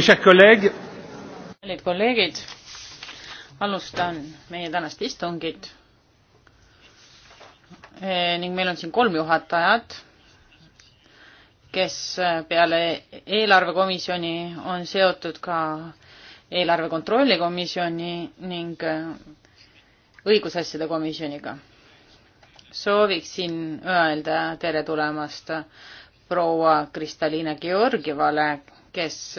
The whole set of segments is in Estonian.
kallid kolleegid, alustan meie tänast istungit e. ning meil on siin kolm juhatajat, kes eh, peale eelarvekomisjoni on seotud ka eelarve kontrolli komisjoni ning eh, õigusasjade komisjoniga. sooviksin öelda tere tulemast proua Kristaliina Georgievale, kes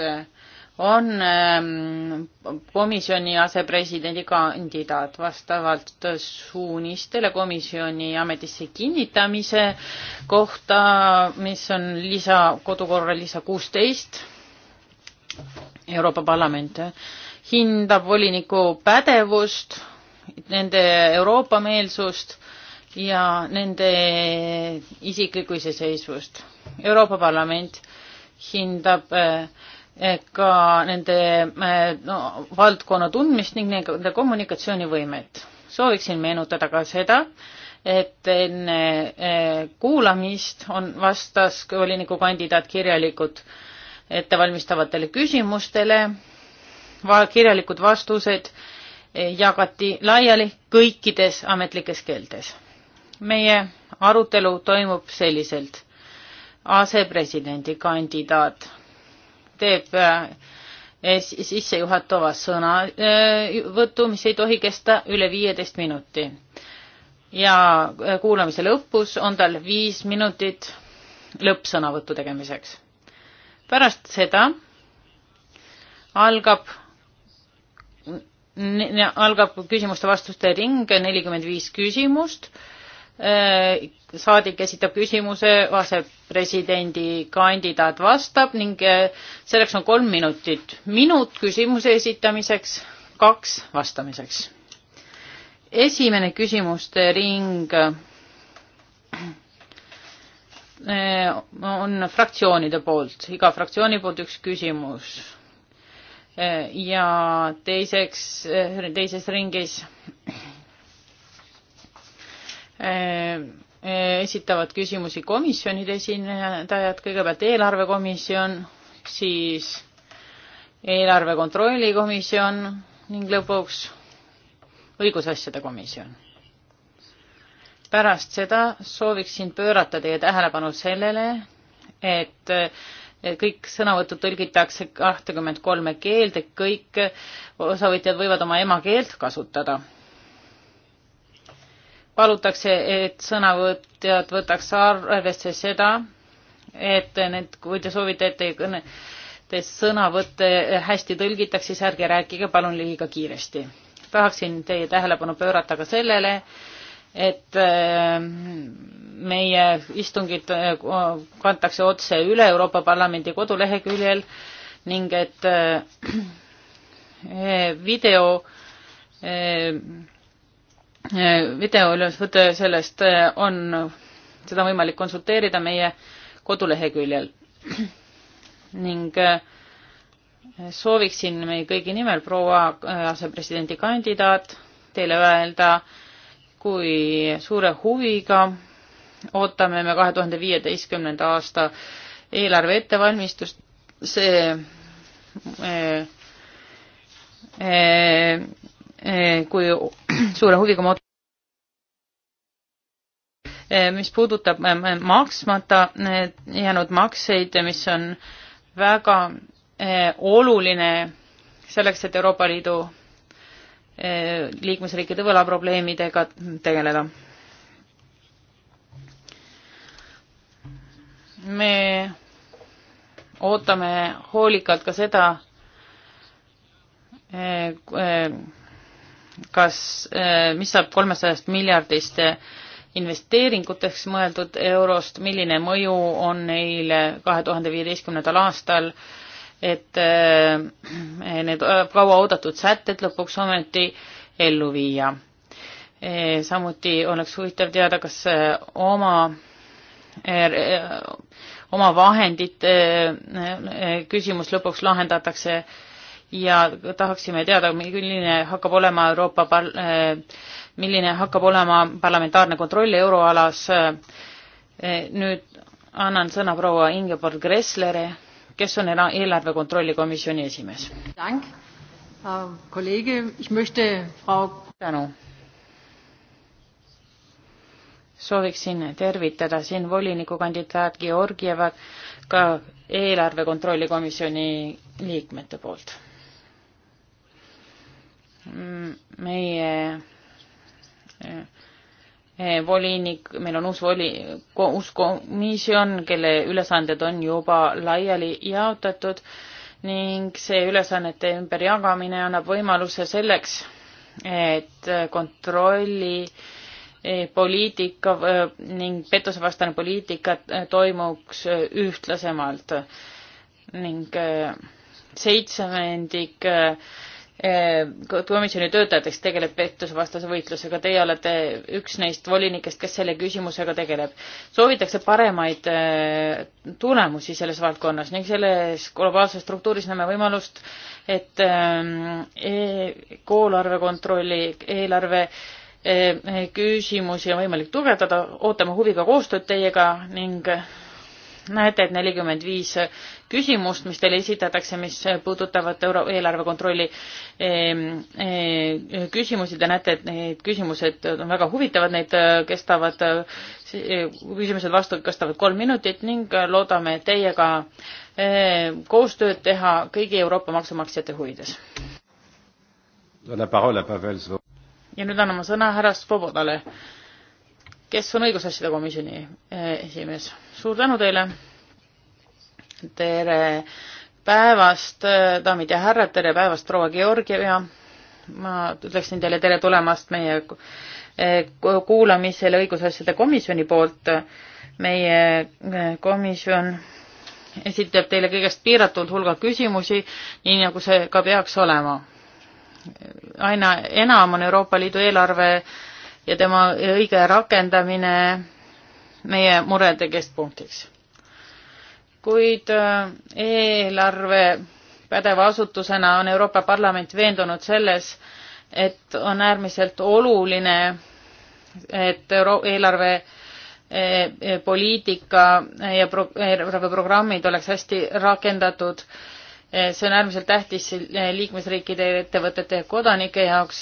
on ähm, komisjoni asepresidendi kandidaat vastavalt suunistele komisjoni ametisse kinnitamise kohta, mis on lisa, kodukorra lisa kuusteist. Euroopa Parlament hindab voliniku pädevust, nende Euroopa meelsust ja nende isiklikku iseseisvust. Euroopa Parlament hindab äh, ka nende äh, no, valdkonna tundmist ning nende kommunikatsioonivõimet. sooviksin meenutada ka seda, et enne äh, kuulamist on, vastas volinikukandidaat kirjalikult ettevalmistavatele küsimustele, kirjalikud vastused äh, jagati laiali kõikides ametlikes keeltes. meie arutelu toimub selliselt. asepresidendi kandidaat teeb äh, eh, sissejuhatava sõnavõtu, mis ei tohi kesta üle viieteist minuti. ja äh, kuulamise lõpus on tal viis minutit lõppsõnavõtu tegemiseks. pärast seda algab algab küsimuste-vastuste ring, nelikümmend viis küsimust Äh, saadik esitab küsimuse, asepresidendi kandidaat vastab ning äh, selleks on kolm minutit. minut küsimuse esitamiseks, kaks vastamiseks. esimene küsimuste ring äh, on fraktsioonide poolt, iga fraktsiooni poolt üks küsimus. ja teiseks, teises ringis Äh, äh, esitavad küsimusi komisjonide esindajad, kõigepealt eelarvekomisjon, siis eelarve kontrolli komisjon ning lõpuks õigusasjade komisjon. pärast seda sooviksin pöörata teie tähelepanu sellele, et kõik sõnavõtud tõlgitakse kahtekümmet kolme keelde, kõik osavõtjad võivad oma emakeelt kasutada palutakse, et sõnavõtjad võtaks arvesse seda, et need, kui te soovite, et teie kõne, te sõnavõtte hästi tõlgitaks, siis ärge rääkige palun liiga kiiresti. tahaksin teie tähelepanu pöörata ka sellele, et äh, meie istungid äh, kantakse otse üle Euroopa Parlamendi koduleheküljel ning et äh, video Eh, video ülesvõte sellest eh, on, seda on võimalik konsulteerida meie koduleheküljel. ning eh, sooviksin meie kõigi nimel, proua asepresidendi kandidaat, teile öelda, kui suure huviga ootame me kahe tuhande viieteistkümnenda aasta eelarve ettevalmistust, see eh, eh, Eh, kui suure huviga ma eh, mis puudutab eh, maksmata jäänud makseid, mis on väga oluline selleks, et Euroopa Liidu liikmesriikide võlaprobleemidega tegeleda. me ootame hoolikalt ka seda, kas, eh, mis saab kolmesajast miljardist eh, investeeringuteks mõeldud eurost, milline mõju on neile kahe tuhande viieteistkümnendal aastal, et eh, need kauaoodatud sätted lõpuks ometi ellu viia. samuti oleks huvitav teada, kas oma, oma vahendite küsimus lõpuks lahendatakse ja tahaksime teada, milline hakkab olema Euroopa par-, eh, milline hakkab olema parlamentaarne kontroll euroalas. Eh, nüüd annan sõna proua Ingeborg Gresslere, kes on eelarve kontrolli komisjoni esimees. tänu. sooviksin tervitada siin volinikukandidaat Georgievat ka eelarve kontrolli komisjoni liikmete poolt meie eh, eh, volinik, meil on uus voli, uus komisjon, kelle ülesanded on juba laiali jaotatud ning see ülesannete ümberjagamine annab võimaluse selleks, et kontrolli eh, poliitika ning pettusevastane poliitika toimuks ühtlasemalt ning seitsmendik Eh, komisjoni töötajateks tegeleb pettusevastase võitlusega, teie olete üks neist volinikest, kes selle küsimusega tegeleb. soovitakse paremaid eh, tulemusi selles valdkonnas ning selles globaalses struktuuris näeme võimalust, et eh, e-, koolarve kontrolli, eelarve küsimusi on võimalik tugevdada, ootame huviga koostööd teiega ning näete, et nelikümmend viis küsimust, mis teile esitatakse, mis puudutavad euro, eelarve kontrolli e, e, küsimusi, te näete, et need küsimused on väga huvitavad, need kestavad, küsimused vastu kestavad kolm minutit ning loodame teiega e, koostööd teha kõigi Euroopa maksumaksjate huvides. ja nüüd anname sõna härra Svobodale kes on õigusasjade komisjoni eh, esimees. suur tänu teile. tere päevast, eh, daamid ja härrad, tere päevast, proua Georgieva. ma ütleksin teile tere tulemast meie eh, kuulamisele õigusasjade komisjoni poolt. meie komisjon esitab teile kõigest piiratud hulga küsimusi, nii nagu see ka peaks olema. aina enam on Euroopa Liidu eelarve ja tema õige rakendamine meie murede keskpunktiks. kuid äh, eelarve pädeva asutusena on Euroopa Parlament veendunud selles, et on äärmiselt oluline, et euro-, eelarve äh, äh, poliitika ja pro-, eelarveprogrammid oleks hästi rakendatud. see on äärmiselt tähtis liikmesriikide ettevõtete ja kodanike jaoks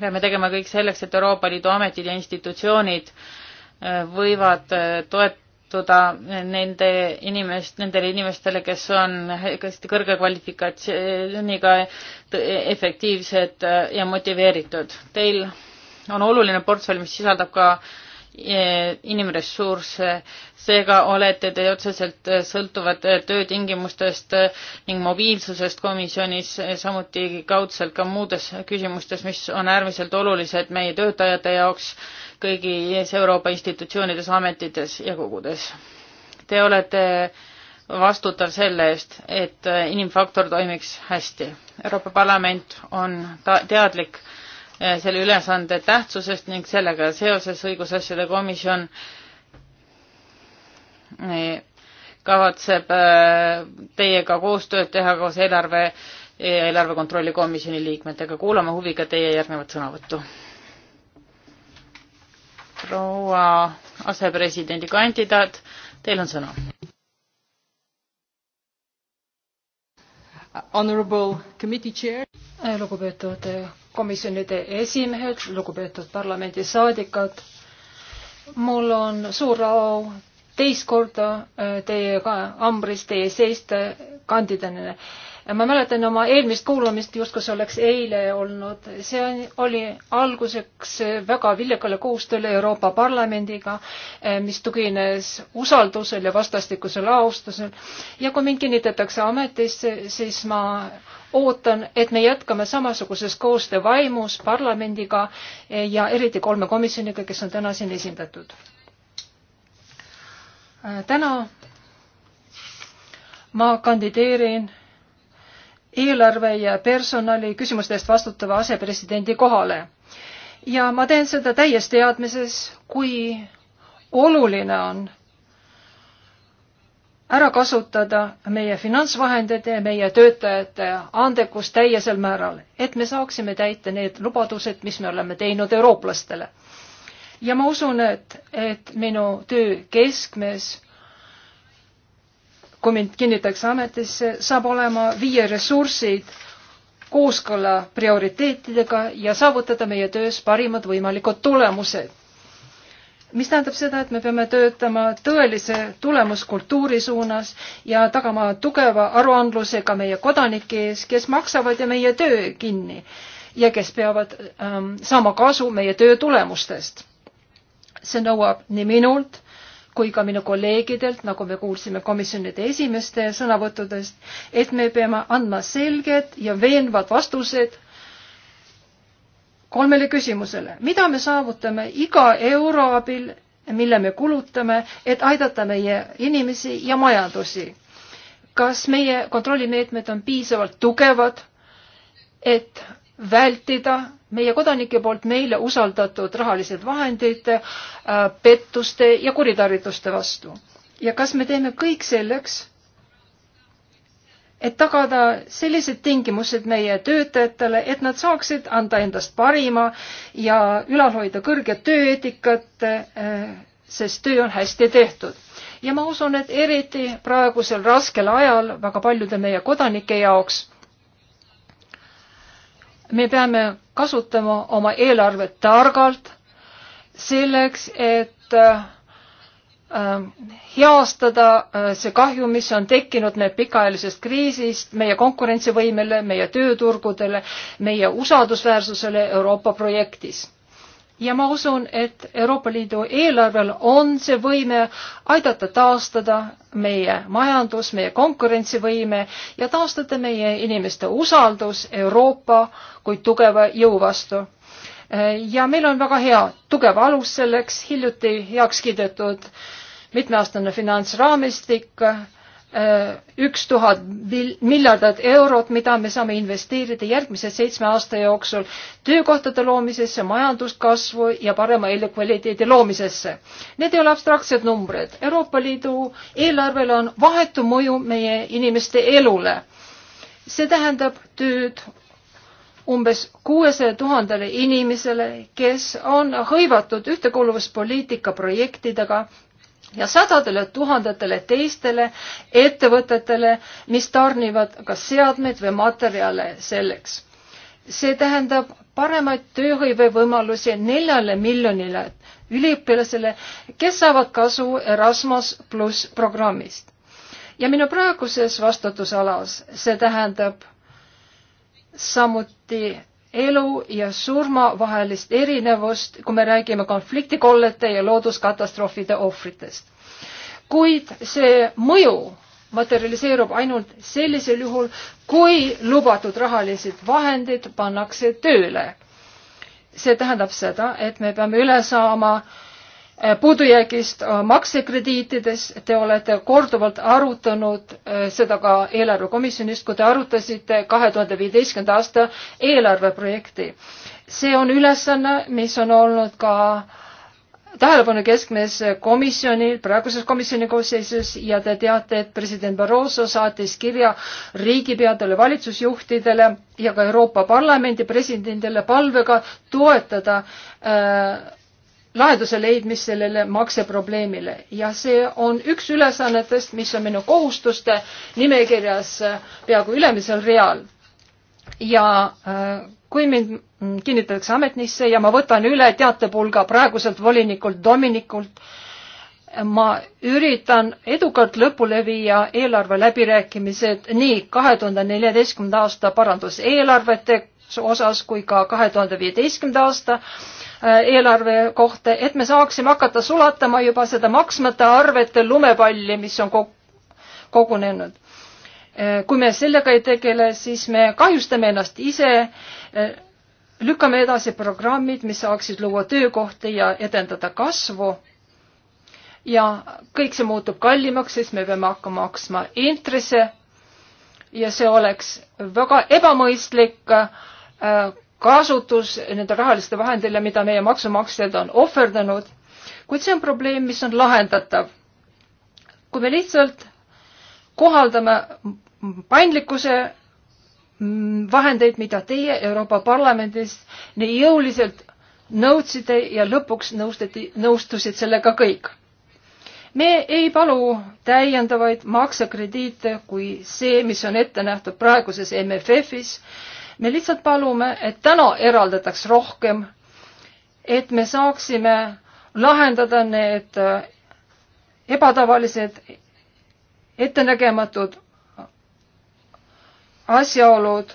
peame tegema kõik selleks, et Euroopa Liidu ametid ja institutsioonid äh, võivad äh, toetuda nende inimest, nendele inimestele, kes on hästi kõrge kvalifikatsiooniga efektiivsed äh, ja motiveeritud. Teil on oluline portfell, mis sisaldab ka äh, Eh, inimressursse, seega olete te otseselt eh, sõltuvad eh, töötingimustest ning mobiilsusest komisjonis, samuti kaudselt ka muudes küsimustes, mis on äärmiselt olulised meie töötajate jaoks kõigis Euroopa institutsioonides, ametites ja kogudes. Te olete vastutav selle eest, et inimfaktor toimiks hästi. Euroopa Parlament on ta-, teadlik äh, Eh, selle ülesande tähtsusest ning sellega seoses õigusasjade komisjon eh, kavatseb eh, teiega koostööd teha koos eelarve, eelarve kontrolli komisjoni liikmetega. kuulame huviga teie järgnevat sõnavõttu. proua asepresidendi kandidaat, teil on sõna. Honorable committee chair. lugupeetud komisjonide esimehed, lugupeetud parlamendisaadikud. mul on suur au teist korda teiega äh, ambris teie seista äh, kandidaadina. ma mäletan oma eelmist kuulamist justkui see oleks eile olnud. see oli alguseks äh, väga viljakale koostööle Euroopa Parlamendiga, mis tugines usaldusel ja vastastikusel austusel. ja kui mind kinnitatakse ametisse, siis ma ootan, et me jätkame samasuguses koostöö vaimus parlamendiga ja eriti kolme komisjoniga, kes on täna siin esindatud. Äh, täna ma kandideerin eelarve ja personali küsimuste eest vastutava asepresidendi kohale ja ma teen seda täies teadmises, kui oluline on ära kasutada meie finantsvahendid ja meie töötajate andekust täiesel määral, et me saaksime täita need lubadused, mis me oleme teinud eurooplastele. ja ma usun, et, et minu töö keskmes, kui mind kinnitakse ametisse, saab olema viie ressursid kooskõla prioriteetidega ja saavutada meie töös parimad võimalikud tulemused mis tähendab seda, et me peame töötama tõelise tulemuskultuuri suunas ja tagama tugeva aruandluse ka meie kodanike ees, kes maksavad ju meie töö kinni ja kes peavad ähm, saama kasu meie töö tulemustest. see nõuab nii minult kui ka minu kolleegidelt, nagu me kuulsime komisjonide esimeste sõnavõttudest, et me peame andma selged ja veenvad vastused kolmele küsimusele. mida me saavutame iga euro abil, mille me kulutame, et aidata meie inimesi ja majandusi? kas meie kontrollimeetmed on piisavalt tugevad, et vältida meie kodanike poolt meile usaldatud rahalised vahendid äh, pettuste ja kuritarvituste vastu? ja kas me teeme kõik selleks, et tagada sellised tingimused meie töötajatele, et nad saaksid anda endast parima ja ülal hoida kõrget tööeetikat, eh, sest töö on hästi tehtud. ja ma usun, et eriti praegusel raskel ajal väga paljude meie kodanike jaoks me peame kasutama oma eelarvet targalt selleks, et eh, Ähm, heastada äh, see kahju, mis on tekkinud meie pikaajalisest kriisist, meie konkurentsivõimele, meie tööturgudele, meie usaldusväärsusele Euroopa projektis. ja ma usun, et Euroopa Liidu eelarvel on see võime aidata taastada meie majandus, meie konkurentsivõime ja taastada meie inimeste usaldus Euroopa kui tugeva jõu vastu ja meil on väga hea tugev alus selleks, hiljuti heaks kiidetud mitmeaastane finantsraamistik, eh, üks tuhat miljardit eurot, mida me saame investeerida järgmise seitsme aasta jooksul töökohtade loomisesse, majanduskasvu ja parema elukvaliteedi loomisesse. Need ei ole abstraktsed numbrid. Euroopa Liidu eelarvel on vahetu mõju meie inimeste elule. see tähendab tööd, umbes kuuesaja tuhandele inimesele, kes on hõivatud ühtekuuluvuspoliitika projektidega ja sadadele tuhandetele teistele ettevõtetele, mis tarnivad kas seadmeid või materjale selleks. see tähendab paremaid tööhõivevõimalusi neljale miljonile üliõpilasele, kes saavad kasu Erasmus pluss programmist. ja minu praeguses vastutusalas, see tähendab samuti elu ja surma vahelist erinevust, kui me räägime konfliktikollete ja looduskatastroofide ohvritest. kuid see mõju materialiseerub ainult sellisel juhul, kui lubatud rahalised vahendid pannakse tööle. see tähendab seda, et me peame üle saama äh, Äh, puudujäägist äh, maksekrediitides, te olete korduvalt arutanud äh, seda ka eelarvekomisjonist, kui te arutasite kahe tuhande viieteistkümnenda aasta eelarveprojekti. see on ülesanne, mis on olnud ka tähelepanu keskmes komisjonil, praeguses komisjoni koosseisus ja te teate, et president Barroso saatis kirja riigipeadele, valitsusjuhtidele ja ka Euroopa Parlamendi presidendile palvega toetada äh, lahenduse leidmist sellele makseprobleemile ja see on üks ülesannetest, mis on minu kohustuste nimekirjas peaaegu ülemisel real. ja äh, kui mind kinnitatakse ametnisse ja ma võtan üle teatepulga praeguselt volinikult Dominikult, ma üritan edukalt lõpule viia eelarve läbirääkimised nii kahe tuhande neljateistkümnenda aasta paranduseelarvete osas kui ka kahe tuhande viieteistkümnenda aasta Äh, eelarve kohta, et me saaksime hakata sulatama juba seda maksmata arvete lumepalli, mis on kogunenud. Äh, kui me sellega ei tegele, siis me kahjustame ennast ise, äh, lükkame edasi programmid, mis saaksid luua töökohti ja edendada kasvu ja kõik see muutub kallimaks, sest me peame hakkama maksma intresse ja see oleks väga ebamõistlik kasutus nende rahaliste vahendile, mida meie maksumaksjad on ohverdanud, kuid see on probleem, mis on lahendatav. kui me lihtsalt kohaldame paindlikkuse vahendeid, mida teie Euroopa Parlamendis nii jõuliselt nõudsite ja lõpuks nõustati, nõustusid sellega kõik. me ei palu täiendavaid maksekrediite kui see, mis on ette nähtud praeguses MFF-is me lihtsalt palume, et täna eraldataks rohkem, et me saaksime lahendada need äh, ebatavalised, ettenägematud asjaolud,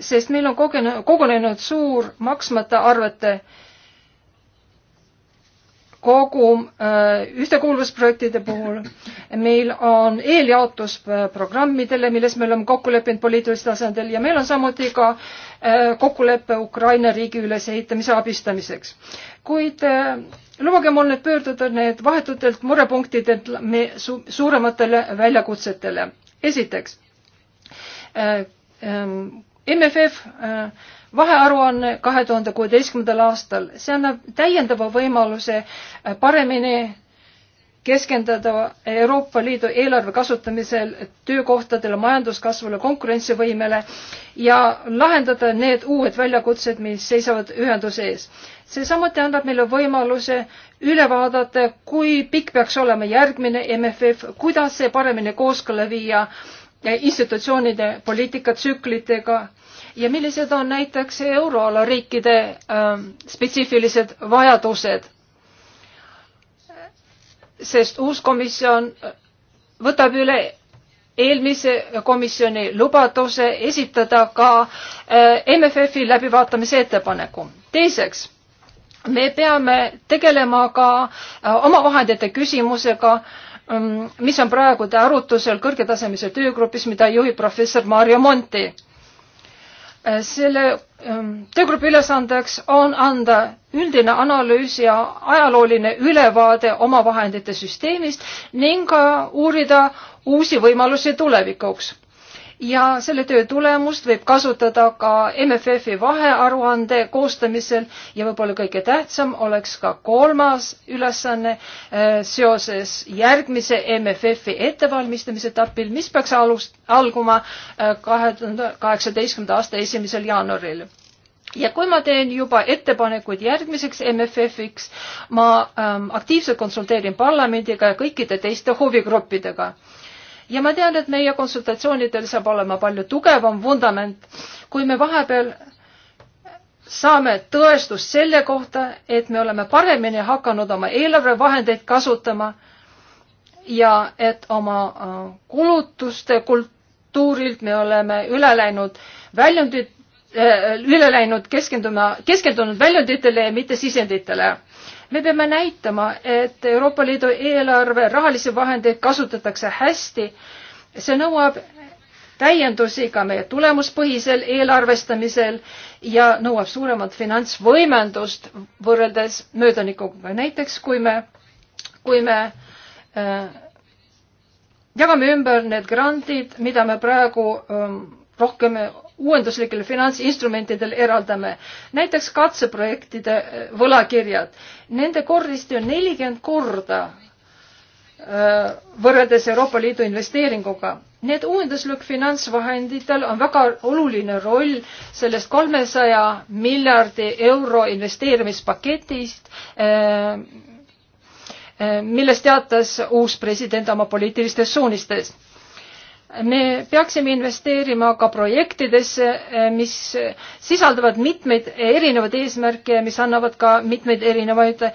sest meil on kogenud, kogunenud suur maksmata arvete äh, kogu äh, ühtekuuluvusprojektide puhul meil on eeljaotus äh, programmidele, milles me oleme kokku leppinud poliitilisel tasandil ja meil on samuti ka äh, kokkulepe Ukraina riigi ülesehitamise abistamiseks. kuid lubage mul nüüd pöörduda need vahetutelt murepunktidelt me su suurematele väljakutsetele. esiteks äh,, ähm, äh, MFF äh, vahearuanne kahe tuhande kuueteistkümnendal aastal, see annab täiendava võimaluse äh, paremini keskenduda Euroopa Liidu eelarve kasutamisel töökohtadele, majanduskasvule, konkurentsivõimele ja lahendada need uued väljakutsed, mis seisavad ühenduse ees. see samuti annab meile võimaluse üle vaadata, kui pikk peaks olema järgmine MFF, kuidas see paremini kooskõlla viia äh, institutsioonide poliitikatsüklitega ja millised on näiteks euroala riikide ähm, spetsiifilised vajadused. sest uus komisjon äh, võtab üle eelmise komisjoni lubaduse esitada ka äh, MFF-i läbivaatamise ettepaneku. teiseks, me peame tegelema ka äh, omavahendite küsimusega, ähm, mis on praegu arutusel kõrgetasemelise töögrupis, mida juhib professor Maarja Monti selle ähm, töögrupi ülesandeks on anda üldine analüüs ja ajalooline ülevaade omavahendite süsteemist ning ka uurida uusi võimalusi tulevikuks ja selle töö tulemust võib kasutada ka MFF-i vahearuande koostamisel ja võib-olla kõige tähtsam oleks ka kolmas ülesanne äh, seoses järgmise MFF-i ettevalmistamise etapil, mis peaks alust-, alguma äh, kahe tuhande kaheksateistkümnenda aasta esimesel jaanuaril ja kui ma teen juba ettepanekuid järgmiseks MFF-iks, ma ähm, aktiivselt konsulteerin parlamendiga ja kõikide teiste huvigruppidega äh, ja ma tean, et meie konsultatsioonidel saab olema palju tugevam vundament, kui me vahepeal saame tõestust selle kohta, et me oleme paremini hakanud oma eelarvevahendeid kasutama ja et oma äh, kulutuste kultuurilt me oleme üle läinud väljundit, äh, üle läinud keskenduma, keskendunud väljunditele ja mitte sisenditele me peame näitama, et Euroopa Liidu eelarve rahalisi vahendeid kasutatakse hästi. see nõuab täiendusi ka meie tulemuspõhisel eelarvestamisel ja nõuab suuremat finantsvõimendust võrreldes möödanikuga. näiteks kui me, kui me äh, jagame ümber need grandid, mida me praegu äh, rohkem uuenduslikele finantsinstrumentidele eraldame. näiteks katseprojektide eh, võlakirjad, nende kordist on nelikümmend korda eh, võrreldes Euroopa Liidu investeeringuga. Need uuenduslik finantsvahenditel on väga oluline roll sellest kolmesaja miljardi euro investeerimispaketist, eh, millest teatas uus president oma poliitilistes suunistes me peaksime investeerima ka projektidesse, eh, mis sisaldavad mitmeid erinevaid eesmärke ja mis annavad ka mitmeid erinevaid eh,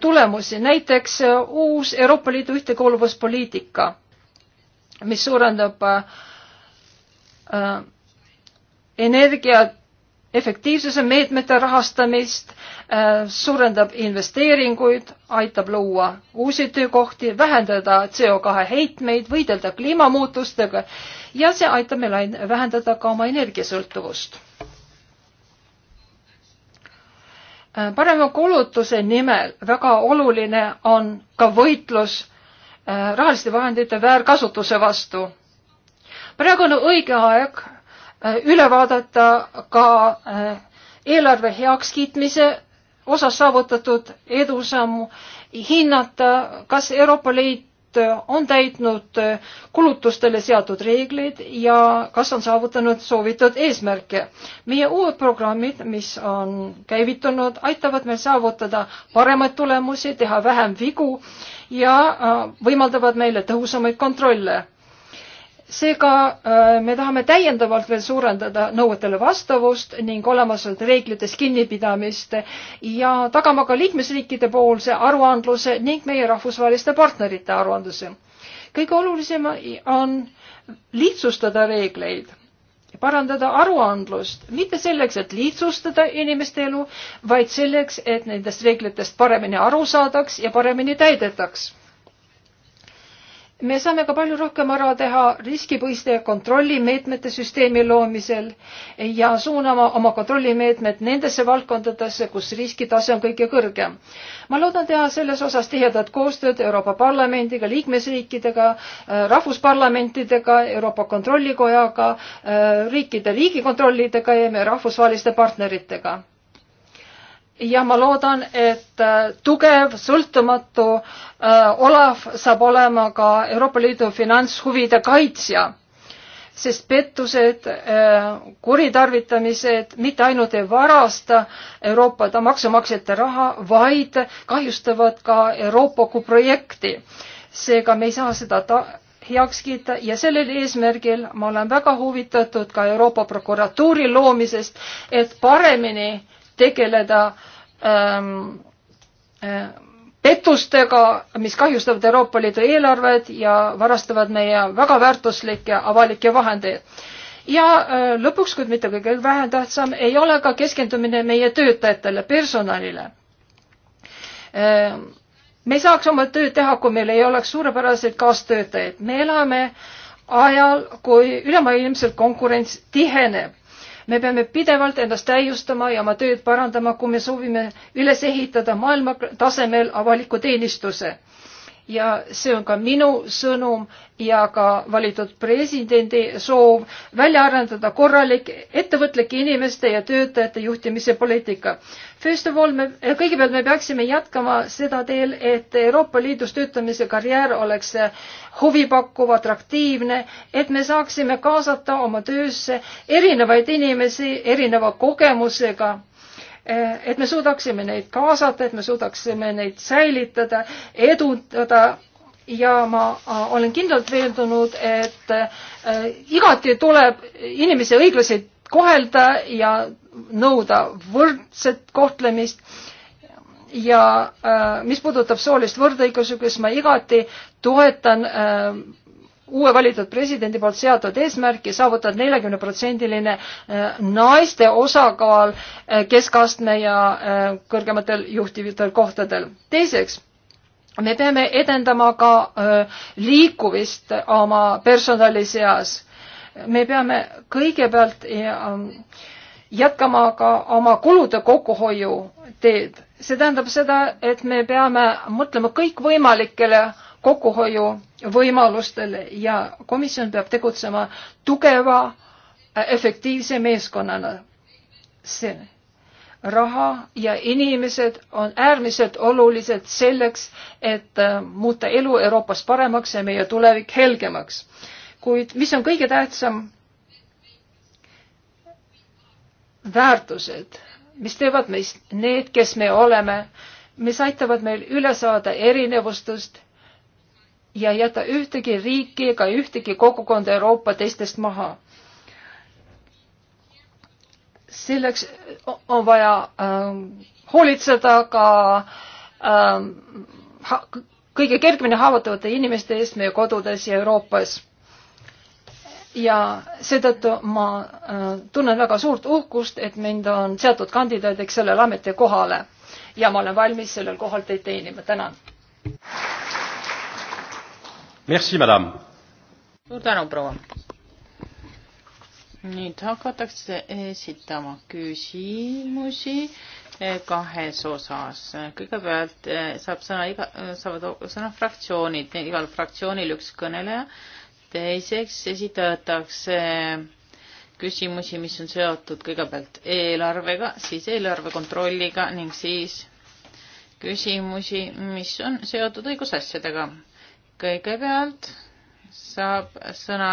tulemusi. näiteks eh, uus Euroopa Liidu ühtekuuluvuspoliitika, mis suurendab energia efektiivsuse meetmete rahastamist, äh, suurendab investeeringuid, aitab luua uusi töökohti, vähendada CO2 heitmeid, võidelda kliimamuutustega ja see aitab meil vähendada ka oma energiasõltuvust. Äh, parema kulutuse nimel väga oluline on ka võitlus äh, rahaliste vahendite väärkasutuse vastu. praegu on õige aeg Äh, üle vaadata ka äh, eelarve heakskiitmise osas saavutatud edusammu, hinnata, kas Euroopa Liit äh, on täitnud kulutustele seatud reegleid ja kas on saavutanud soovitud eesmärke. meie uued programmid, mis on käivitunud, aitavad meil saavutada paremaid tulemusi, teha vähem vigu ja võimaldavad meile tõhusamaid kontrolle seega äh, me tahame täiendavalt veel suurendada nõuetele vastavust ning olemasolevate reeglitest kinnipidamist ja tagama ka liikmesriikide poolse aruandluse ning meie rahvusvaheliste partnerite aruandluse. kõige olulisem on lihtsustada reegleid, parandada aruandlust, mitte selleks, et lihtsustada inimeste elu, vaid selleks, et nendest reeglitest paremini aru saadaks ja paremini täidetaks me saame ka palju rohkem ära teha riskipõhiste kontrollimeetmete süsteemi loomisel ja suunama oma kontrollimeetmed nendesse valdkondadesse, kus riskitase on kõige kõrgem. ma loodan teha selles osas tihedat koostööd Euroopa Parlamendiga, liikmesriikidega, äh, rahvusparlamentidega, Euroopa Kontrollikojaga, äh, riikide riigikontrollidega ja meie rahvusvaheliste partneritega ja ma loodan, et äh, tugev, sõltumatu äh, Olav saab olema ka Euroopa Liidu finantshuvide kaitsja, sest pettused, äh, kuritarvitamised mitte ainult ei varasta Euroopa maksumaksjate raha, vaid kahjustavad ka Euroopa kui projekti. seega me ei saa seda ta-, heaks kiita ja sellel eesmärgil ma olen väga huvitatud ka Euroopa prokuratuuri loomisest, et paremini tegeleda ähm, äh, pettustega, mis kahjustavad Euroopa Liidu eelarved ja varastavad meie väga väärtuslikke avalikke vahendeid. ja äh, lõpuks, kuid mitte kõige vähem tähtsam, ei ole ka keskendumine meie töötajatele, personalile äh, me ei saaks oma tööd teha, kui meil ei oleks suurepäraseid kaastöötajaid. me elame ajal, kui ülemaailmselt konkurents tiheneb me peame pidevalt ennast täiustama ja oma tööd parandama, kui me soovime üles ehitada maailma tasemel avaliku teenistuse ja see on ka minu sõnum ja ka valitud presidendi soov välja arendada korralik ettevõtlike inimeste ja töötajate juhtimise poliitika. First of all, me, kõigepealt me peaksime jätkama seda teel, et Euroopa Liidus töötamise karjäär oleks huvipakkuv, atraktiivne, et me saaksime kaasata oma töösse erinevaid inimesi erineva kogemusega Eh, et me suudaksime neid kaasata, et me suudaksime neid säilitada, edutada ja ma olen kindlalt veendunud, et eh, igati tuleb inimesi õiglaselt kohelda ja nõuda võrdset kohtlemist. ja eh, mis puudutab soolist võrdõiguslikkust, ma igati toetan uue valitud presidendi poolt seatud eesmärki saavutada neljakümne protsendiline äh, naiste osakaal äh, keskastme ja äh, kõrgematel juhtivatel kohtadel. teiseks, me peame edendama ka liikuvist oma personali seas. me peame kõigepealt jätkama ka oma kulude kokkuhoiu teed. see tähendab seda, et me peame mõtlema kõikvõimalikele kokkuhoiuvõimalustele ja komisjon peab tegutsema tugeva, äh, efektiivse meeskonnana. see raha ja inimesed on äärmiselt olulised selleks, et äh, muuta elu Euroopas paremaks ja meie tulevik helgemaks. kuid mis on kõige tähtsam? väärtused, mis teevad meist need, kes me oleme, mis aitavad meil üle saada erinevustest ja ei jäta ühtegi riiki ega ühtegi kogukonda Euroopa teistest maha. selleks on vaja äh, hoolitseda ka äh, kõige kergemini haavatavate inimeste eest meie kodudes ja Euroopas. ja seetõttu ma äh, tunnen väga suurt uhkust, et mind on seatud kandidaadiks sellele ametikohale ja ma olen valmis sellel kohal teid teenima. tänan. Merci, madame. suur tänu, proua. nüüd hakatakse esitama küsimusi eh, kahes osas. kõigepealt eh, saab sõna iga, eh, saavad sõna fraktsioonid, igal fraktsioonil üks kõneleja. teiseks esitatakse küsimusi, mis on seotud kõigepealt eelarvega, siis eelarve kontrolliga ning siis küsimusi, mis on seotud õigusasjadega kõigepealt saab sõna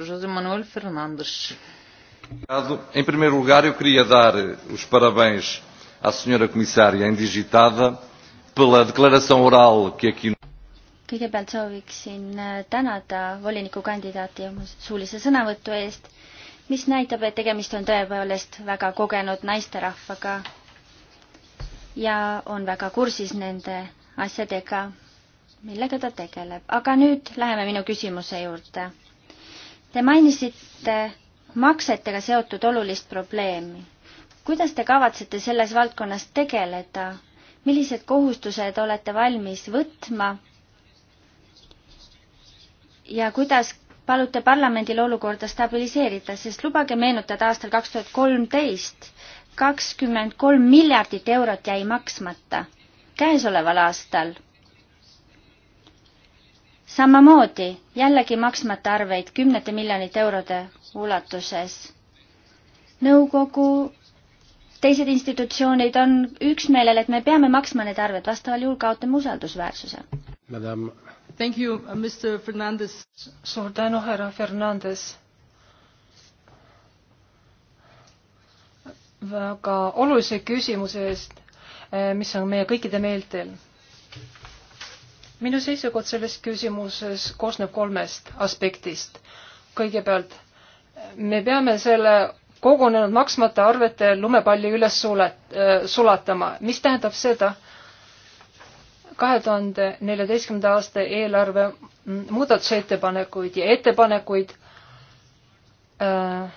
José Manuel Fernandes. Em primeiro lugar, eu queria dar os parabéns à senhora comissária indigitada pela declaração oral que aqui kõigepealt sooviksin äh, tänada volinikukandidaati suulise sõnavõtu eest, mis näitab, et tegemist on tõepoolest väga kogenud naisterahvaga ja on väga kursis nende asjadega, millega ta tegeleb. aga nüüd läheme minu küsimuse juurde. Te mainisite maksetega seotud olulist probleemi. kuidas te kavatsete selles valdkonnas tegeleda? millised kohustused olete valmis võtma? ja kuidas palute parlamendil olukorda stabiliseerida, sest lubage meenutada aastal kaks tuhat kolmteist, kakskümmend kolm miljardit eurot jäi maksmata käesoleval aastal samamoodi jällegi maksmata arveid kümnete miljonite eurode ulatuses. nõukogu, teised institutsioonid on üksmeelel, et me peame maksma need arved, vastaval juhul kaotame usaldusväärsuse. Thank you, uh, Mr Fernandes. suur tänu, härra Fernandes. väga olulise küsimuse eest, eh, mis on meie kõikide meeltel minu seisukoht selles küsimuses koosneb kolmest aspektist. kõigepealt me peame selle kogunenud maksmata arvete lumepalli üles sulet-, äh, sulatama, mis tähendab seda, kahe tuhande neljateistkümnenda aasta eelarve mm, muudatusettepanekuid ja ettepanekuid äh,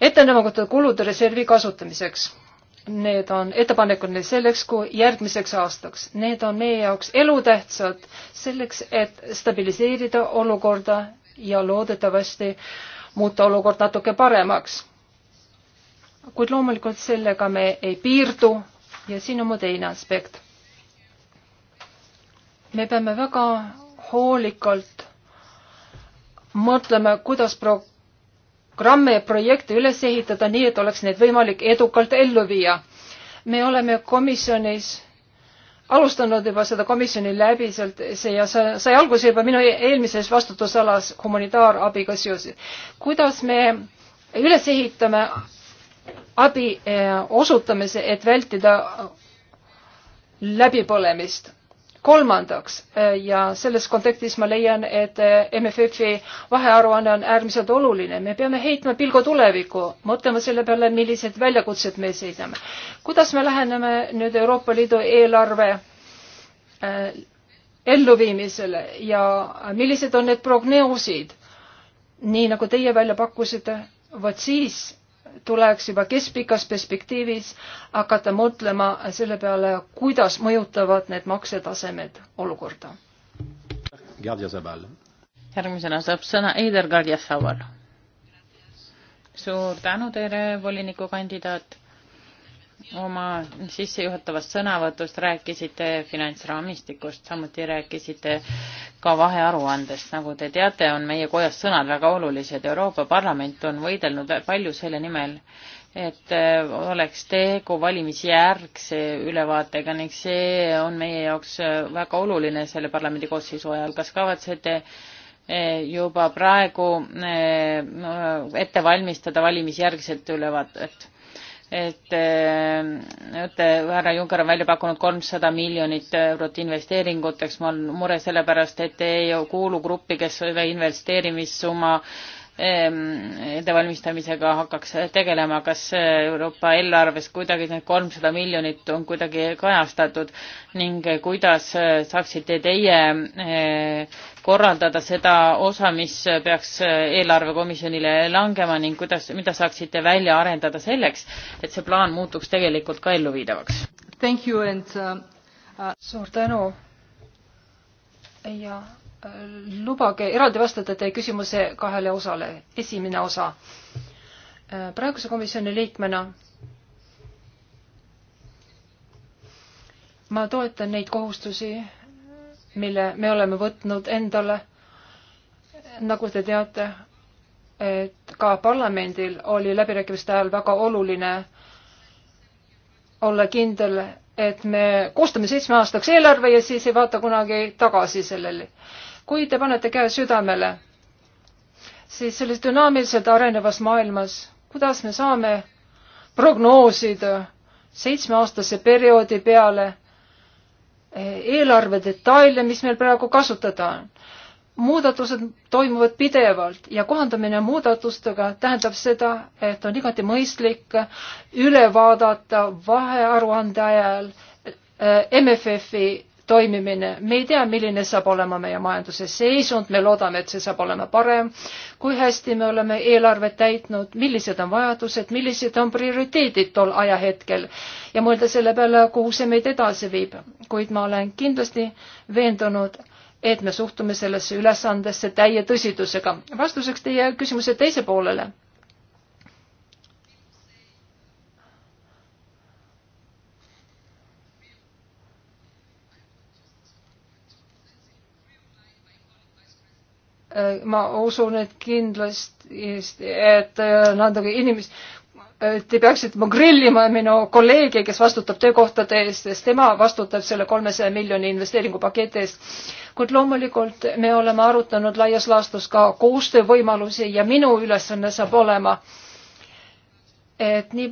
ettenähtud kulude reservi kasutamiseks Need on ettepanekud neil selleks kui järgmiseks aastaks. Need on meie jaoks elutähtsad selleks, et stabiliseerida olukorda ja loodetavasti muuta olukord natuke paremaks. kuid loomulikult sellega me ei piirdu ja siin on mu teine aspekt. me peame väga hoolikalt mõtlema, kuidas pro-, programme ja projekte üles ehitada nii, et oleks neid võimalik edukalt ellu viia. me oleme komisjonis alustanud juba seda komisjoni läbi sealt, see ja see sai alguse juba minu eelmises vastutusalas humanitaarabiga seoses. kuidas me üles ehitame abi eh, osutamise, et vältida läbipõlemist kolmandaks eh, ja selles kontekstis ma leian, et eh, MFF-i vahearuanne on äärmiselt oluline. me peame heitma pilgu tulevikku, mõtlema selle peale, millised väljakutsed me seisame. kuidas me läheneme nüüd Euroopa Liidu eelarve eh, elluviimisele ja millised on need prognoosid, nii nagu teie välja pakkusite, vot siis tuleks juba keskpikas perspektiivis hakata mõtlema selle peale, kuidas mõjutavad need maksetasemed olukorda. järgmisena saab sõna Eider Garjasaval. suur tänu teile, volinikukandidaat oma sissejuhatavast sõnavõtust rääkisite finantsraamistikust, samuti rääkisite ka vahearuandest. nagu te teate, on meie kojas sõnad väga olulised. Euroopa Parlament on võidelnud palju selle nimel, et äh, oleks tegu valimisjärgse ülevaatega ning see on meie jaoks äh, väga oluline selle parlamendi koosseisu ajal. kas kavatsete äh, juba praegu ette valmistada valimisjärgset ülevaadet? et näete, eh, eh, härra Juncker on välja pakkunud kolmsada miljonit eurot investeeringuteks, ma olen mure sellepärast, et ei kuulu gruppi, kes selle investeerimissumma ettevalmistamisega hakkaks tegelema, kas eh, Euroopa eelarves kuidagi need kolmsada miljonit on kuidagi kajastatud ning kuidas eh, saaksite teie eh, korraldada seda osa, mis peaks eelarvekomisjonile langema ning kuidas, mida saaksite välja arendada selleks, et see plaan muutuks tegelikult ka elluviidavaks? Uh, uh... suur tänu ja lubage eraldi vastata teie küsimuse kahele osale. esimene osa. Äh, praeguse komisjoni liikmena ma toetan neid kohustusi, mille me oleme võtnud endale. nagu te teate, et ka parlamendil oli läbirääkimiste ajal väga oluline olla kindel, et me koostame seitsme aastaks eelarve ja siis ei vaata kunagi tagasi sellele kui te panete käe südamele, siis selles dünaamiliselt arenevas maailmas, kuidas me saame prognoosida seitsmeaastase perioodi peale eh, eelarve detaile, mis meil praegu kasutada on. muudatused toimuvad pidevalt ja kohandamine muudatustega tähendab seda, et on igati mõistlik üle vaadata vahearuande ajal eh, MFF-i toimimine, me ei tea, milline saab olema meie majanduse seisund, me loodame, et see saab olema parem, kui hästi me oleme eelarvet täitnud, millised on vajadused, millised on prioriteedid tol ajahetkel ja mõelda selle peale, kuhu see meid edasi viib. kuid ma olen kindlasti veendunud, et me suhtume sellesse ülesandesse täie tõsidusega. vastuseks teie küsimuse teise poolele Äh, ma usun, et kindlasti, et äh, nad nagu inimesed, äh, te peaksite grillima minu kolleegi, kes vastutab töökohtade eest, sest tema vastutab selle kolmesaja miljoni investeeringupaketi eest. kuid loomulikult me oleme arutanud laias laastus ka koostöövõimalusi ja minu ülesanne saab olema, et nii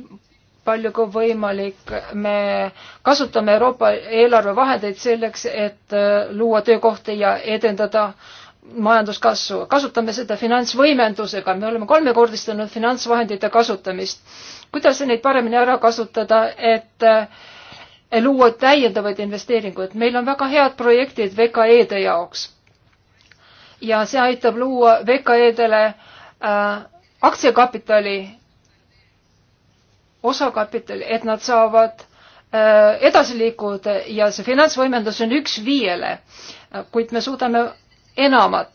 palju kui võimalik, me kasutame Euroopa eelarvevahendeid selleks, et luua töökohti ja edendada äh, majanduskasvu, kasutame seda finantsvõimendusega, me oleme kolmekordistanud finantsvahendite kasutamist. kuidas neid paremini ära kasutada, et eh, luua täiendavaid investeeringuid, meil on väga head projektid VKE-de jaoks. ja see aitab luua VKE-dele äh, aktsiakapitali, osakapitali, et nad saavad eh, edasi liikuda ja see finantsvõimendus on üks viiele, kuid me suudame enamat.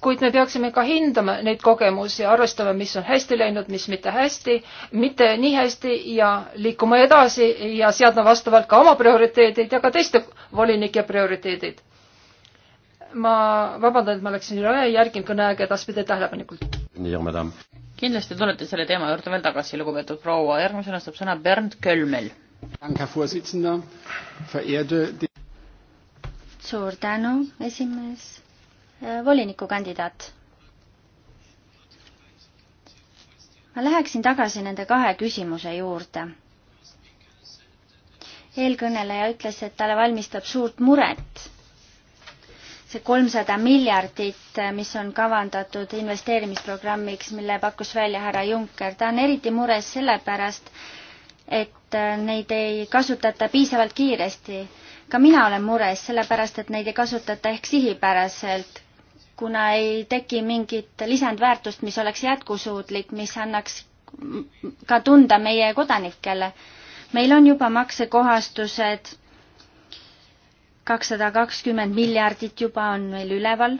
kuid me peaksime ka hindama neid kogemusi, arvestama, mis on hästi läinud, mis mitte hästi, mitte nii hästi ja liikuma edasi ja seadma vastavalt ka oma prioriteedid ja ka teiste volinike prioriteedid. ma vabandan, et ma läksin üle, järgin kõneaega edaspidi tähelepanelikult. jah, madam. kindlasti tulete selle teema juurde veel tagasi, lugupeetud proua, järgmisena saab sõna Bernd Kölmel. Danke, Herr Vorsitzender, verehrte suur tänu, esimees, äh, volinikukandidaat. ma läheksin tagasi nende kahe küsimuse juurde. eelkõneleja ütles, et talle valmistab suurt muret see kolmsada miljardit, mis on kavandatud investeerimisprogrammiks, mille pakkus välja härra Juncker, ta on eriti mures sellepärast, et neid ei kasutata piisavalt kiiresti ka mina olen mures, sellepärast et neid ei kasutata ehk sihipäraselt, kuna ei teki mingit lisandväärtust, mis oleks jätkusuutlik, mis annaks ka tunda meie kodanikele. meil on juba maksekohastused, kakssada kakskümmend miljardit juba on meil üleval.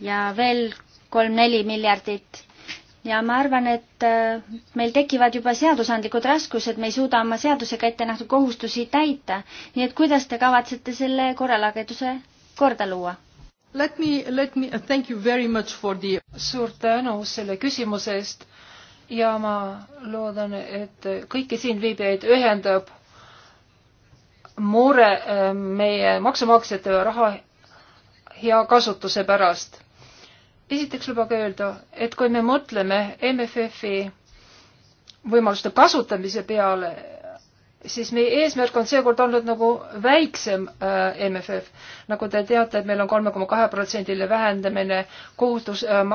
ja veel kolm-neli miljardit ja ma arvan, et äh, meil tekivad juba seadusandlikud raskused, me ei suuda oma seadusega ette nähtud kohustusi täita. nii et kuidas te kavatsete selle korralageduse korda luua? Let me, let me uh, thank you very much for the suur tänu selle küsimuse eest ja ma loodan, et kõiki siin viibijaid ühendab mure äh, meie maksumaksjate raha hea kasutuse pärast esiteks lubage öelda, et kui me mõtleme MFF-i võimaluste kasutamise peale, siis meie eesmärk on seekord olnud nagu väiksem äh, MFF. nagu te teate, et meil on kolme koma kahe protsendiline vähendamine kohustus äh,,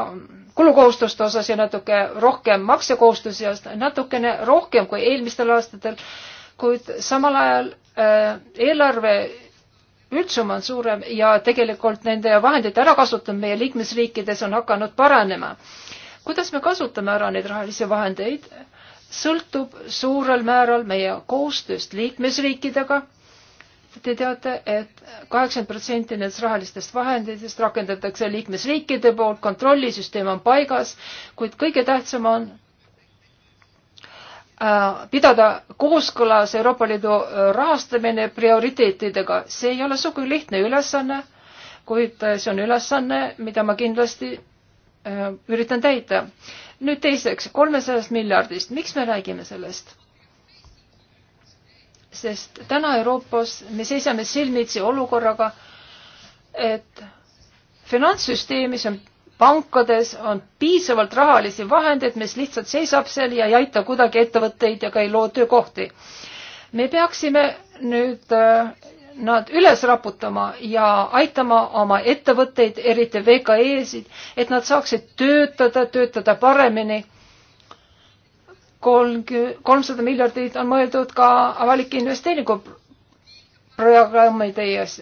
kulukohustuste osas ja natuke rohkem maksekohustusi ja natukene rohkem kui eelmistel aastatel, kuid samal ajal äh, eelarve üldsumma on suurem ja tegelikult nende vahendite ärakasutamine meie liikmesriikides on hakanud paranema. kuidas me kasutame ära neid rahalisi vahendeid, sõltub suurel määral meie koostööst liikmesriikidega. Te teate et, et kaheksakümmend protsenti nendest rahalistest vahenditest rakendatakse liikmesriikide poolt, kontrollisüsteem on paigas, kuid kõige tähtsam on Äh, pidada kooskõlas Euroopa Liidu äh, rahastamine prioriteetidega. see ei ole sugugi lihtne ülesanne, kuid äh, see on ülesanne, mida ma kindlasti üritan täita. nüüd teiseks, kolmesajast miljardist, miks me räägime sellest? sest täna Euroopas me seisame silmitsi olukorraga, et finantssüsteemis on pankades on piisavalt rahalisi vahendeid, mis lihtsalt seisab seal ja ei aita kuidagi ettevõtteid ja ka ei loo töökohti. me peaksime nüüd äh, nad üles raputama ja aitama oma ettevõtteid, eriti VKE-sid, et nad saaksid töötada, töötada paremini. kolm, kolmsada miljardit on mõeldud ka avalike investeeringuprogrammide ees,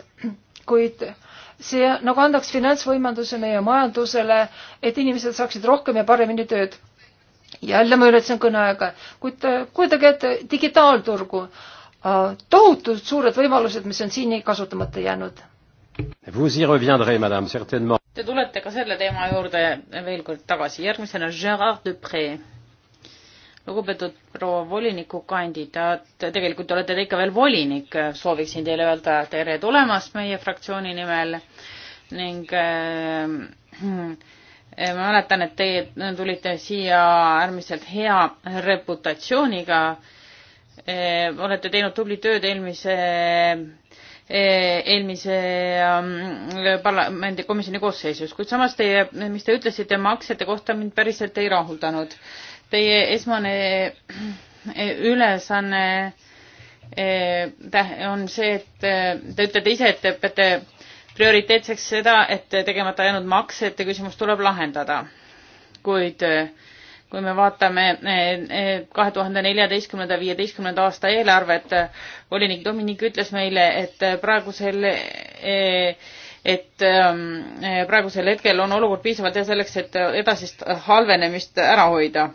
kuid see nagu andaks finantsvõimenduse meie majandusele, et inimesed saaksid rohkem ja paremini tööd. jälle ma ületasin kõneaega, kuid äh, kujutage ette digitaalturgu, äh, tohutud suured võimalused, mis on siiani kasutamata jäänud. Te tulete ka selle teema juurde veel kord tagasi, järgmisena Gerard Depre lugupeetud proua volinikukandidaat, tegelikult olete te ikka veel volinik, sooviksin teile öelda tere tulemast meie fraktsiooni nimel ning äh, ma mäletan, et teie tulite siia äärmiselt hea reputatsiooniga äh,. olete teinud tublit tööd eelmise äh, eelmise ähm, parlamendi komisjoni koosseisus, kuid samas teie, mis te ütlesite maksete kohta mind päriselt ei rahuldanud äh, Teie esmane eh, ülesanne eh, on see, et eh, te ütlete ise, et te peate prioriteetseks seda, et tegemata jäänud maksete küsimus tuleb lahendada. kuid kui me vaatame kahe tuhande neljateistkümnenda, viieteistkümnenda aasta eelarvet, volinik Dominik ütles meile, et praegusel, et ehm, praegusel hetkel on olukord piisavalt hea selleks, et edasist halvenemist ära hoida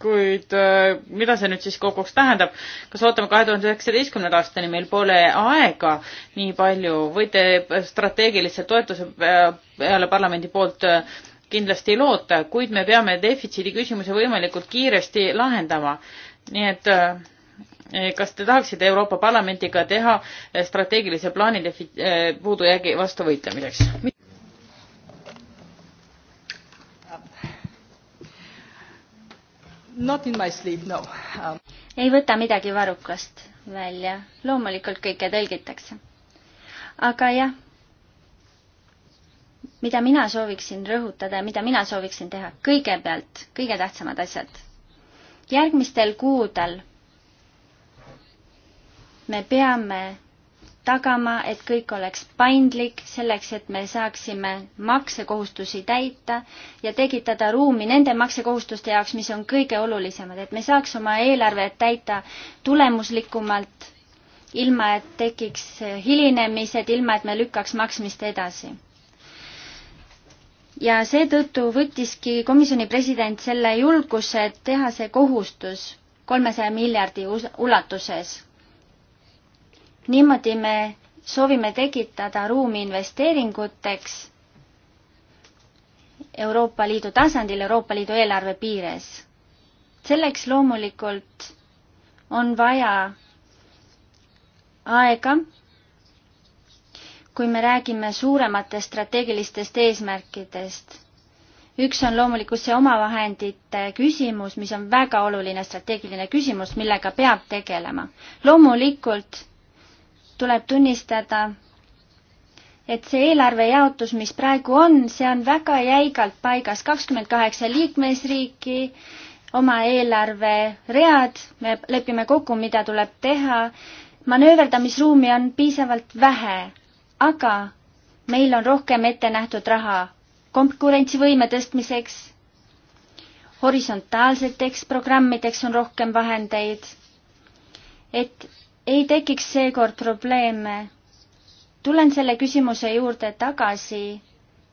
kuid äh, mida see nüüd siis koguks tähendab, kas ootame kahe tuhande üheksateistkümnenda aastani, meil pole aega nii palju, võite strateegilise toetuse äh, peale parlamendi poolt äh, kindlasti loota, kuid me peame defitsiidi küsimuse võimalikult kiiresti lahendama. nii et kas te tahaksite Euroopa Parlamendiga teha strateegilise plaani defi-, puudujäägi vastu võitlemiseks? Not in my sleep, no um.... ei võta midagi varrukast välja, loomulikult kõike tõlgitakse. aga jah, mida mina sooviksin rõhutada ja mida mina sooviksin teha, kõigepealt kõige tähtsamad asjad. järgmistel kuudel me peame tagama, et kõik oleks paindlik, selleks et me saaksime maksekohustusi täita ja tekitada ruumi nende maksekohustuste jaoks, mis on kõige olulisemad, et me saaks oma eelarvet täita tulemuslikumalt, ilma et tekiks hilinemised, ilma et me lükkaks maksmist edasi. ja seetõttu võttiski komisjoni president selle julguse, et teha see kohustus kolmesaja miljardi ulatuses niimoodi me soovime tekitada ruumi investeeringuteks Euroopa Liidu tasandil, Euroopa Liidu eelarve piires. selleks loomulikult on vaja aega, kui me räägime suurematest strateegilistest eesmärkidest. üks on loomulikult see omavahendite küsimus, mis on väga oluline strateegiline küsimus, millega peab tegelema. loomulikult tuleb tunnistada, et see eelarvejaotus, mis praegu on, see on väga jäigalt paigas, kakskümmend kaheksa liikmesriiki, oma eelarveread, me lepime kokku, mida tuleb teha, manööverdamisruumi on piisavalt vähe, aga meil on rohkem ette nähtud raha konkurentsivõime tõstmiseks, horisontaalseteks programmideks on rohkem vahendeid, et ei tekiks seekord probleeme. tulen selle küsimuse juurde tagasi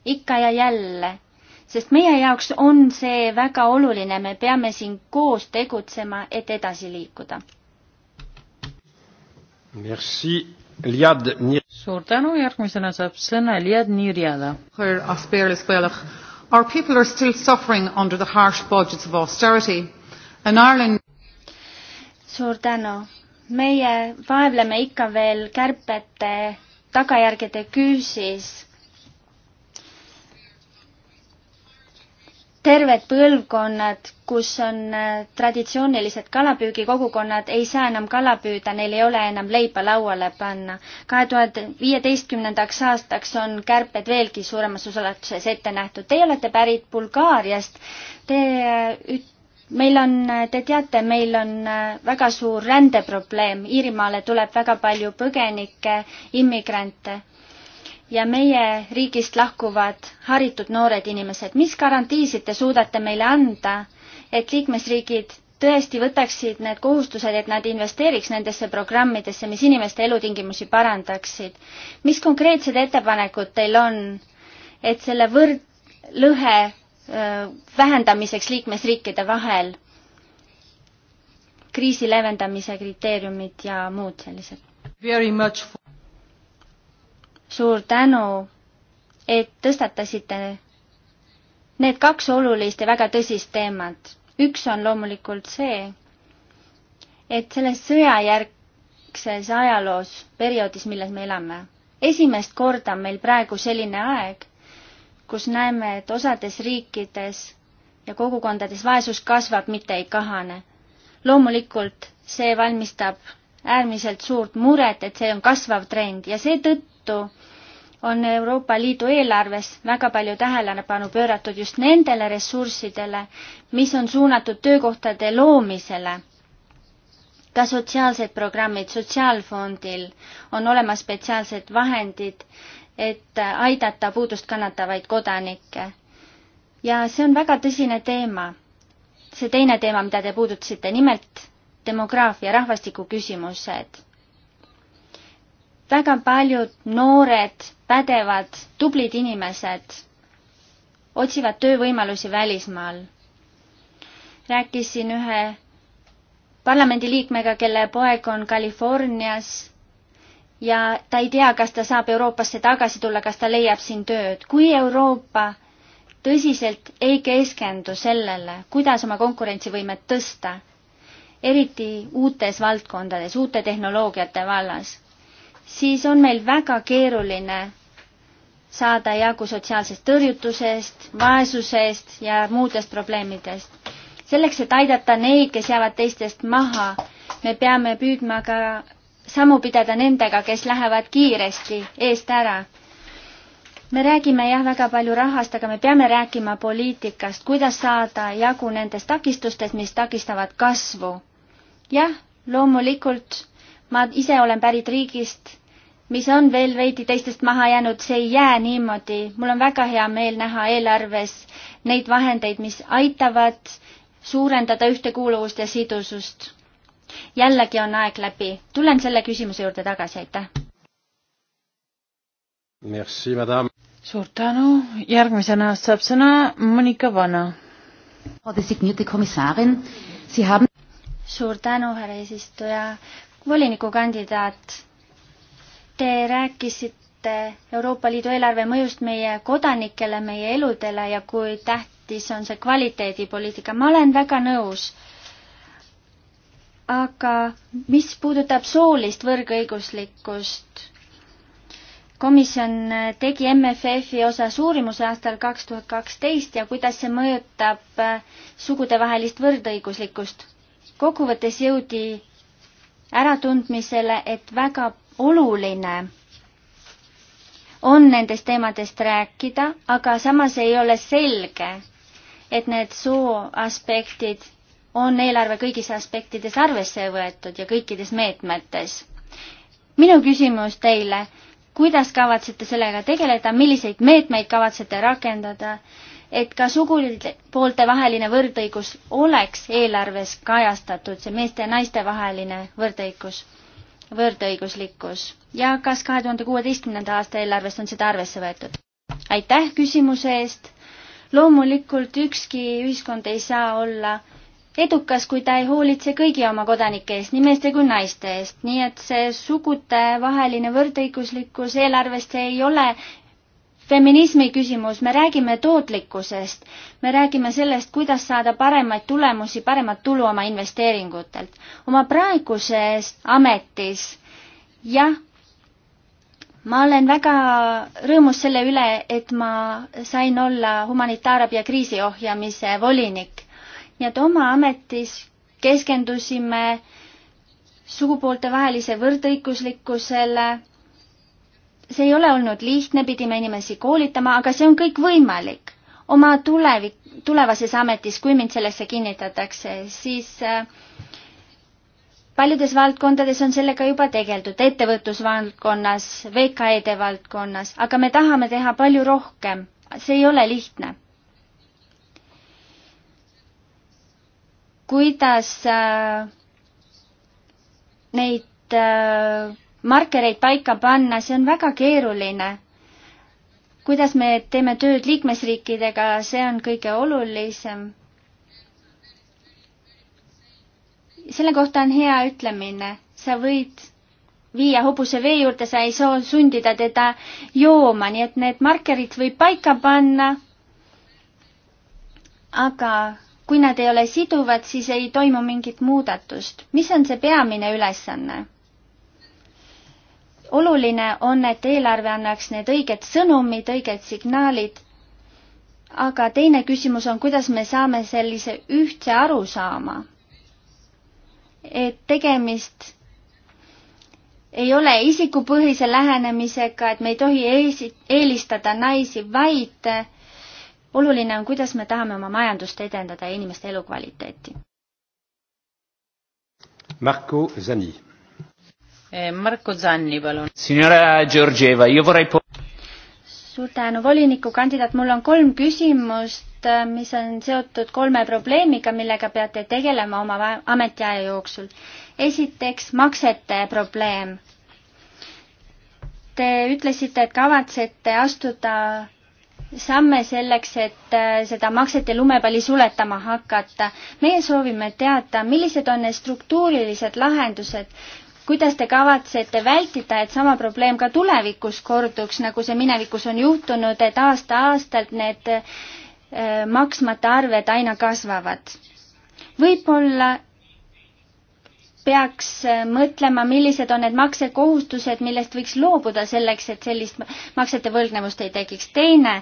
ikka ja jälle, sest meie jaoks on see väga oluline, me peame siin koos tegutsema, et edasi liikuda. Merci. Liad Nir-. suur tänu, järgmisena saab sõna Liad Nirjada. Our people are still suffering under the harsh budgets of austerity. In Ireland suur tänu meie vaevleme ikka veel kärbete tagajärgede küüsis. terved põlvkonnad, kus on äh, traditsioonilised kalapüügikogukonnad, ei saa enam kala püüda, neil ei ole enam leiba lauale panna. kahe tuhande viieteistkümnendaks aastaks on kärped veelgi suuremas usalduses ette nähtud. Teie olete pärit Bulgaariast. Te äh, üt-, meil on, te teate, meil on äh, väga suur rändeprobleem, Iirimaale tuleb väga palju põgenikke, immigrante ja meie riigist lahkuvad haritud noored inimesed. mis garantiisid te suudate meile anda, et liikmesriigid tõesti võtaksid need kohustused, et nad investeeriks nendesse programmidesse, mis inimeste elutingimusi parandaksid? mis konkreetsed ettepanekud teil on, et selle võrd-, lõhe vähendamiseks liikmesriikide vahel, kriisi leevendamise kriteeriumid ja muud sellised. suur tänu, et tõstatasite need kaks olulist ja väga tõsist teemat. üks on loomulikult see, et selles sõjajärgses ajaloos, perioodis, milles me elame, esimest korda on meil praegu selline aeg, kus näeme, et osades riikides ja kogukondades vaesus kasvab, mitte ei kahane. loomulikult see valmistab äärmiselt suurt muret, et see on kasvav trend ja seetõttu on Euroopa Liidu eelarves väga palju tähelepanu pööratud just nendele ressurssidele, mis on suunatud töökohtade loomisele. ka sotsiaalsed programmid Sotsiaalfondil on olemas spetsiaalsed vahendid et aidata puudust kannatavaid kodanikke. ja see on väga tõsine teema. see teine teema, mida te puudutasite, nimelt demograafia, rahvastiku küsimused. väga paljud noored, pädevad, tublid inimesed otsivad töövõimalusi välismaal. rääkisin ühe parlamendiliikmega, kelle poeg on Californias ja ta ei tea, kas ta saab Euroopasse tagasi tulla, kas ta leiab siin tööd. kui Euroopa tõsiselt ei keskendu sellele, kuidas oma konkurentsivõimet tõsta, eriti uutes valdkondades, uute tehnoloogiate vallas, siis on meil väga keeruline saada jagu sotsiaalsest tõrjutusest, vaesusest ja muudest probleemidest. selleks, et aidata neid, kes jäävad teistest maha, me peame püüdma ka sammu pidada nendega, kes lähevad kiiresti eest ära. me räägime jah, väga palju rahast, aga me peame rääkima poliitikast, kuidas saada jagu nendest takistustest, mis takistavad kasvu. jah, loomulikult ma ise olen pärit riigist, mis on veel veidi teistest maha jäänud, see ei jää niimoodi. mul on väga hea meel näha eelarves neid vahendeid, mis aitavad suurendada ühtekuuluvust ja sidusust jällegi on aeg läbi, tulen selle küsimuse juurde tagasi, aitäh. Merci, madame. suur tänu, järgmisena saab sõna Monika Vana. suur tänu, härra eesistuja. volinikukandidaat, te rääkisite Euroopa Liidu eelarve mõjust meie kodanikele, meie eludele ja kui tähtis on see kvaliteedipoliitika, ma olen väga nõus aga mis puudutab soolist võrgõiguslikkust, komisjon tegi MFF-i osas uurimuse aastal kaks tuhat kaksteist ja kuidas see mõjutab äh, sugudevahelist võrdõiguslikkust. kokkuvõttes jõudi äratundmisele, et väga oluline on nendest teemadest rääkida, aga samas ei ole selge, et need sooaspektid on eelarve kõigis aspektides arvesse võetud ja kõikides meetmetes. minu küsimus teile, kuidas kavatsete sellega tegeleda, milliseid meetmeid kavatsete rakendada, et ka sugupoolte vaheline võrdõigus oleks eelarves kajastatud, see meeste ja naiste vaheline võrdõigus, võrdõiguslikkus ja kas kahe tuhande kuueteistkümnenda aasta eelarvest on seda arvesse võetud? aitäh küsimuse eest! loomulikult ükski ühiskond ei saa olla edukas, kui ta ei hoolitse kõigi oma kodanike eest, nii meeste kui naiste eest, nii et see sugudevaheline võrdõiguslikkus eelarves, see ei ole feminismi küsimus, me räägime tootlikkusest, me räägime sellest, kuidas saada paremaid tulemusi, paremat tulu oma investeeringutelt. oma praeguses ametis, jah, ma olen väga rõõmus selle üle, et ma sain olla humanitaarabi ja kriisiohjamise volinik nii et oma ametis keskendusime sugupooltevahelise võrdõiguslikkusele. see ei ole olnud lihtne, pidime inimesi koolitama, aga see on kõik võimalik. oma tulevik, tulevases ametis, kui mind sellesse kinnitatakse, siis äh, paljudes valdkondades on sellega juba tegeldud, ettevõtlusvaldkonnas, VKE-de valdkonnas, aga me tahame teha palju rohkem. see ei ole lihtne kuidas äh, neid äh, markereid paika panna, see on väga keeruline. kuidas me teeme tööd liikmesriikidega, see on kõige olulisem. selle kohta on hea ütlemine, sa võid viia hobuse vee juurde, sa ei saa sundida teda jooma, nii et need markerid võib paika panna. aga kui nad ei ole siduvad, siis ei toimu mingit muudatust. mis on see peamine ülesanne? oluline on, et eelarve annaks need õiged sõnumid, õiged signaalid. aga teine küsimus on, kuidas me saame sellise ühtse arusaama, et tegemist ei ole isikupõhise lähenemisega, et me ei tohi eesi-, eelistada naisi, vaid oluline on, kuidas me tahame oma majandust edendada ja inimeste elukvaliteeti. Marko Zanni. Eh, Marko Zanni, palun. Signora Georgieva, io vorrei po-. suur tänu, volinikukandidaat, mul on kolm küsimust, eh, mis on seotud kolme probleemiga, millega peate tegelema oma ametiaja jooksul. esiteks, maksete probleem. Te ütlesite, et kavatsete astuda samme selleks, et äh, seda makset ja lumepalli suletama hakata. meie soovime teada, millised on need struktuurilised lahendused, kuidas te kavatsete vältida, et sama probleem ka tulevikus korduks, nagu see minevikus on juhtunud, et aasta-aastalt need äh, maksmata arved aina kasvavad? võib-olla peaks äh, mõtlema, millised on need maksekohustused, millest võiks loobuda selleks, et sellist maksete võlgnevust ei tekiks. teine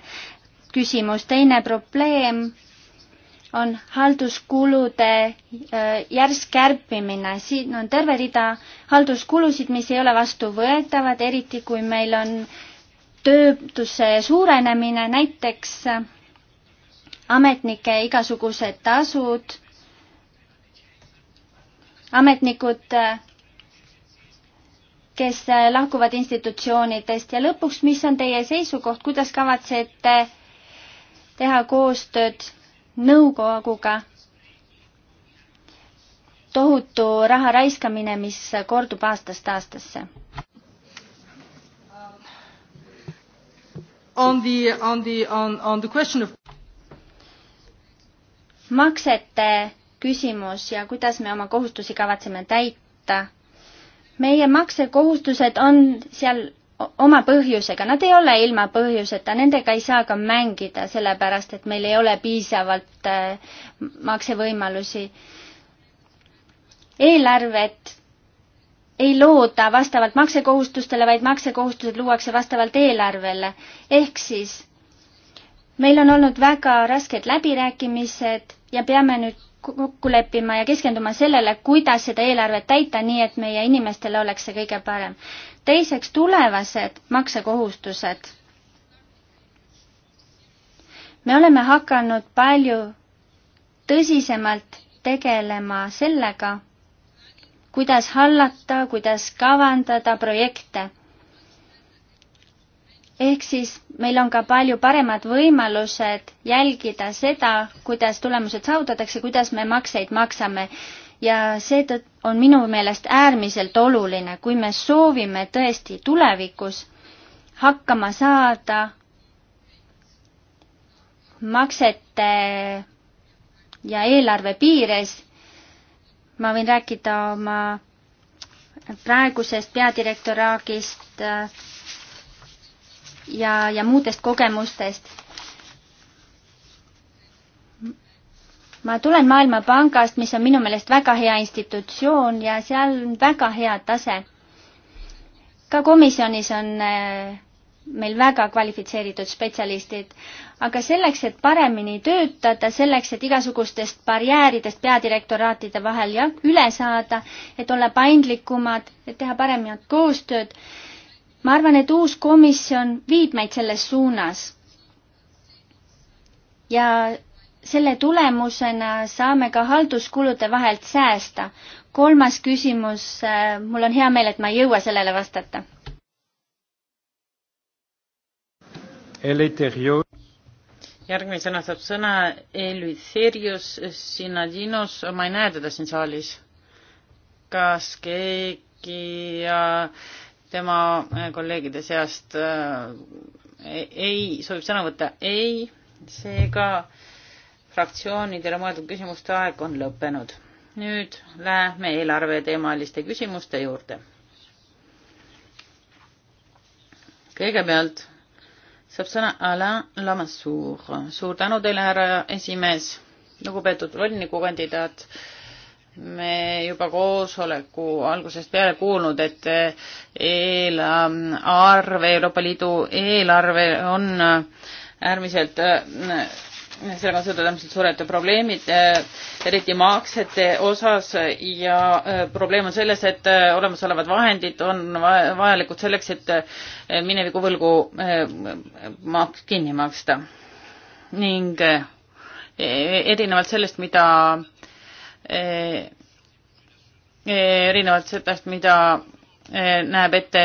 küsimus, teine probleem on halduskulude äh, järsk kärpimine. siin on terve rida halduskulusid, mis ei ole vastuvõetavad, eriti kui meil on töötuse suurenemine, näiteks äh, ametnike igasugused tasud ametnikud, kes lahkuvad institutsioonidest ja lõpuks, mis on teie seisukoht, kuidas kavatsete teha koostööd nõukoguga? tohutu raha raiskamine, mis kordub aastast aastasse. On the, on the, on, on the question of maksete küsimus ja kuidas me oma kohustusi kavatseme täita. meie maksekohustused on seal oma põhjusega, nad ei ole ilma põhjuseta, nendega ei saa ka mängida, sellepärast et meil ei ole piisavalt äh, maksevõimalusi. eelarvet ei looda vastavalt maksekohustustele, vaid maksekohustused luuakse vastavalt eelarvele. ehk siis meil on olnud väga rasked läbirääkimised ja peame nüüd kokku leppima ja keskenduma sellele, kuidas seda eelarvet täita, nii et meie inimestele oleks see kõige parem. teiseks, tulevased maksekohustused. me oleme hakanud palju tõsisemalt tegelema sellega, kuidas hallata, kuidas kavandada projekte ehk siis meil on ka palju paremad võimalused jälgida seda, kuidas tulemused saavutatakse, kuidas me makseid maksame. ja seetõttu on minu meelest äärmiselt oluline, kui me soovime tõesti tulevikus hakkama saada maksete ja eelarve piires. ma võin rääkida oma praegusest peadirektoraagist äh, ja, ja muudest kogemustest. ma tulen Maailmapangast, mis on minu meelest väga hea institutsioon ja seal on väga hea tase. ka komisjonis on äh, meil väga kvalifitseeritud spetsialistid, aga selleks, et paremini töötada, selleks, et igasugustest barjääridest peadirektoraatide vahel ja üle saada, et olla paindlikumad, et teha paremat koostööd ma arvan, et uus komisjon viib meid selles suunas. ja selle tulemusena saame ka halduskulude vahelt säästa. kolmas küsimus, äh, mul on hea meel, et ma ei jõua sellele vastata. järgmisena saab sõna Elvitherius Sinadinos, ma ei näe teda siin saalis. kas keegi ja äh, tema äh, kolleegide seast äh, ei, soovib sõna võtta? ei, seega fraktsioonidele mõeldud küsimuste aeg on lõppenud. nüüd läheme eelarveteemaliste küsimuste juurde. kõigepealt saab sõna Alain Lamassoure. suur tänu teile, härra esimees, lugupeetud volinikukandidaat me juba koosoleku algusest peale kuulnud, et eelarve, Euroopa Liidu eelarve on äärmiselt, sellega on seotud äärmiselt suured probleemid, eriti maksete osas ja probleem on selles, et olemasolevad vahendid on vajalikud selleks, et mineviku võlgu maks kinni maksta. ning e-, erinevalt sellest, mida Eh, eh, erinevalt sellest, mida eh, näeb ette,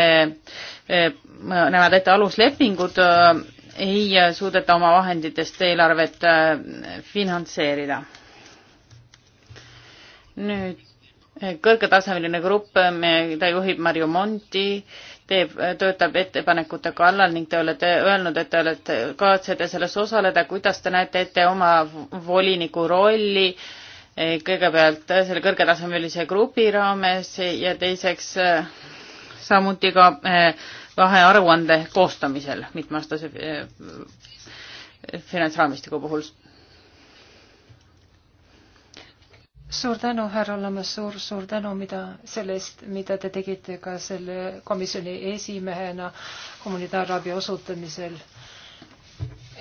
näevad ette aluslepingud, ei suudeta oma vahenditest eelarvet finantseerida. nüüd kõrgetasemeline grupp, mida juhib Marju Monti, teeb, töötab ettepanekute kallal ning te olete öelnud, et te olete, kavatsete selles osaleda, kuidas te näete ette oma voliniku rolli äh, Eh, kõigepealt eh, selle kõrgetasemelise grupi raames ja teiseks eh, samuti ka vahearuande koostamisel mitmeaastase finantsraamistiku puhul. suur tänu, härra Lamassuur, suur tänu, mida sellest, mida te tegite ka selle komisjoni esimehena humanitaarabi osutamisel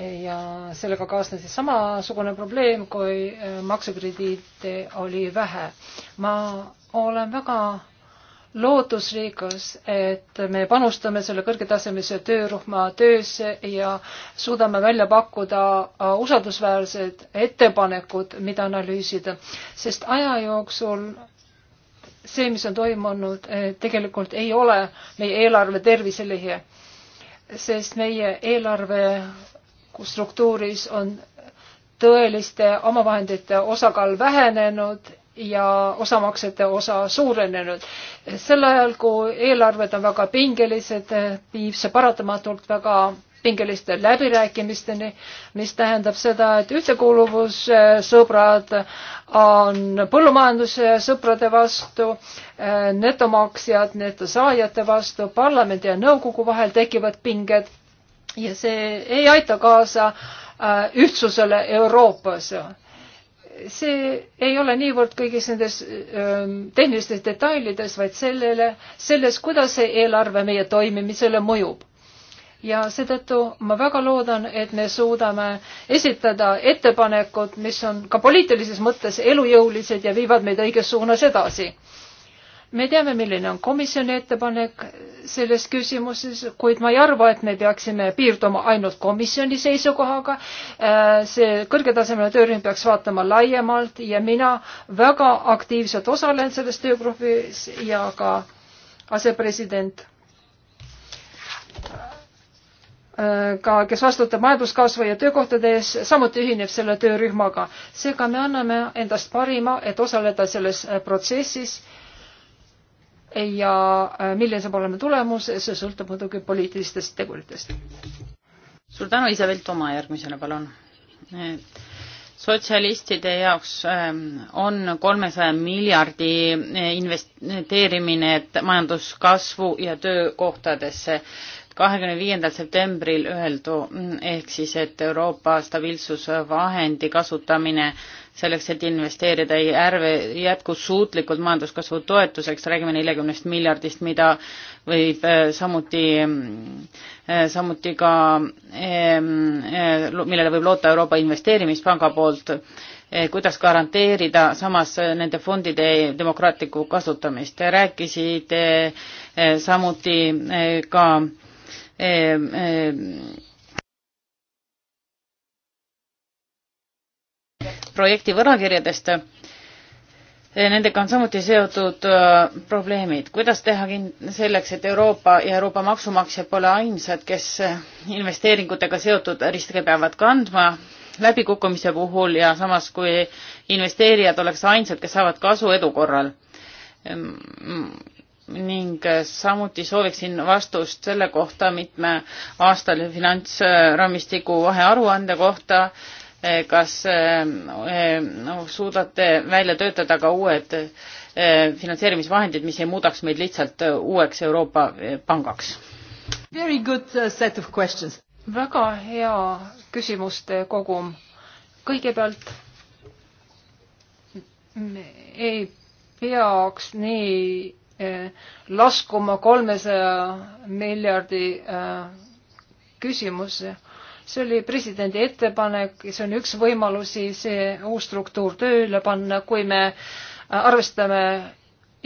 ja sellega kaasnes samasugune probleem, kui äh, maksukrediite oli vähe. ma olen väga lootusriigas, et me panustame selle kõrgetasemelise töörühma töösse ja suudame välja pakkuda äh, usaldusväärsed ettepanekud, mida analüüsida, sest aja jooksul see, mis on toimunud, äh, tegelikult ei ole meie eelarve terviselehe, sest meie eelarve struktuuris on tõeliste omavahendite osakaal vähenenud ja osamaksete osa suurenenud. sel ajal, kui eelarved on väga pingelised, viib see paratamatult väga pingeliste läbirääkimisteni, mis tähendab seda, et ühtekuuluvussõbrad on põllumajanduse sõprade vastu, netomaksjad netosaajate vastu, parlamendi ja nõukogu vahel tekivad pinged ja see ei aita kaasa äh, ühtsusele Euroopas. see ei ole niivõrd kõigis nendes ähm, tehnilistes detailides, vaid sellele, selles, kuidas see eelarve meie toimimisele mõjub ja seetõttu ma väga loodan, et me suudame esitada ettepanekud, mis on ka poliitilises mõttes elujõulised ja viivad meid õiges suunas edasi me teame, milline on komisjoni ettepanek selles küsimuses, kuid ma ei arva, et me peaksime piirduma ainult komisjoni seisukohaga. Äh, see kõrgetasemeline töörühm peaks vaatama laiemalt ja mina väga aktiivselt osalen selles töögrupis ja ka asepresident äh, ka, kes vastutab majanduskasvu ja töökohtade ees, samuti ühineb selle töörühmaga. seega me anname endast parima, et osaleda selles protsessis ja äh, milline saab olema tulemus, see sõltub muidugi poliitilistest teguritest. suur tänu, Isabel Toma järgmisena, palun. sotsialistide jaoks ähm, on kolmesaja miljardi äh, investeerimine majanduskasvu ja töökohtadesse kahekümne viiendal septembril öeldu mm, ehk siis, et Euroopa stabiilsusvahendi kasutamine selleks, et investeerida järve jätkusuutlikult majanduskasvu toetuseks, räägime neljakümnest miljardist, mida võib äh, samuti, mm, äh, samuti ka, äh, millele võib loota Euroopa Investeerimispanga poolt, kuidas garanteerida samas nende fondide demokraatlikku kasutamist. rääkisid samuti ka projekti võlakirjadest. Eh, nendega on samuti seotud eh, probleemid. kuidas teha selleks, et Euroopa ja Euroopa maksumaksjad pole ainsad, kes eh, investeeringutega seotud riske peavad kandma läbikukkumise puhul ja samas, kui investeerijad oleks ainsad, kes saavad kasu edu korral ehm, ning samuti sooviksin vastust selle kohta mitme aastane finantsraamistiku vahearuande kohta Eh, kas no, eh, eh, oh, suudate välja töötada ka uued finantseerimisvahendid, mis ei muudaks meid lihtsalt uueks Euroopa pangaks? Uh, väga hea küsimuste kogum. kõigepealt me ei peaks nii laskuma kolmesaja miljardi küsimusse see oli presidendi ettepanek, see on üks võimalusi see uus struktuur tööle panna, kui me arvestame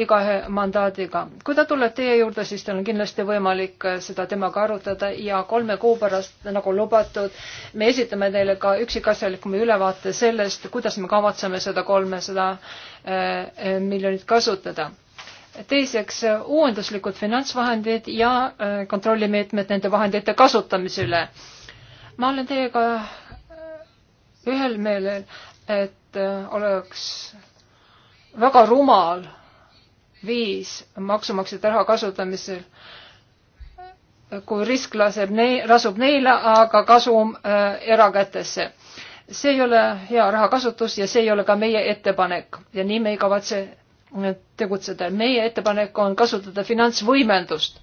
igaühe mandaadiga. kui ta tuleb teie juurde, siis teil on kindlasti võimalik seda temaga arutada ja kolme kuu pärast, nagu lubatud, me esitame teile ka üksikasjalikuma ülevaate sellest, kuidas me kavatseme seda kolmesada eh, miljonit kasutada. teiseks, uuenduslikud finantsvahendid ja eh, kontrollimeetmed nende vahendite kasutamise üle ma olen teiega ühel meelel, et äh, oleks väga rumal viis maksumaksjate raha kasutamisel, kui risk laseb nei-, lasub neile, aga kasum äh, erakätesse. see ei ole hea rahakasutus ja see ei ole ka meie ettepanek ja nii me ei kavatse äh, tegutseda. meie ettepanek on kasutada finantsvõimendust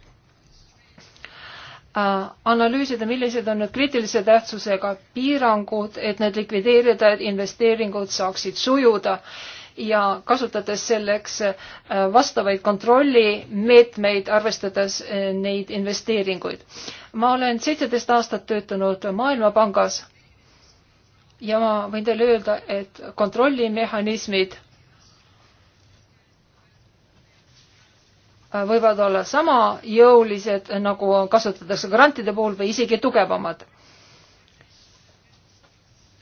Äh, analüüsida, millised on need kriitilise tähtsusega piirangud, et need likvideerida, et investeeringud saaksid sujuda ja kasutades selleks äh, vastavaid kontrollimeetmeid, arvestades äh, neid investeeringuid. ma olen seitseteist aastat töötanud Maailmapangas ja ma võin teile öelda, et kontrollimehhanismid võivad olla sama jõulised, nagu kasutatakse grantide puhul või isegi tugevamad.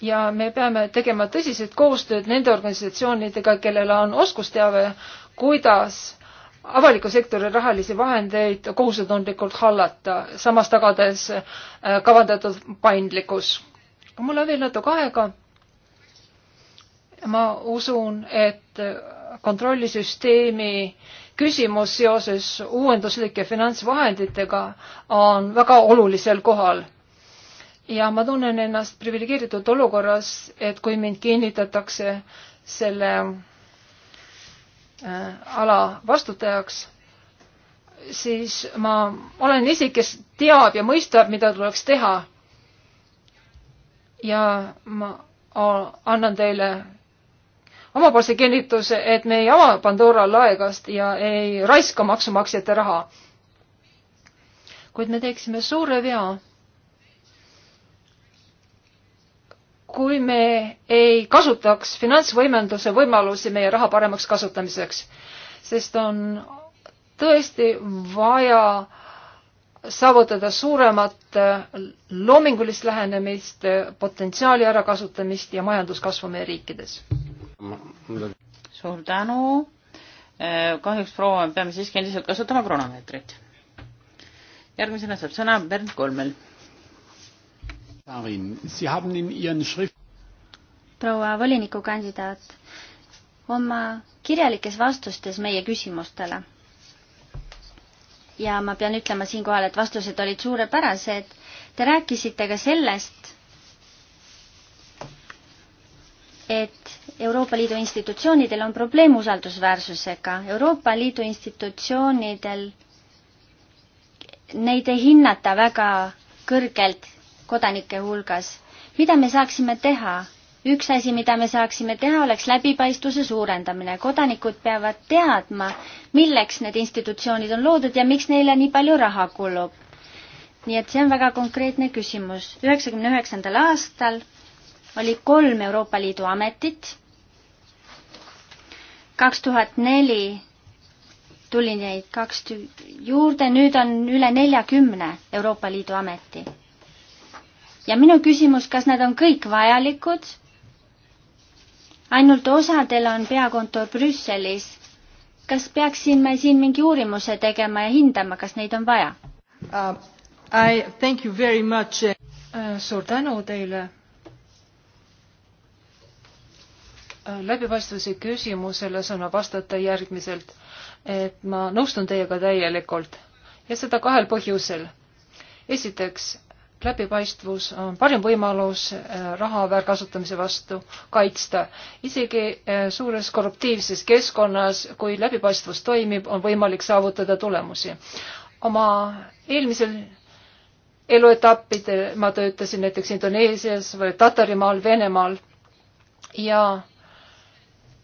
ja me peame tegema tõsiselt koostööd nende organisatsioonidega, kellel on oskusteave, kuidas avaliku sektori rahalisi vahendeid kohusetundlikult hallata, samas tagades äh, kavandatud paindlikkus. mul on veel natuke aega. ma usun, et kontrollisüsteemi küsimus seoses uuenduslike finantsvahenditega on väga olulisel kohal. ja ma tunnen ennast priviligeeritud olukorras, et kui mind kinnitatakse selle äh, ala vastutajaks, siis ma olen isik, kes teab ja mõistab, mida tuleks teha. ja ma annan teile omapoolse kinnituse, et me ei ava Pandora laegast ja ei raiska maksumaksjate raha. kuid me teeksime suure vea, kui me ei kasutaks finantsvõimenduse võimalusi meie raha paremaks kasutamiseks, sest on tõesti vaja saavutada suuremat loomingulist lähenemist, potentsiaali ärakasutamist ja majanduskasvu meie riikides suur tänu. Eh, kahjuks proua, peame siiski endiselt kasutama kronomeetrit. järgmisena saab sõna Bernd Kolmel. proua volinikukandidaat, oma kirjalikes vastustes meie küsimustele ja ma pean ütlema siinkohal, et vastused olid suurepärased. Te rääkisite ka sellest, et Euroopa Liidu institutsioonidel on probleem usaldusväärsusega. Euroopa Liidu institutsioonidel, neid ei hinnata väga kõrgelt kodanike hulgas. mida me saaksime teha? üks asi, mida me saaksime teha, oleks läbipaistvuse suurendamine. kodanikud peavad teadma, milleks need institutsioonid on loodud ja miks neile nii palju raha kulub. nii et see on väga konkreetne küsimus. üheksakümne üheksandal aastal oli kolm Euroopa Liidu ametit. kaks tuhat neli tuli neid kaks juurde, nüüd on üle neljakümne Euroopa Liidu ameti. ja minu küsimus, kas need on kõik vajalikud? ainult osadel on peakontor Brüsselis. kas peaksime siin mingi uurimuse tegema ja hindama, kas neid on vaja uh,? I thank you very much uh,. suur tänu teile Äh, läbipaistvuse küsimusele saan ma vastata järgmiselt, et ma nõustun teiega täielikult ja seda kahel põhjusel. esiteks, läbipaistvus on parim võimalus äh, raha väärkasutamise vastu kaitsta. isegi äh, suures korruptiivses keskkonnas, kui läbipaistvus toimib, on võimalik saavutada tulemusi. oma eelmisel eluetappidel ma töötasin näiteks Indoneesias või Tatarimaal, Venemaal ja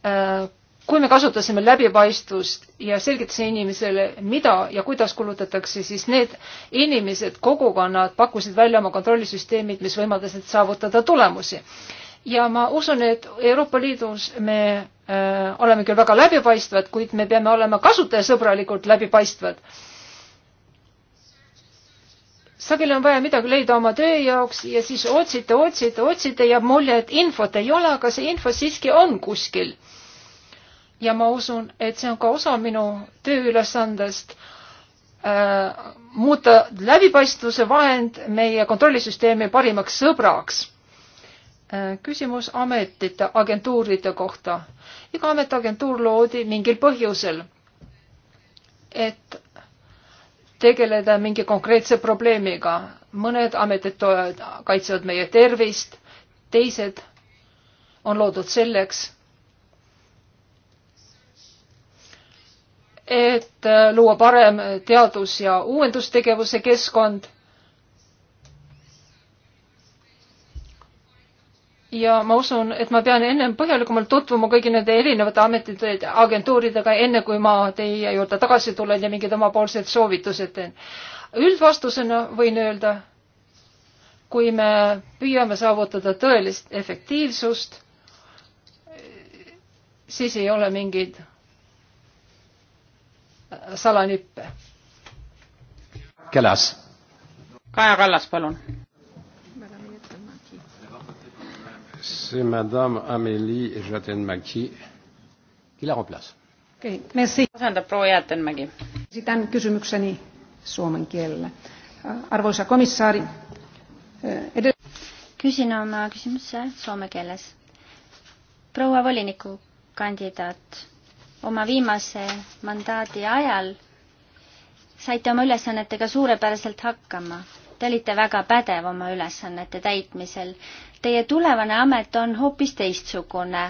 Äh, kui me kasutasime läbipaistvust ja selgitasime inimesele, mida ja kuidas kulutatakse, siis need inimesed, kogukonnad pakkusid välja oma kontrollisüsteemid, mis võimaldasid saavutada tulemusi. ja ma usun, et Euroopa Liidus me öö, äh, oleme küll väga läbipaistvad, kuid me peame olema kasutajasõbralikult läbipaistvad. sageli on vaja midagi leida oma töö jaoks ja siis otsite, otsite, otsite, jääb mulje, et infot ei ole, aga see info siiski on kuskil ja ma usun, et see on ka osa minu tööülesandest äh, muuta läbipaistvuse vahend meie kontrollisüsteemi parimaks sõbraks äh,. küsimus ametite, agentuuride kohta. iga ametiagentuur loodi mingil põhjusel, et tegeleda mingi konkreetse probleemiga. mõned ametid kaitsevad meie tervist, teised on loodud selleks et äh, luua parem teadus- ja uuendustegevuse keskkond. ja ma usun, et ma pean ennem põhjalikumalt tutvuma kõigi nende erinevate ametite, agentuuridega, enne kui ma teie juurde tagasi tulen ja mingid omapoolsed soovitused teen. üldvastusena võin öelda, kui me püüame saavutada tõelist efektiivsust, siis ei ole mingeid salanippe. Kallas. Kaja Kallas, palun. C'est madame Amélie Jatenmaki qui la remplace. Okay, merci. Asendab proua Jatenmägi. Esitän kysymykseni suomen kielellä. Arvoisa komissaari, eh, edellä... Küsin oma küsimuse soome keeles. Proua voliniku kandidaat oma viimase mandaadi ajal saite oma ülesannetega suurepäraselt hakkama. Te olite väga pädev oma ülesannete täitmisel. Teie tulevane amet on hoopis teistsugune,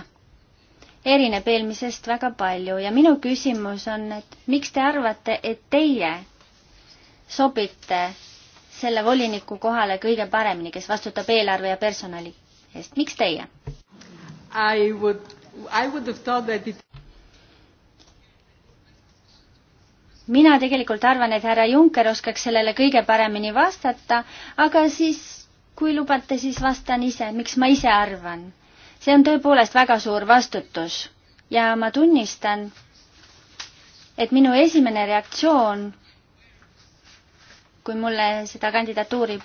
erineb eelmisest väga palju ja minu küsimus on, et miks te arvate, et teie sobite selle voliniku kohale kõige paremini, kes vastutab eelarve ja personali eest, miks teie? It... mina tegelikult arvan, et härra Juncker oskaks sellele kõige paremini vastata, aga siis, kui lubate, siis vastan ise, miks ma ise arvan. see on tõepoolest väga suur vastutus ja ma tunnistan, et minu esimene reaktsioon, kui mulle seda kandidatuuri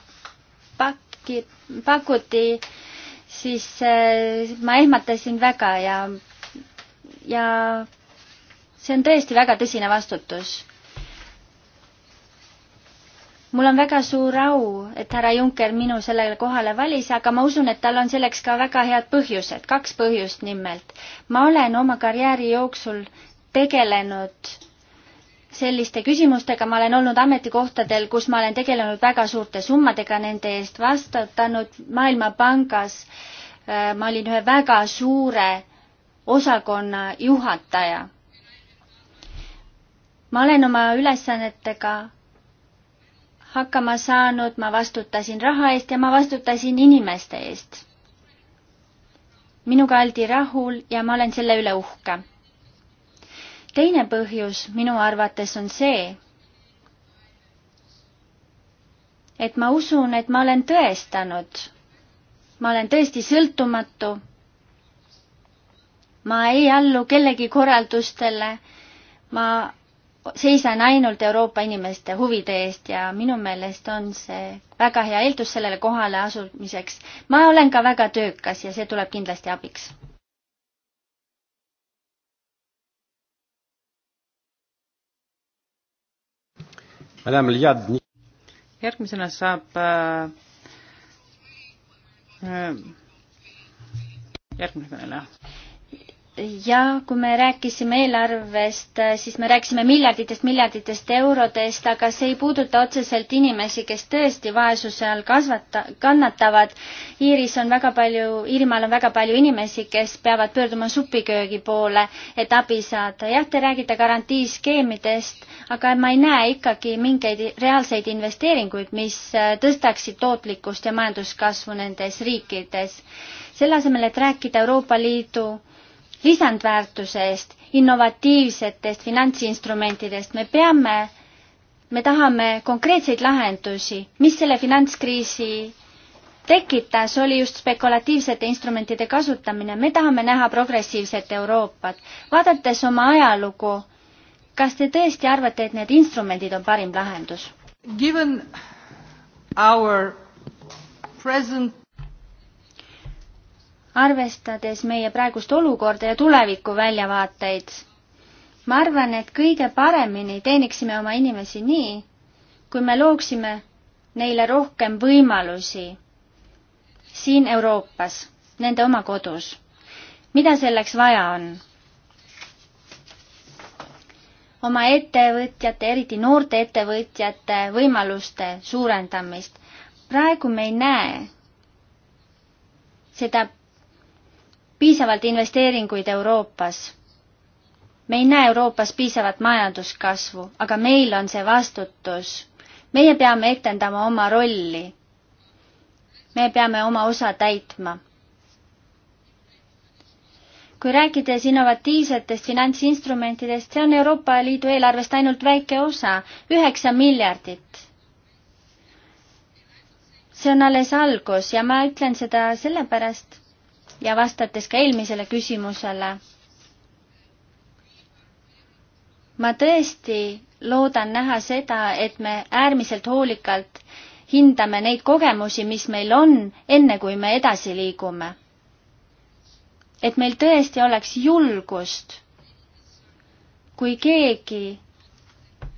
pakki, pakuti, siis äh, ma ehmatasin väga ja, ja see on tõesti väga tõsine vastutus mul on väga suur au, et härra Juncker minu sellele kohale valis, aga ma usun, et tal on selleks ka väga head põhjused, kaks põhjust nimelt. ma olen oma karjääri jooksul tegelenud selliste küsimustega, ma olen olnud ametikohtadel, kus ma olen tegelenud väga suurte summadega, nende eest vastutanud Maailmapangas. Äh, ma olin ühe väga suure osakonna juhataja. ma olen oma ülesannetega hakkama saanud, ma vastutasin raha eest ja ma vastutasin inimeste eest. minuga oldi rahul ja ma olen selle üle uhke. teine põhjus minu arvates on see, et ma usun, et ma olen tõestanud, ma olen tõesti sõltumatu. ma ei allu kellegi korraldustele, ma seisan ainult Euroopa inimeste huvide eest ja minu meelest on see väga hea eeldus sellele kohale asumiseks. ma olen ka väga töökas ja see tuleb kindlasti abiks. järgmisena saab äh, äh, järgmine kõneleja ja kui me rääkisime eelarvest, äh, siis me rääkisime miljarditest, miljarditest eurodest, aga see ei puuduta otseselt inimesi, kes tõesti vaesuse all kasvata, kannatavad. Iiris on väga palju, Iirimaal on väga palju inimesi, kes peavad pöörduma supiköögi poole, et abi saada. jah, te räägite garantiiskeemidest, aga ma ei näe ikkagi mingeid reaalseid investeeringuid, mis äh, tõstaksid tootlikkust ja majanduskasvu nendes riikides. selle asemel, et rääkida Euroopa Liidu lisandväärtusest, innovatiivsetest finantsinstrumentidest, me peame, me tahame konkreetseid lahendusi, mis selle finantskriisi tekitas, oli just spekulatiivsete instrumentide kasutamine, me tahame näha progressiivset Euroopat. vaadates oma ajalugu, kas te tõesti arvate, et need instrumendid on parim lahendus? Given our present arvestades meie praegust olukorda ja tuleviku väljavaateid. ma arvan, et kõige paremini teeniksime oma inimesi nii, kui me looksime neile rohkem võimalusi siin Euroopas, nende oma kodus. mida selleks vaja on? oma ettevõtjate, eriti noorte ettevõtjate võimaluste suurendamist. praegu me ei näe seda piisavalt investeeringuid Euroopas. me ei näe Euroopas piisavat majanduskasvu, aga meil on see vastutus. meie peame etendama oma rolli. me peame oma osa täitma kui rääkides innovatiivsetest finantsinstrumentidest, see on Euroopa Liidu eelarvest ainult väike osa, üheksa miljardit. see on alles algus ja ma ütlen seda sellepärast, ja vastates ka eelmisele küsimusele. ma tõesti loodan näha seda, et me äärmiselt hoolikalt hindame neid kogemusi, mis meil on, enne kui me edasi liigume. et meil tõesti oleks julgust, kui keegi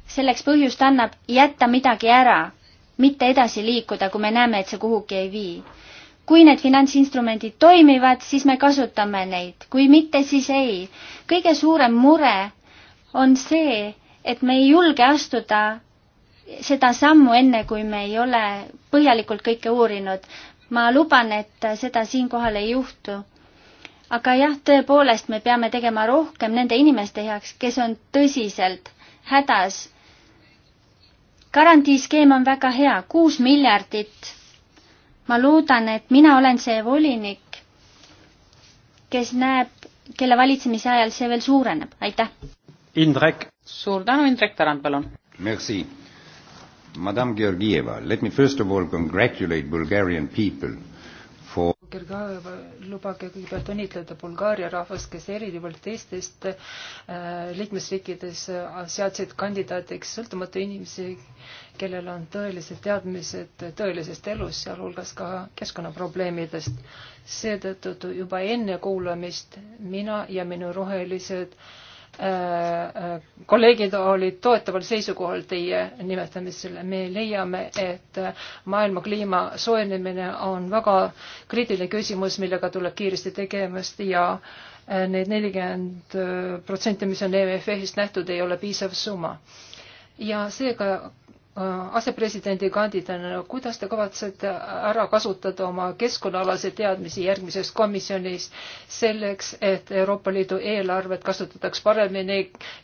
selleks põhjust annab, jätta midagi ära, mitte edasi liikuda, kui me näeme, et see kuhugi ei vii kui need finantsinstrumendid toimivad, siis me kasutame neid, kui mitte, siis ei. kõige suurem mure on see, et me ei julge astuda seda sammu, enne kui me ei ole põhjalikult kõike uurinud. ma luban, et seda siinkohal ei juhtu. aga jah, tõepoolest, me peame tegema rohkem nende inimeste heaks, kes on tõsiselt hädas. garantiiskeem on väga hea, kuus miljardit ma loodan, et mina olen see volinik, kes näeb, kelle valitsemise ajal see veel suureneb, aitäh! Indrek. suur tänu, Indrek Tarand, palun! Merci. Madame Georgieva, let me first of all congratulate Bulgarian people for Kirgaeva, lubage kõigepealt õnnitleda Bulgaaria rahvast, kes erinevalt teistest äh, liikmesriikides äh, seadsid kandidaadiks sõltumatu inimesi, kellel on tõelised teadmised tõelisest elust, sealhulgas ka keskkonnaprobleemidest. seetõttu juba enne kuulamist mina ja minu rohelised äh, Äh, äh, kolleegid olid toetaval seisukohal teie nimetamisele. me leiame, et maailma kliima soojenemine on väga kriitiline küsimus, millega tuleb kiiresti tegemist ja äh, need nelikümmend protsenti, mis on EMF-ist nähtud, ei ole piisav summa. ja seega Äh, asepresidendi kandidaadina, kuidas te kavatsete ära kasutada oma keskkonnaalase teadmisi järgmises komisjonis selleks, et Euroopa Liidu eelarvet kasutataks paremini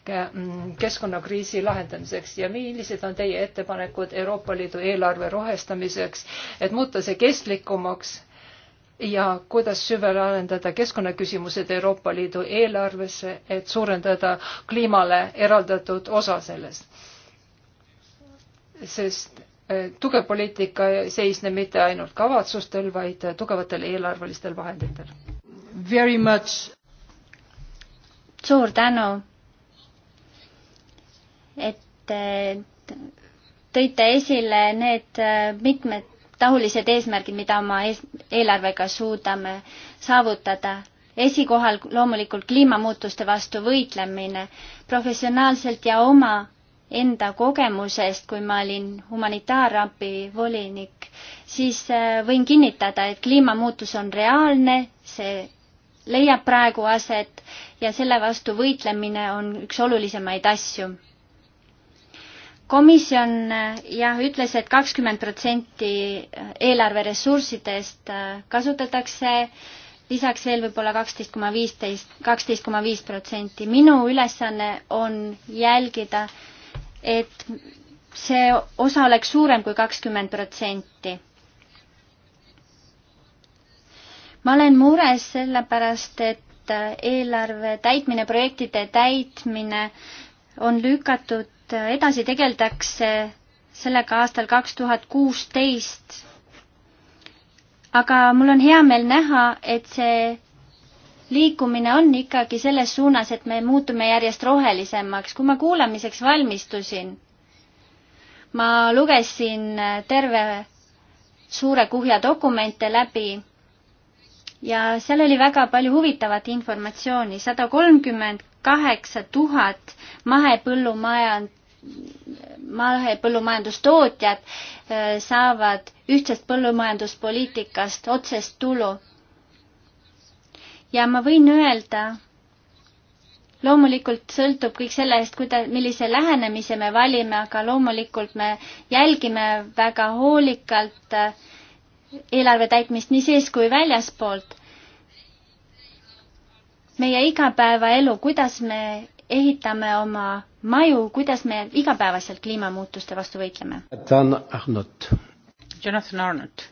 mm, keskkonnakriisi lahendamiseks ja millised on teie ettepanekud Euroopa Liidu eelarve rohestamiseks, et muuta see kestlikumaks ja kuidas süvele arendada keskkonnaküsimused Euroopa Liidu eelarvesse, et suurendada kliimale eraldatud osa sellest sest äh, tugev poliitika ei seisne mitte ainult kavatsustel, vaid äh, tugevatel eelarvelistel vahenditel. Very much. suur tänu, et äh, tõite esile need mitmed tahulised eesmärgid, mida oma ees, eelarvega suudame saavutada. esikohal loomulikult kliimamuutuste vastu võitlemine professionaalselt ja oma enda kogemusest, kui ma olin humanitaarabi volinik, siis äh, võin kinnitada, et kliimamuutus on reaalne, see leiab praegu aset ja selle vastu võitlemine on üks olulisemaid asju. komisjon äh, jah, ütles et, et kakskümmend protsenti eelarveressurssidest äh, kasutatakse lisaks veel võib-olla kaksteist koma viisteist, kaksteist koma viis protsenti. minu ülesanne on jälgida, et see osa oleks suurem kui kakskümmend protsenti. ma olen mures sellepärast, et eelarve täitmine, projektide täitmine on lükatud edasi, tegeldakse sellega aastal kaks tuhat kuusteist. aga mul on hea meel näha, et see liikumine on ikkagi selles suunas, et me muutume järjest rohelisemaks. kui ma kuulamiseks valmistusin, ma lugesin terve suure kuhja dokumente läbi ja seal oli väga palju huvitavat informatsiooni, sada kolmkümmend kaheksa tuhat mahepõllumajand, mahepõllumajandustootjad äh, saavad ühtsest põllumajanduspoliitikast otsest tulu ja ma võin öelda, loomulikult sõltub kõik sellest, kuida-, millise lähenemise me valime, aga loomulikult me jälgime väga hoolikalt äh, eelarve täitmist nii sees kui väljaspoolt. meie igapäevaelu, kuidas me ehitame oma maju, kuidas me igapäevaselt kliimamuutuste vastu võitleme? Jonathan Arnott. Jonathan Arnott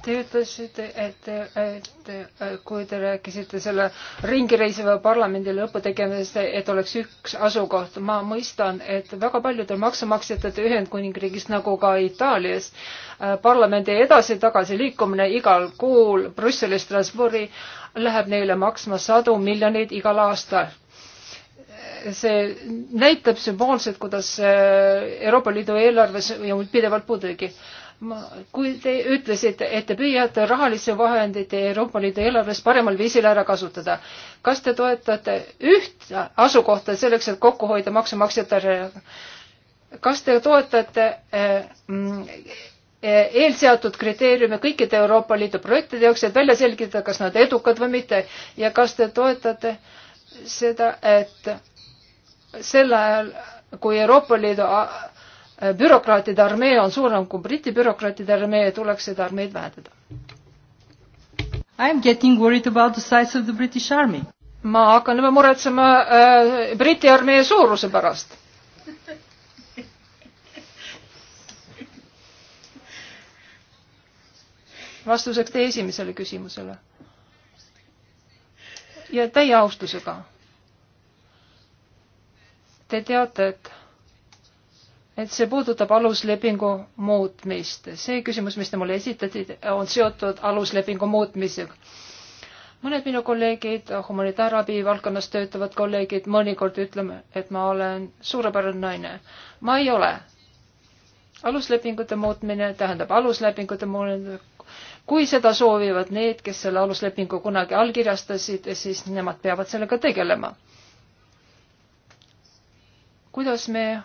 Te ütlesite, et, et kui te rääkisite selle ringireisiva parlamendile õppetegemisest, et oleks üks asukoht. ma mõistan, et väga paljudel maksumaksjatel Ühendkuningriigis nagu ka Itaalias äh, parlamendi edasi-tagasi liikumine igal kuul Brüsselist Strasbourgi läheb neile maksma sadu miljoneid igal aastal see näitab sümboolselt, kuidas äh, Euroopa Liidu eelarves pidevalt puudujäägi kui te ütlesite, et te püüate rahalisi vahendeid Euroopa Liidu eelarves paremal viisil ära kasutada, kas te toetate üht asukohta selleks, et kokku hoida maksumaksjatele? kas te toetate eh, eh, eelseatud kriteeriume kõikide Euroopa Liidu projektide jaoks, et välja selgitada, kas nad edukad või mitte ja kas te toetate seda, et sel ajal, kui Euroopa Liidu Äh, bürokraatide armee on suurem kui Briti bürokraatide armee ja tuleks seda armeed vähendada. I am getting worried about the size of the British army. ma hakkan juba muretsema äh, Briti armee suuruse pärast vastuseks teie esimesele küsimusele. ja täie austusega. Te teate, et et see puudutab aluslepingu muutmist. see küsimus, mis te mulle esitasite, on seotud aluslepingu muutmisega. mõned minu kolleegid, humanitaarabi valdkonnas töötavad kolleegid, mõnikord ütleme, et ma olen suurepärane naine. ma ei ole. aluslepingute muutmine tähendab aluslepingute muutmine. kui seda soovivad need, kes selle aluslepingu kunagi allkirjastasid, siis nemad peavad sellega tegelema. kuidas me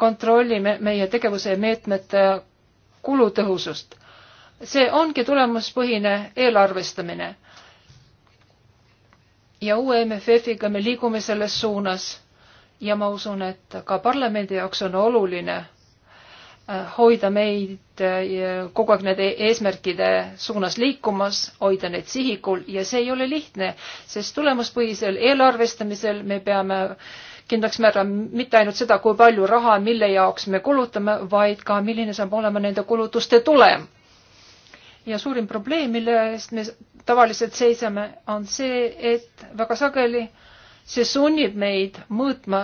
kontrollime meie tegevuse ja meetmete kulutõhusust. see ongi tulemuspõhine eelarvestamine. ja uue MFF-iga me liigume selles suunas ja ma usun, et ka parlamendi jaoks on oluline äh, hoida meid äh, kogu aeg nende eesmärkide suunas liikumas, hoida neid sihikul ja see ei ole lihtne, sest tulemuspõhisel eelarvestamisel me peame äh, kindlaks määrama mitte ainult seda, kui palju raha, mille jaoks me kulutame, vaid ka milline saab olema nende kulutuste tulem. ja suurim probleem, mille eest me tavaliselt seisame, on see, et väga sageli see sunnib meid mõõtma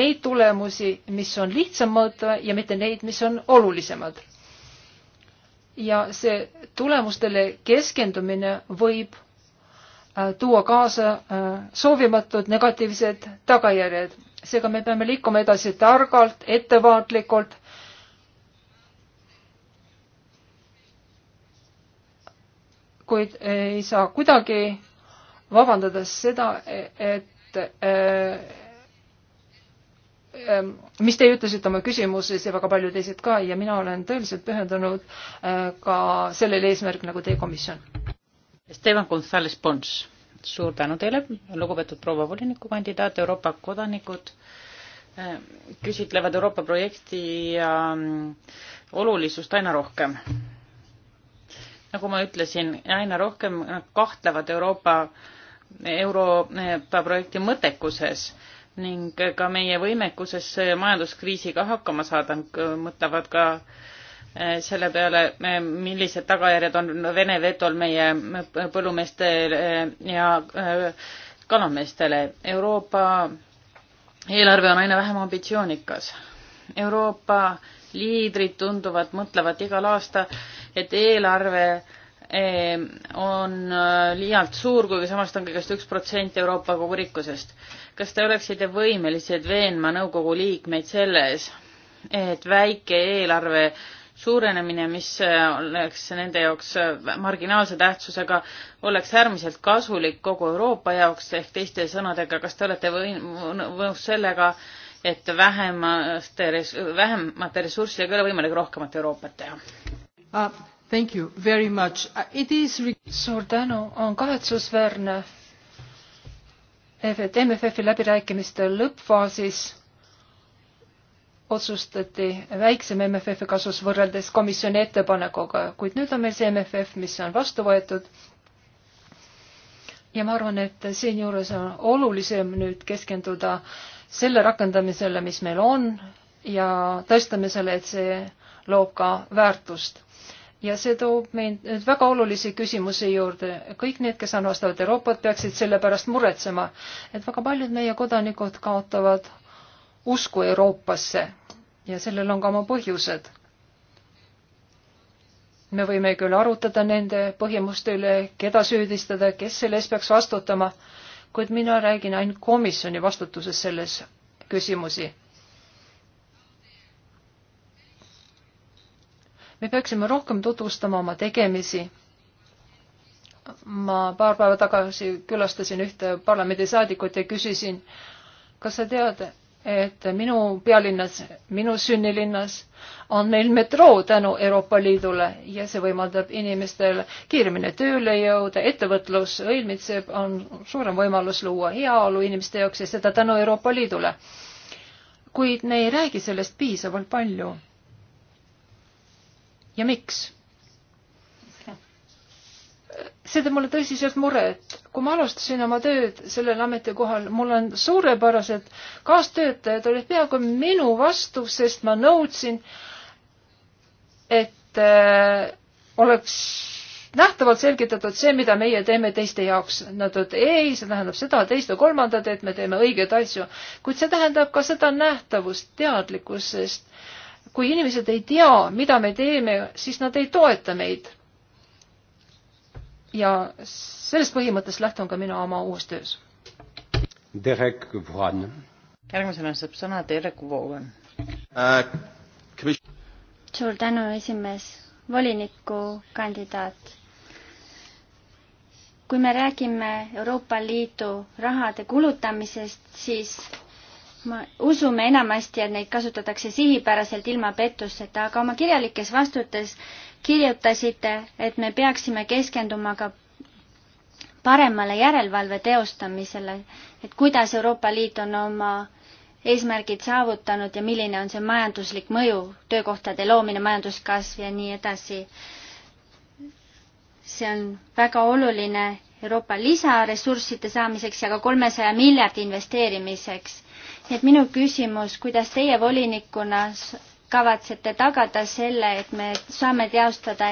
neid tulemusi, mis on lihtsam mõõta ja mitte neid, mis on olulisemad. ja see tulemustele keskendumine võib Äh, tuua kaasa äh, soovimatud negatiivsed tagajärjed. seega me peame liikuma edasi targalt, ettevaatlikult. kuid ei saa kuidagi vabandada seda, et äh, mis te ütlesite oma küsimuses ja väga paljud teised ka ja mina olen tõeliselt pühendunud ka sellele eesmärgile nagu teie komisjon Esteban Gonzalez Pons, suur tänu teile, lugupeetud proua volinikukandidaat, Euroopa kodanikud eh, küsitlevad Euroopa projekti ja mm, olulisust aina rohkem. nagu ma ütlesin, aina rohkem nad kahtlevad Euroopa, Euroopa projekti mõttekuses ning ka meie võimekuses majanduskriisiga hakkama saada, mõtlevad ka äh, Eh, selle peale, eh, millised tagajärjed on Vene vetol meie põllumeestele eh, ja kalameestele. Euroopa eelarve on aina vähem ambitsioonikas. Euroopa liidrid tunduvad, mõtlevad igal aasta, et eelarve on liialt suur, kuigi samas ta on kõigest üks protsent Euroopa kogu rikkusest. kas te oleksite võimelised veenma nõukogu liikmeid selles, et väike eelarve suurenemine, mis äh, oleks nende jaoks äh, marginaalse tähtsusega, oleks äärmiselt kasulik kogu Euroopa jaoks ehk teiste sõnadega, kas te olete nõus sellega, et vähemaste, vähemate ressurssidega ei ole võimalik rohkemat Euroopat teha uh,? Thank you very much uh, It is.... suur tänu, on kahetsusväärne, et MFF-i läbirääkimiste lõppfaasis otsustati väiksem MFF-i kasus võrreldes komisjoni ettepanekuga, kuid nüüd on meil see MFF, mis on vastu võetud. ja ma arvan, et siinjuures on olulisem nüüd keskenduda selle rakendamisele, mis meil on ja tõestamisele, et see loob ka väärtust ja see toob meid nüüd väga olulise küsimuse juurde. kõik need, kes armastavad Euroopat, peaksid selle pärast muretsema, et väga paljud meie kodanikud kaotavad usku Euroopasse ja sellel on ka oma põhjused. me võime küll arutada nende põhjimuste üle, keda süüdistada, kes selle eest peaks vastutama, kuid mina räägin ainult komisjoni vastutuses selles küsimusi. me peaksime rohkem tutvustama oma tegemisi. ma paar päeva tagasi külastasin ühte parlamendisaadikut ja küsisin, kas sa tead, et minu pealinnas, minu sünnilinnas on meil metroo tänu Euroopa Liidule ja see võimaldab inimestel kiiremini tööle jõuda, ettevõtlus õilmitseb, on suurem võimalus luua heaolu inimeste jaoks ja seda tänu Euroopa Liidule. kuid me ei räägi sellest piisavalt palju. ja miks? see teeb mulle tõsiselt muret. kui ma alustasin oma tööd sellel ametikohal, mul on suurepärased kaastöötajad olid peaaegu minu vastu, sest ma nõudsin, et äh, oleks nähtavalt selgitatud see, mida meie teeme teiste jaoks. Nad ütlevad ei, see tähendab seda, teist ja kolmandat, et me teeme õigeid asju. kuid see tähendab ka seda nähtavust, teadlikkust, sest kui inimesed ei tea, mida me teeme, siis nad ei toeta meid ja sellest põhimõttest lähtun ka mina oma uues töös. Derek Vaughan. järgmisena saab sõna Derek Vaughan uh,. suur tänu, esimees, volinikukandidaat. kui me räägime Euroopa Liidu rahade kulutamisest, siis ma, usume enamasti, et neid kasutatakse sihipäraselt ilma pettuseta, aga oma kirjalikes vastutes kirjutasite, et me peaksime keskenduma ka paremale järelevalve teostamisele, et kuidas Euroopa Liit on oma eesmärgid saavutanud ja milline on see majanduslik mõju, töökohtade loomine, majanduskasv ja nii edasi. see on väga oluline Euroopa lisaressursside saamiseks ja ka kolmesaja miljardi investeerimiseks. nii et minu küsimus, kuidas teie volinikuna kavatsete tagada selle, et me saame teostada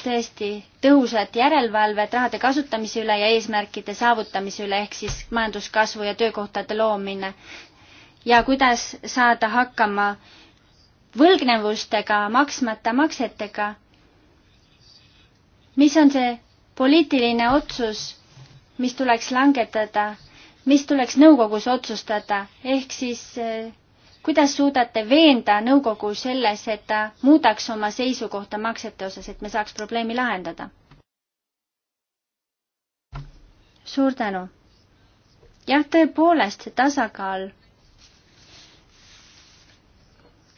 tõesti tõhusat järelevalvet rahade kasutamise üle ja eesmärkide saavutamise üle, ehk siis majanduskasvu ja töökohtade loomine. ja kuidas saada hakkama võlgnevustega, maksmata maksetega. mis on see poliitiline otsus, mis tuleks langetada, mis tuleks nõukogus otsustada, ehk siis eh, kuidas suudate veenda nõukogu selles, et ta muudaks oma seisukohta maksete osas, et me saaks probleemi lahendada? suur tänu. jah, tõepoolest, see tasakaal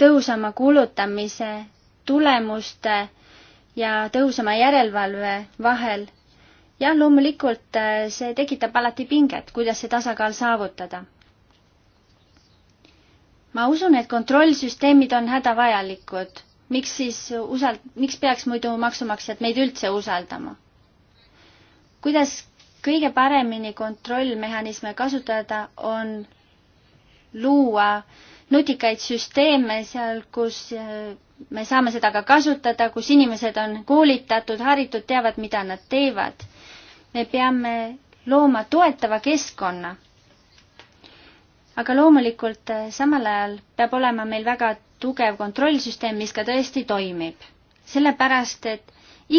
tõhusama kulutamise tulemuste ja tõhusama järelevalve vahel. jah, loomulikult eh, see tekitab alati pinget, kuidas see tasakaal saavutada ma usun, et kontrollsüsteemid on hädavajalikud. miks siis usald-, miks peaks muidu maksumaksjad meid üldse usaldama? kuidas kõige paremini kontrollmehhanisme kasutada, on luua nutikaid süsteeme seal, kus eh, me saame seda ka kasutada, kus inimesed on koolitatud, haritud, teavad, mida nad teevad. me peame looma toetava keskkonna aga loomulikult eh, samal ajal peab olema meil väga tugev kontrollsüsteem, mis ka tõesti toimib. sellepärast, et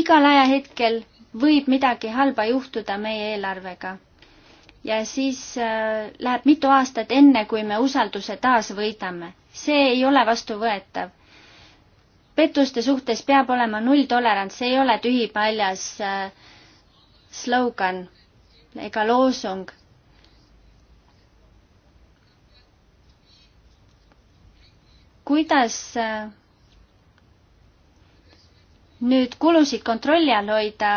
igal ajahetkel võib midagi halba juhtuda meie eelarvega. ja siis äh, läheb mitu aastat, enne kui me usalduse taas võidame. see ei ole vastuvõetav pettuste suhtes peab olema nulltolerants, see ei ole tühipaljas äh, eh, slogan ega loosung. kuidas äh, nüüd kulusid kontrolli all hoida,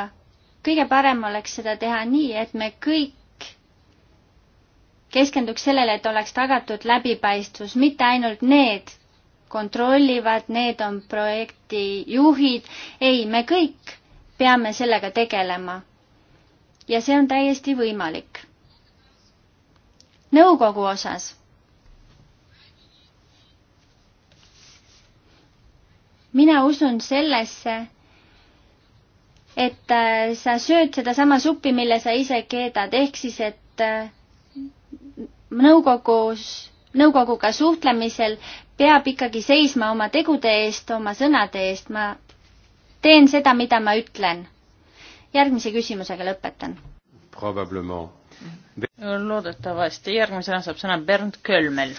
kõige parem oleks seda teha nii, et me kõik keskenduks sellele, et oleks tagatud läbipaistvus, mitte ainult need kontrollivad, need on projektijuhid, ei, me kõik peame sellega tegelema. ja see on täiesti võimalik. nõukogu osas mina usun sellesse, et äh, sa sööd sedasama suppi, mille sa ise keedad, ehk siis, et äh, nõukogus, nõukoguga suhtlemisel peab ikkagi seisma oma tegude eest, oma sõnade eest, ma teen seda, mida ma ütlen. järgmise küsimusega lõpetan. loodetavasti järgmisena saab sõna Bernd Kölmel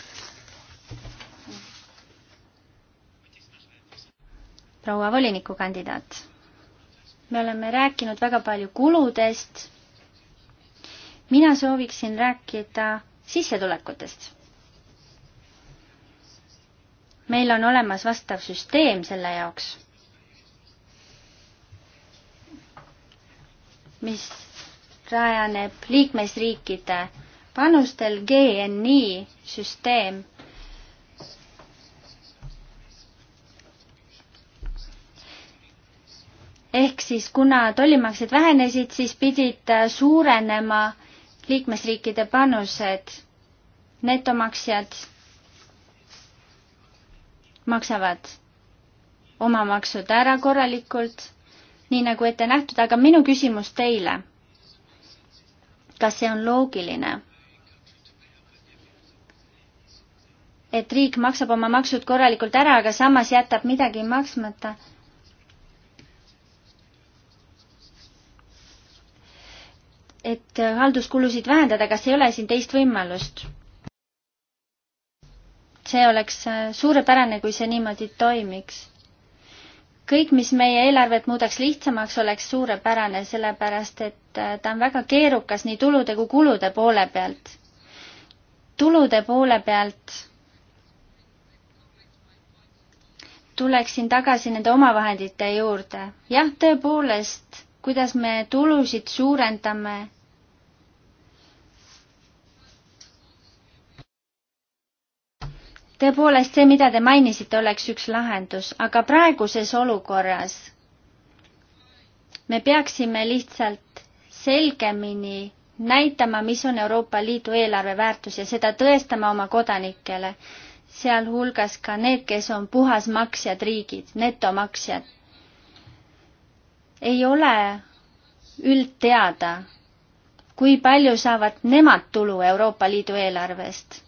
proua volinikukandidaat. me oleme rääkinud väga palju kuludest. mina sooviksin rääkida sissetulekutest. meil on olemas vastav süsteem selle jaoks, mis rajaneb liikmesriikide panustel GNI süsteem ehk siis kuna tollimaksed vähenesid, siis pidid äh, suurenema liikmesriikide panused. netomaksjad maksavad oma maksud ära korralikult, nii nagu ette nähtud, aga minu küsimus teile. kas see on loogiline? et riik maksab oma maksud korralikult ära, aga samas jätab midagi maksmata et halduskulusid vähendada, kas ei ole siin teist võimalust? see oleks äh, suurepärane, kui see niimoodi toimiks. kõik, mis meie eelarvet muudaks lihtsamaks, oleks suurepärane, sellepärast et äh, ta on väga keerukas nii tulude kui kulude poole pealt. tulude poole pealt tuleksin tagasi nende omavahendite juurde. jah, tõepoolest, kuidas me tulusid suurendame tõepoolest see, mida te mainisite, oleks üks lahendus, aga praeguses olukorras me peaksime lihtsalt selgemini näitama, mis on Euroopa Liidu eelarve väärtus ja seda tõestama oma kodanikele, sealhulgas ka need, kes on puhasmaksjad riigid, netomaksjad. ei ole üldteada, kui palju saavad nemad tulu Euroopa Liidu eelarvest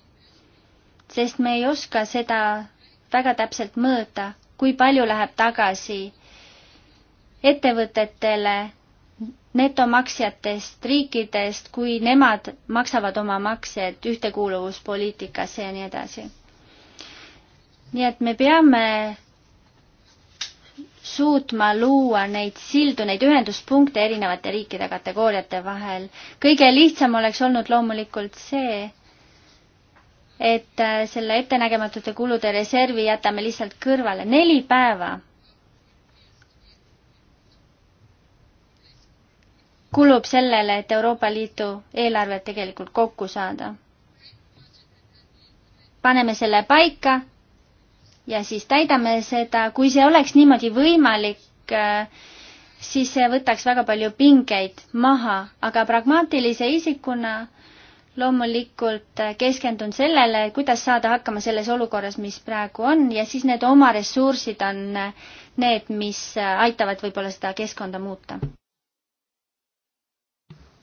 sest me ei oska seda väga täpselt mõõta, kui palju läheb tagasi ettevõtetele netomaksjatest riikidest, kui nemad maksavad oma maksed ühtekuuluvuspoliitikasse ja nii edasi. nii et me peame suutma luua neid sildu, neid ühenduspunkte erinevate riikide kategooriate vahel. kõige lihtsam oleks olnud loomulikult see, et äh, selle ettenägematute kulude reservi jätame lihtsalt kõrvale. neli päeva kulub sellele, et Euroopa Liidu eelarvet tegelikult kokku saada. paneme selle paika ja siis täidame seda, kui see oleks niimoodi võimalik, äh, siis see võtaks väga palju pingeid maha, aga pragmaatilise isikuna loomulikult keskendun sellele, kuidas saada hakkama selles olukorras, mis praegu on ja siis need oma ressursid on need, mis aitavad võib-olla seda keskkonda muuta.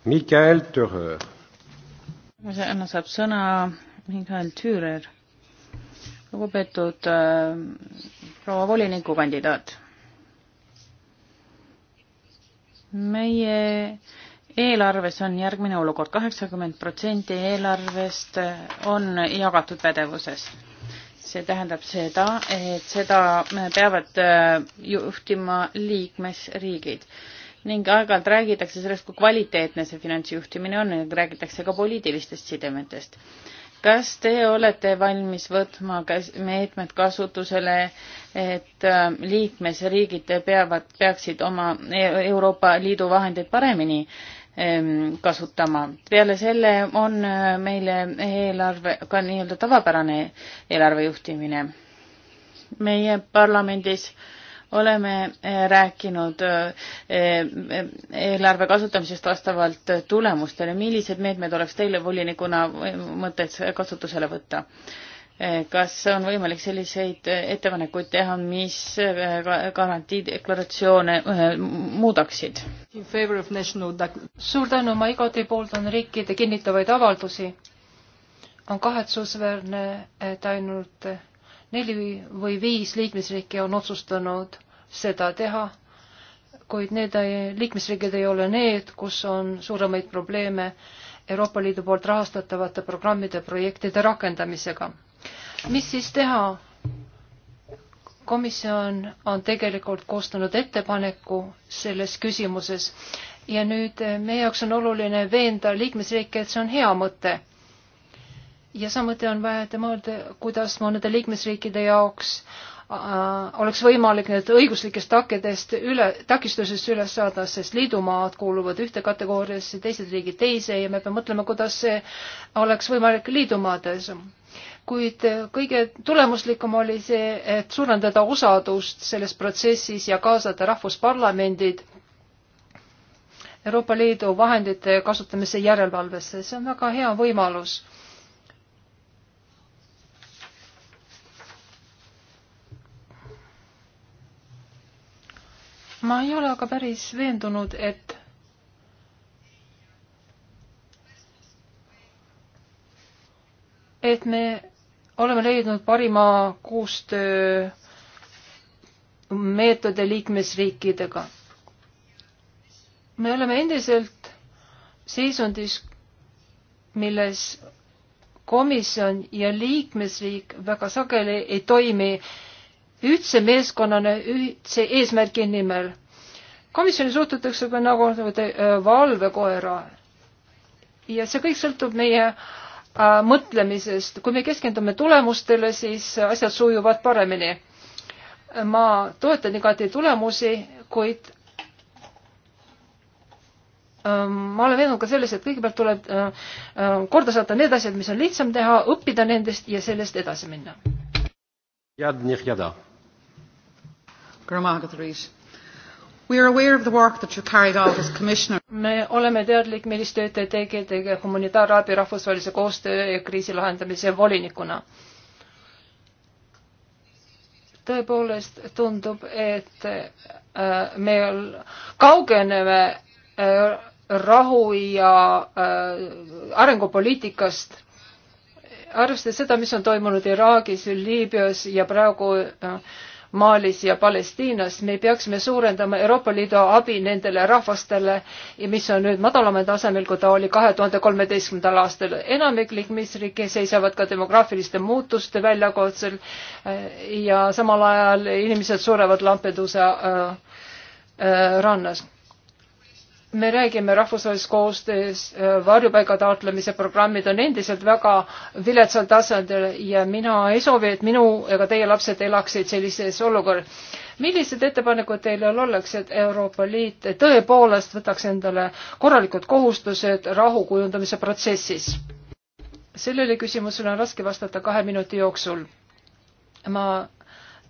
Mikael Türer. annan saab sõna Mikael Türer. lugupeetud äh, proua volinikukandidaat. meie äh, eelarves on järgmine olukord, kaheksakümmend protsenti eelarvest on jagatud pädevuses. see tähendab seda, et seda peavad äh, juhtima liikmesriigid ning aeg-ajalt räägitakse sellest, kui kvaliteetne see finantsjuhtimine on, räägitakse ka poliitilistest sidemetest. kas te olete valmis võtma meetmed kasutusele, et äh, liikmesriigid peavad, peaksid oma Euroopa Liidu vahendeid paremini Ehm, kasutama. peale selle on äh, meil eelarve, ka nii-öelda tavapärane eelarve juhtimine. meie parlamendis oleme äh, rääkinud äh, eelarve kasutamisest vastavalt tulemustele. millised meetmed oleks teile volinikuna mõtet kasutusele võtta? kas on võimalik selliseid eh, ettepanekuid teha, mis eh, garantiideklaratsioone eh, muudaksid? suur tänu, ma igati pooldan riikide kinnitavaid avaldusi. on kahetsusväärne, et ainult neli või viis liikmesriiki on otsustanud seda teha, kuid need liikmesriigid ei ole need, kus on suuremaid probleeme Euroopa Liidu poolt rahastatavate programmide projektide rakendamisega mis siis teha? komisjon on tegelikult koostanud ettepaneku selles küsimuses ja nüüd eh, meie jaoks on oluline veenda liikmesriike, et see on hea mõte. ja samuti on vaja mõelda, kuidas mõnede liikmesriikide jaoks äh, oleks võimalik need õiguslikest takkedest üle, takistusest üles saada, sest liidumaad kuuluvad ühte kategooriasse, teised riigid teise ja me peame mõtlema, kuidas see oleks võimalik liidumaades kuid kõige tulemuslikum oli see, et suurendada osadust selles protsessis ja kaasata rahvusparlamendid Euroopa Liidu vahendite kasutamise järelevalvesse, see on väga hea võimalus. ma ei ole aga päris veendunud, et et me oleme leidnud parima koostöö meetode liikmesriikidega. me oleme endiselt seisundis, milles komisjon ja liikmesriik väga sageli ei toimi ühtse meeskonnana ühtse eesmärgi nimel. komisjoni suhtutakse ka nagu valvekoera ja see kõik sõltub meie äh, Äh, mõtlemisest. kui me keskendume tulemustele, siis asjad sujuvad paremini. ma toetan igati tulemusi, kuid ähm, ma olen veendunud ka selles, et kõigepealt tuleb äh, äh, korda saata need asjad, mis on lihtsam teha, õppida nendest ja sellest edasi minna me oleme teadlik, millist tööd te tegite humanitaarabi rahvusvahelise koostöö ja kriisi lahendamise volinikuna. tõepoolest tundub, et äh, me kaugeneme äh, rahu ja äh, arengupoliitikast, arvestades seda, mis on toimunud Iraagis, Liibüas ja praegu äh, Malis ja Palestiinas, me peaksime suurendama Euroopa Liidu abi nendele rahvastele, mis on nüüd madalamal tasemel, kui ta oli kahe tuhande kolmeteistkümnendal aastal. enamik liikmesriike seisavad ka demograafiliste muutuste väljakutsel äh, ja samal ajal inimesed surevad Lampedusa äh, äh, rannas me räägime rahvusvahelisest koostööst, äh, varjupaiga taotlemise programmid on endiselt väga viletsal tasandil ja mina ei soovi, et minu ega teie lapsed elaksid sellises olukorras. millised ettepanekud teil oleks, et Euroopa Liit tõepoolest võtaks endale korralikud kohustused rahu kujundamise protsessis? sellele küsimusele on raske vastata kahe minuti jooksul. ma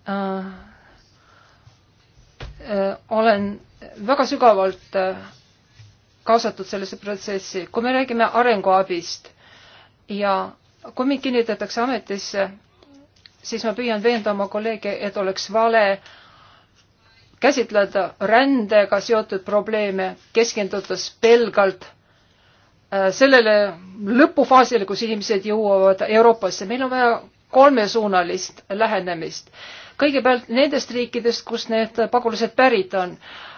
äh, äh, olen väga sügavalt äh, kaasatud sellesse protsessi. kui me räägime arenguabist ja kui mind kinnitatakse ametisse, siis ma püüan veenda oma kolleege, et oleks vale käsitleda rändega seotud probleeme, keskendudes pelgalt äh, sellele lõpufaasile, kus inimesed jõuavad Euroopasse. meil on vaja kolmesuunalist lähenemist. kõigepealt nendest riikidest, kust need pagulased pärit on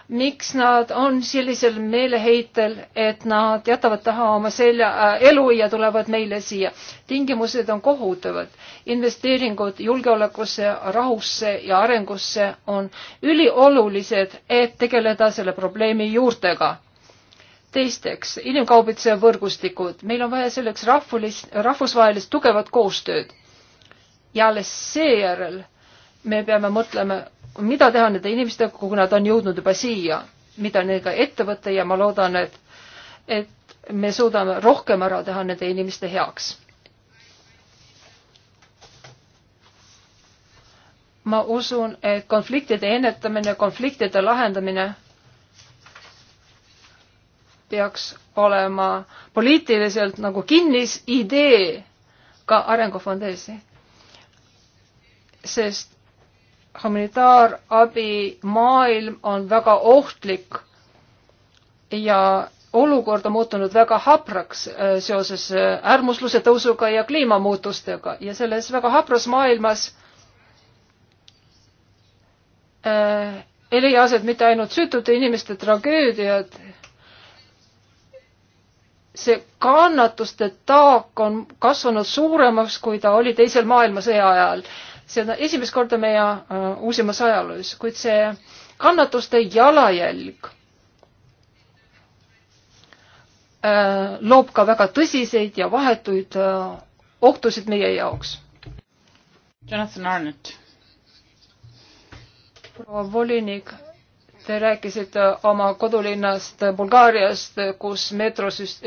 miks nad on sellisel meeleheitel, et nad jätavad taha oma selja äh,, elu ja tulevad meile siia. tingimused on kohutavad. investeeringud julgeolekusse, rahusse ja arengusse on üliolulised, et tegeleda selle probleemi juurtega. teisteks, inimkaubitseja võrgustikud. meil on vaja selleks rahvulist, rahvusvahelist tugevat koostööd. ja alles seejärel me peame mõtlema mida teha nende inimestega, kui nad on jõudnud juba siia, mida nendega ette võtta ja ma loodan, et, et me suudame rohkem ära teha nende inimeste heaks. ma usun, et konfliktide ennetamine, konfliktide lahendamine peaks olema poliitiliselt nagu kinnis idee ka arengufondeesi. sest humanitaarabi maailm on väga ohtlik ja olukord on muutunud väga hapraks äh, seoses äh, äärmusluse tõusuga ja kliimamuutustega ja selles väga hapras maailmas äh, ei leia aset mitte ainult süütute inimeste tragöödiad, see kannatuste taak on kasvanud suuremaks, kui ta oli Teisel maailmasõja ajal seda esimest korda meie äh, uusimas ajaloos, kuid see kannatuste jalajälg äh, loob ka väga tõsiseid ja vahetuid äh, ohtusid meie jaoks. Jonathan Arnett. proua volinik, te rääkisite oma kodulinnast Bulgaariast, kus meetrosüst-,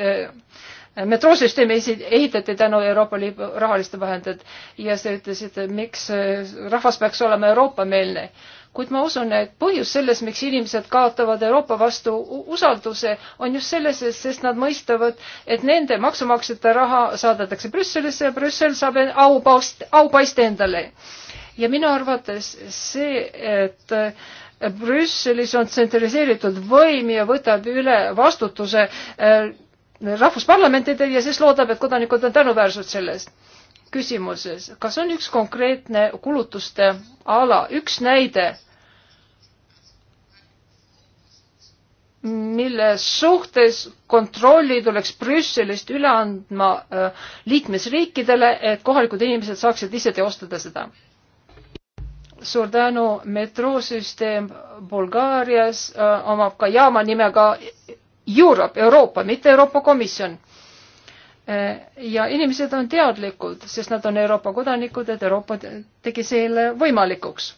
metroosüsteemi ehitati tänu Euroopa Liidu rahaliste vahendid ja sa ütlesid, et miks äh, rahvas peaks olema Euroopa-meelne. kuid ma usun, et põhjus selles, miks inimesed kaotavad Euroopa vastu usalduse, on just selles, sest nad mõistavad, et nende maksumaksjate raha saadetakse Brüsselisse ja Brüssel saab e-, aupaist, aupaiste endale. ja minu arvates see, et äh, Brüsselis on tsentraliseeritud võim ja võtab üle vastutuse äh, rahvusparlamentidel ja siis loodab, et kodanikud on tänuväärsed selles küsimuses. kas on üks konkreetne kulutuste ala, üks näide, mille suhtes kontrolli tuleks Brüsselist üle andma äh, liikmesriikidele, et kohalikud inimesed saaksid ise teostada seda? suur tänu, metroosüsteem Bulgaarias äh, omab ka jaama nimega Europe, Euroopa, mitte Euroopa Komisjon. Eh, ja inimesed on teadlikud, sest nad on Euroopa kodanikud, et Euroopa tegi selle võimalikuks.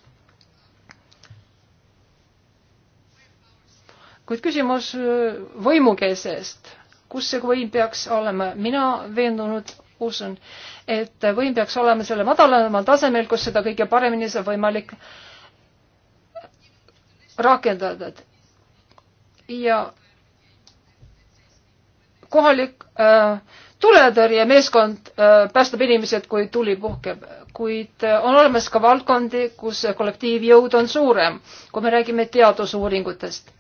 kuid küsimus eh, võimukeelsest, kus see võim peaks olema, mina veendunud usun, et võim peaks olema selle madalamal tasemel, kus seda kõige paremini saab võimalik rakendada. ja kohalik äh, tuletõrjemeeskond äh, päästab inimesed, kui tuli puhkeb, kuid äh, on olemas ka valdkondi, kus kollektiivjõud on suurem, kui me räägime teadusuuringutest.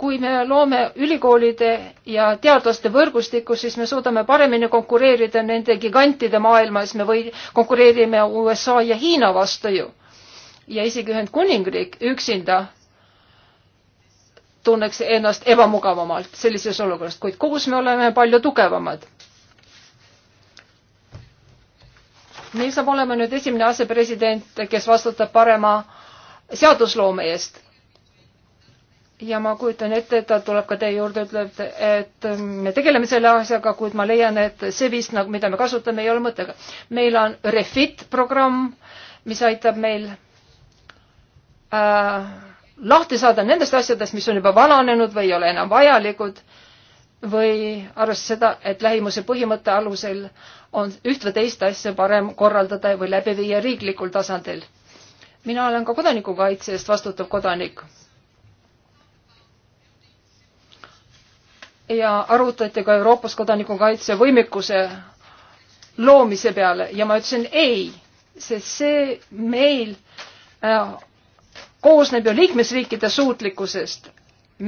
kui me loome ülikoolide ja teadlaste võrgustiku, siis me suudame paremini konkureerida nende gigantide maailmas, me või konkureerime USA ja Hiina vastu ju. ja isegi Ühendkuningriik üksinda tunneks ennast ebamugavamalt sellises olukorras, kuid koos me oleme palju tugevamad. meil saab olema nüüd esimene asepresident, kes vastutab parema seadusloome eest. ja ma kujutan ette, et ta tuleb ka teie juurde, ütleb, et me tegeleme selle asjaga, kuid ma leian, et see viis, nagu, mida me kasutame, ei ole mõttega. meil on Refit programm, mis aitab meil äh, lahti saada nendest asjadest, mis on juba vananenud või ei ole enam vajalikud või arvestades seda, et lähimuse põhimõtte alusel on üht või teist asja parem korraldada või läbi viia riiklikul tasandil. mina olen ka kodanikukaitse eest vastutav kodanik. ja arutati ka Euroopas kodanikukaitse võimekuse loomise peale ja ma ütlesin ei, sest see meil äh, koosneb ju liikmesriikide suutlikkusest.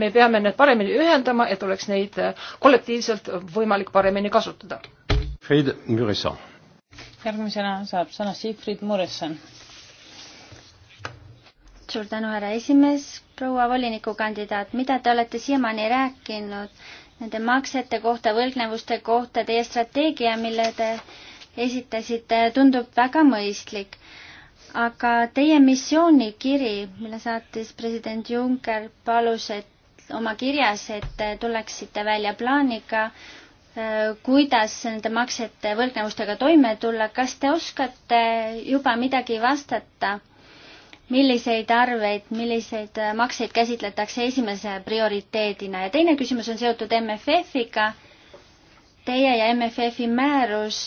me peame need paremini ühendama, et oleks neid äh, kollektiivselt võimalik paremini kasutada. Fried Muresson. järgmisena saab sõna Siegfried Muresson. suur tänu, härra esimees, proua volinikukandidaat, mida te olete siiamaani rääkinud nende maksete kohta, võlgnevuste kohta, teie strateegia, mille te esitasite, tundub väga mõistlik aga teie missioonikiri, mille saatis president Juncker, palus, et oma kirjas, et te tuleksite välja plaaniga, äh, kuidas nende maksete võlgnevustega toime tulla, kas te oskate juba midagi vastata? milliseid arveid, milliseid äh, makseid käsitletakse esimese prioriteedina ja teine küsimus on seotud MFF-iga. Teie ja MFF-i määrus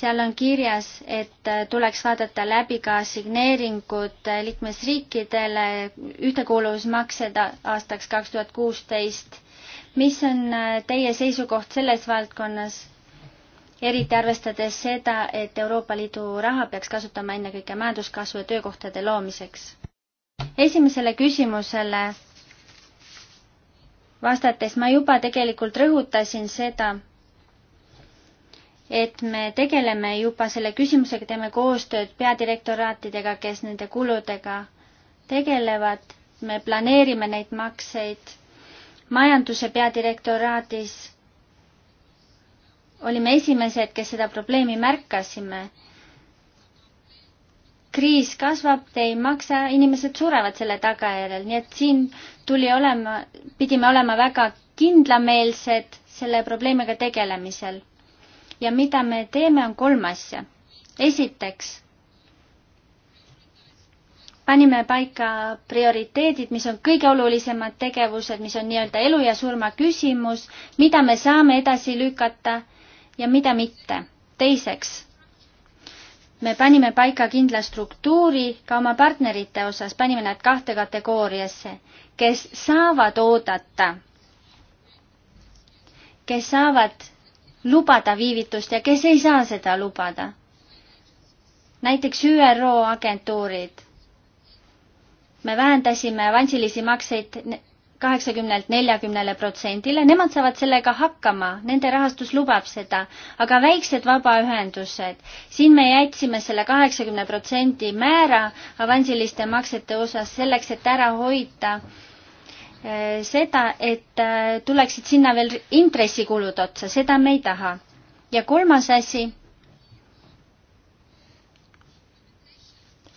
seal on kirjas, et äh, tuleks vaadata läbi ka signeeringud äh, liikmesriikidele ühtekuuluvusmaksed aastaks kaks tuhat kuusteist. mis on äh, teie seisukoht selles valdkonnas? eriti arvestades seda, et Euroopa Liidu raha peaks kasutama ennekõike majanduskasvu ja töökohtade loomiseks. esimesele küsimusele vastates ma juba tegelikult rõhutasin seda, et me tegeleme juba selle küsimusega, teeme koostööd peadirektoraatidega, kes nende kuludega tegelevad. me planeerime neid makseid. majanduse peadirektoraadis olime esimesed, kes seda probleemi märkasime. kriis kasvab, te ei maksa, inimesed surevad selle tagajärjel, nii et siin tuli olema, pidime olema väga kindlameelsed selle probleemiga tegelemisel ja mida me teeme, on kolm asja. esiteks panime paika prioriteedid, mis on kõige olulisemad tegevused, mis on nii-öelda elu ja surma küsimus, mida me saame edasi lükata ja mida mitte. teiseks, me panime paika kindla struktuuri ka oma partnerite osas, panime nad kahte kategooriasse, kes saavad oodata, kes saavad lubada viivitust ja kes ei saa seda lubada. näiteks ÜRO agentuurid. me vähendasime avansilisi makseid kaheksakümnelt neljakümnele protsendile, nemad saavad sellega hakkama, nende rahastus lubab seda, aga väiksed vabaühendused, siin me jätsime selle kaheksakümne protsendi määra avansiliste maksete osas selleks, et ära hoida äh, Eh, seda, et eh, tuleksid sinna veel intressikulud otsa, seda me ei taha. ja kolmas asi.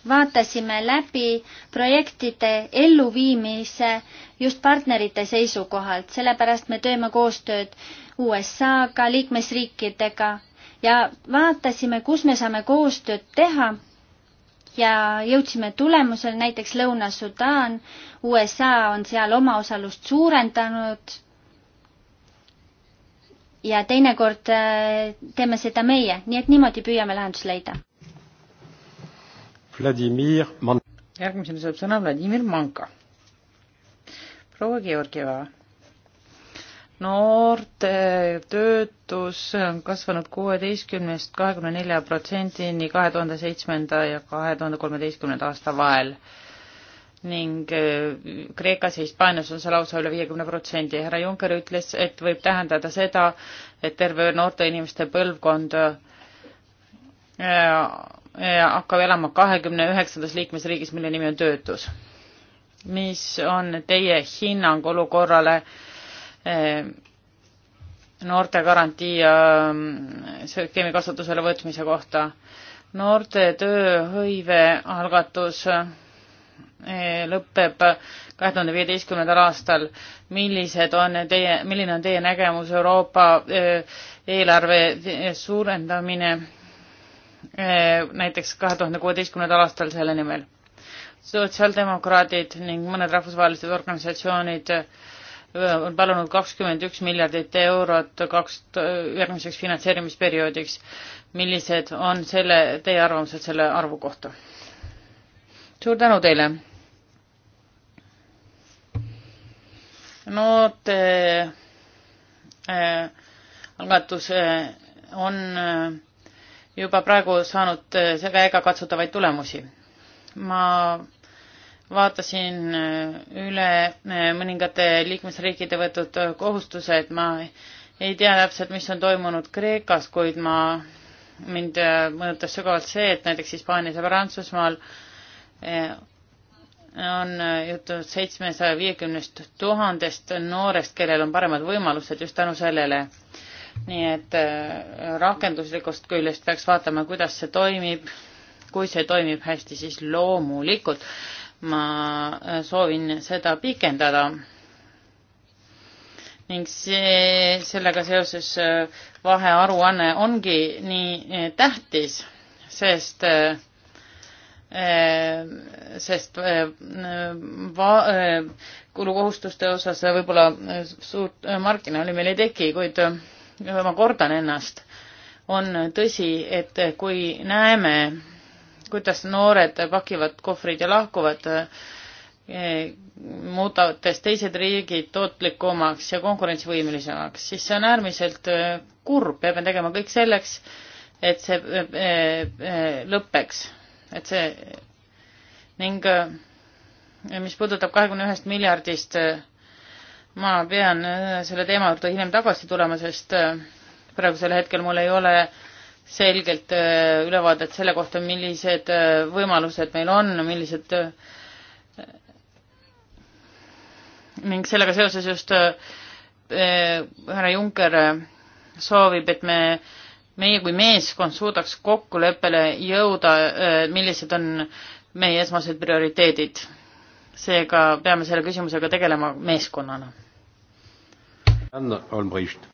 vaatasime läbi projektide elluviimise just partnerite seisukohalt, sellepärast me teeme koostööd USA-ga, liikmesriikidega ja vaatasime, kus me saame koostööd teha ja jõudsime tulemusel, näiteks Lõuna-Sudaan, USA on seal omaosalust suurendanud ja teinekord äh, teeme seda meie, nii et niimoodi püüame lahendust leida. Vladimir Man-. järgmisena saab sõna Vladimir Manka. proua Georgieva noorte töötus on kasvanud kuueteistkümnest kahekümne nelja protsendini kahe tuhande seitsmenda ja kahe tuhande kolmeteistkümnenda aasta vahel ning äh, Kreekas ja Hispaanias on see lausa üle viiekümne protsendi. härra Juncker ütles, et võib tähendada seda, et terve noorte inimeste põlvkond äh, äh, hakkab elama kahekümne üheksandas liikmesriigis, mille nimi on töötus. mis on teie hinnang olukorrale äh, Eh, noorte garantii ja eh, skeemi kasutusele võtmise kohta. noorte tööhõive algatus eh, lõpeb kahe tuhande viieteistkümnendal aastal. millised on teie, milline on teie nägemus Euroopa eelarve suurendamine näiteks kahe tuhande kuueteistkümnendal aastal selle nimel? sotsiaaldemokraadid ning mõned rahvusvahelised organisatsioonid äh, on palunud kakskümmend üks miljardit eurot kaks, järgmiseks finantseerimisperioodiks. millised on selle, teie arvamused selle arvu kohta? suur tänu teile. no te äh, algatus äh, on äh, juba praegu saanud äh, käega katsutavaid tulemusi. ma vaatasin äh, üle äh, mõningate liikmesriikide võetud äh, kohustused, ma ei tea täpselt, mis on toimunud Kreekas, kuid ma, mind mõjutas sügavalt see, et näiteks Hispaanias ja Prantsusmaal on juttu seitsmesaja viiekümnest tuhandest noorest, kellel on paremad võimalused just tänu sellele. nii et rakenduslikust küljest peaks vaatama, kuidas see toimib. kui see toimib hästi, siis loomulikult ma äh, soovin seda pikendada. ning see, sellega seoses äh, vahearuanne ongi nii äh, tähtis, sest sest va-, kulukohustuste osas võib-olla suurt marginaali meil ei teki, kuid ma kordan ennast, on tõsi, et kui näeme kuidas noored pakivad kohvrid ja lahkuvad, eh, muudavad teised riigid tootlikumaks ja konkurentsivõimelisemaks, siis see on äärmiselt eh, kurb ja pean tegema kõik selleks, et see eh, lõpeks, et see ning mis puudutab kahekümne ühest miljardist, ma pean selle teema juurde hiljem tagasi tulema, sest praegusel hetkel mul ei ole äh, selgelt äh, ülevaadet selle kohta, millised äh, võimalused meil on, millised äh, ning sellega seoses just härra Juncker soovib, et me, meie kui meeskond suudaks kokkuleppele jõuda, millised on meie esmased prioriteedid. seega peame selle küsimusega tegelema meeskonnana. Jan Olbricht.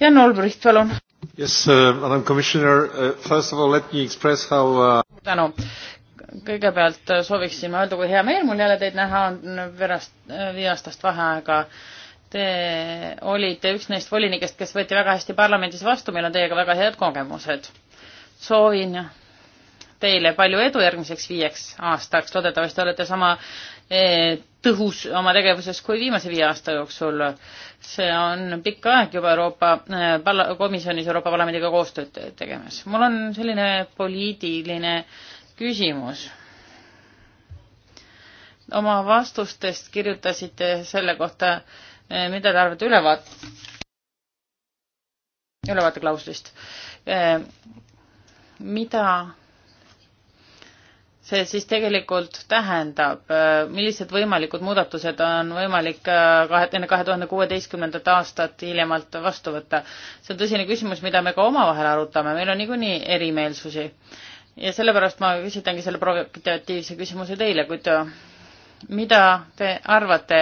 Jan Olbricht, palun. Yes, uh, Madam Commissioner, uh, first of all let me express how uh... tänu. kõigepealt äh, sooviksin ma öelda, kui hea meel mul jälle teid näha on pärast äh, viieaastast vaheaega. Te olite üks neist volinikest, kes võeti väga hästi parlamendis vastu, meil on teiega väga head kogemused. soovin teile palju edu järgmiseks viieks aastaks, loodetavasti olete sama eh, tõhus oma tegevuses kui viimase viie aasta jooksul. see on pikk aeg juba Euroopa eh, pala-, komisjonis Euroopa Parlamendiga koostööd tegemas. mul on selline poliitiline küsimus. oma vastustest kirjutasite selle kohta, eh, mida te arvate ülevaat-, ülevaateklauslist. mida see siis tegelikult tähendab, äh, millised võimalikud muudatused on võimalik äh, kahe, enne kahe tuhande kuueteistkümnendat aastat hiljemalt vastu võtta? see on tõsine küsimus, mida me ka omavahel arutame, meil on niikuinii erimeelsusi. ja sellepärast ma küsitangi selle provokatiivse küsimuse teile, kuid mida te arvate,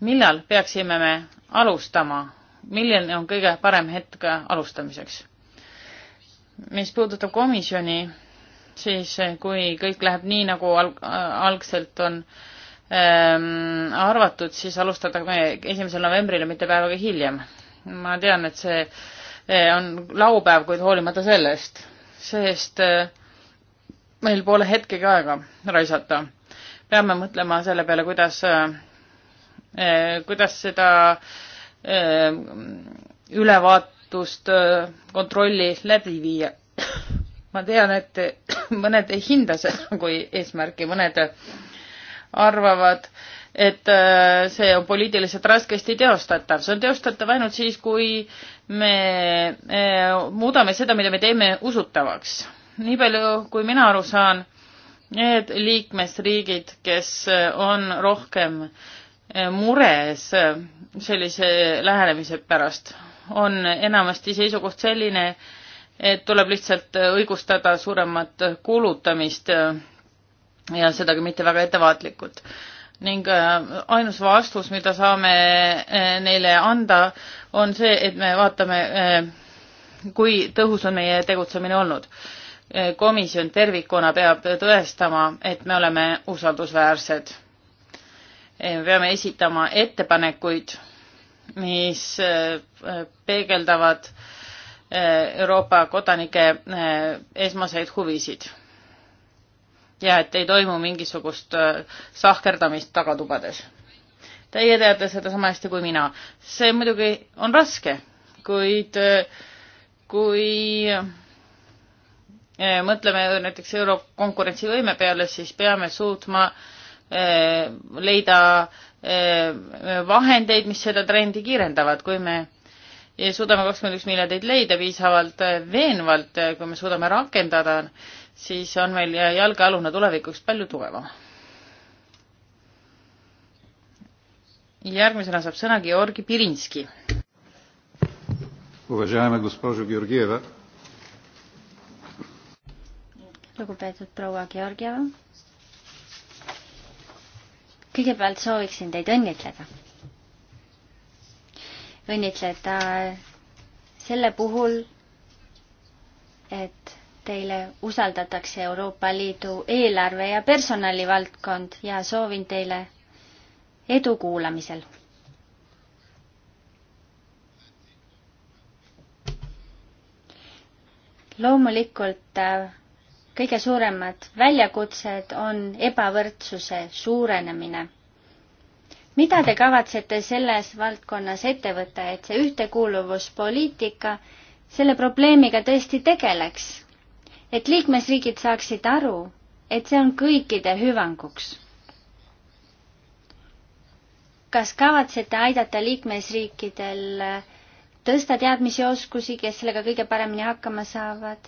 millal peaksime me alustama, milline on kõige parem hetk alustamiseks? mis puudutab komisjoni, siis eh, kui kõik läheb nii, nagu alg-, äh, algselt on ähm, arvatud, siis alustatame esimesel novembril ja mitte päevaga hiljem. ma tean, et see eh, on laupäev, kuid hoolimata sellest, sest äh, meil pole hetkegi aega raisata. peame mõtlema selle peale, kuidas äh,, kuidas seda äh, ülevaatust, kontrolli läbi viia ma tean, et mõned ei hinda seda kui eesmärki, mõned arvavad, et äh, see on poliitiliselt raskesti teostatav, see on teostatav ainult siis, kui me äh, muudame seda, mida me teeme, usutavaks. nii palju, kui mina aru saan, need liikmesriigid, kes on rohkem äh, mures sellise lähenemise pärast, on enamasti seisukoht selline, et tuleb lihtsalt õigustada suuremat kulutamist ja seda ka mitte väga ettevaatlikult. ning äh, ainus vastus, mida saame äh, neile anda, on see, et me vaatame, äh, kui tõhus on meie tegutsemine olnud. komisjon tervikuna peab tõestama, et me oleme usaldusväärsed. peame esitama ettepanekuid, mis peegeldavad äh, Euroopa kodanike eh, esmaseid huvisid. ja et ei toimu mingisugust eh, sahkerdamist tagatubades. Teie teate seda sama hästi kui mina. see muidugi on raske, kuid eh, kui mõtleme näiteks euro konkurentsivõime peale, siis peame suutma leida vahendeid, mis seda trendi kiirendavad, kui me ja suudame kakskümmend üks miljardit leida piisavalt äh, veenvalt, äh, kui me suudame rakendada, siis on meil jalgealune tulevikuks palju tugevam. järgmisena saab sõna Georgi Pirinski. lugupeetud proua Georgieva. kõigepealt sooviksin teid õnnitleda õnnitleda selle puhul, et teile usaldatakse Euroopa Liidu eelarve ja personalivaldkond ja soovin teile edu kuulamisel. loomulikult äh, kõige suuremad väljakutsed on ebavõrdsuse suurenemine mida te kavatsete selles valdkonnas ette võtta, et see ühtekuuluvuspoliitika selle probleemiga tõesti tegeleks? et liikmesriigid saaksid aru, et see on kõikide hüvanguks. kas kavatsete aidata liikmesriikidel tõsta teadmisi ja oskusi, kes sellega kõige paremini hakkama saavad?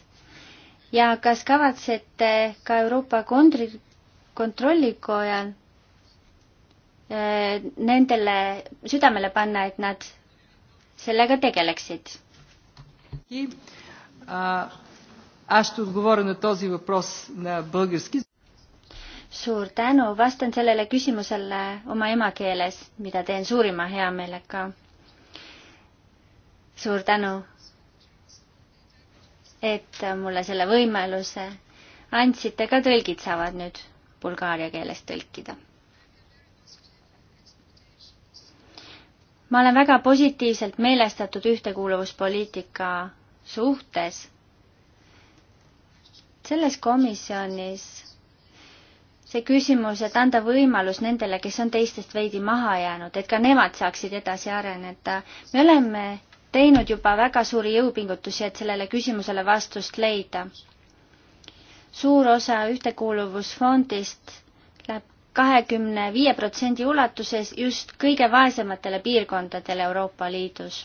ja kas kavatsete ka Euroopa kontri-, kontrollikojal Eh, nendele südamele panna, et nad sellega tegeleksid. suur tänu, vastan sellele küsimusele oma emakeeles, mida teen suurima heameelega. suur tänu, et mulle selle võimaluse andsite, ka tõlgid saavad nüüd bulgaaria keeles tõlkida ma olen väga positiivselt meelestatud ühtekuuluvuspoliitika suhtes. selles komisjonis see küsimus, et anda võimalus nendele, kes on teistest veidi maha jäänud, et ka nemad saaksid edasi areneda. me oleme teinud juba väga suuri jõupingutusi, et sellele küsimusele vastust leida. suur osa ühtekuuluvusfondist kahekümne viie protsendi ulatuses just kõige vaesematele piirkondadele Euroopa Liidus.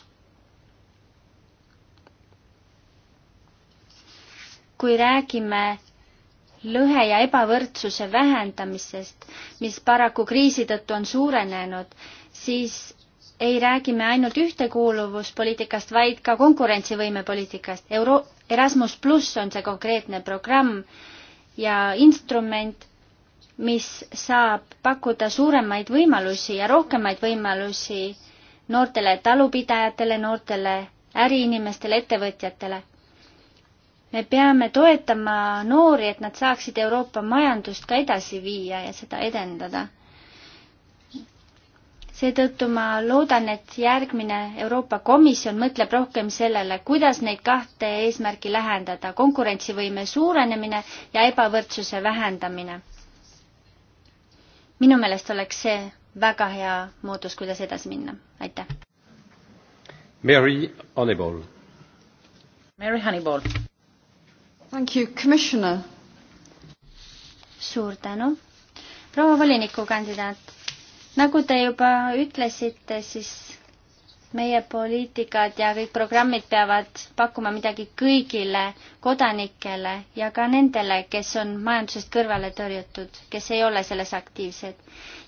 kui räägime lõhe ja ebavõrdsuse vähendamisest, mis paraku kriisi tõttu on suurenenud, siis ei räägi me ainult ühtekuuluvuspoliitikast, vaid ka konkurentsivõimepoliitikast. Euro-, Erasmus pluss on see konkreetne programm ja instrument, mis saab pakkuda suuremaid võimalusi ja rohkemaid võimalusi noortele talupidajatele, noortele äriinimestele, ettevõtjatele. me peame toetama noori, et nad saaksid Euroopa majandust ka edasi viia ja seda edendada. seetõttu ma loodan, et järgmine Euroopa Komisjon mõtleb rohkem sellele, kuidas neid kahte eesmärki lähendada, konkurentsivõime suurenemine ja ebavõrdsuse vähendamine minu meelest oleks see väga hea moodus, kuidas edasi minna, aitäh. Mary Honeyball. Mary Honeyball. Thank you, commissioner. suur tänu. proua volinikukandidaat, nagu te juba ütlesite, siis meie poliitikad ja kõik programmid peavad pakkuma midagi kõigile kodanikele ja ka nendele, kes on majandusest kõrvale tõrjutud, kes ei ole selles aktiivsed.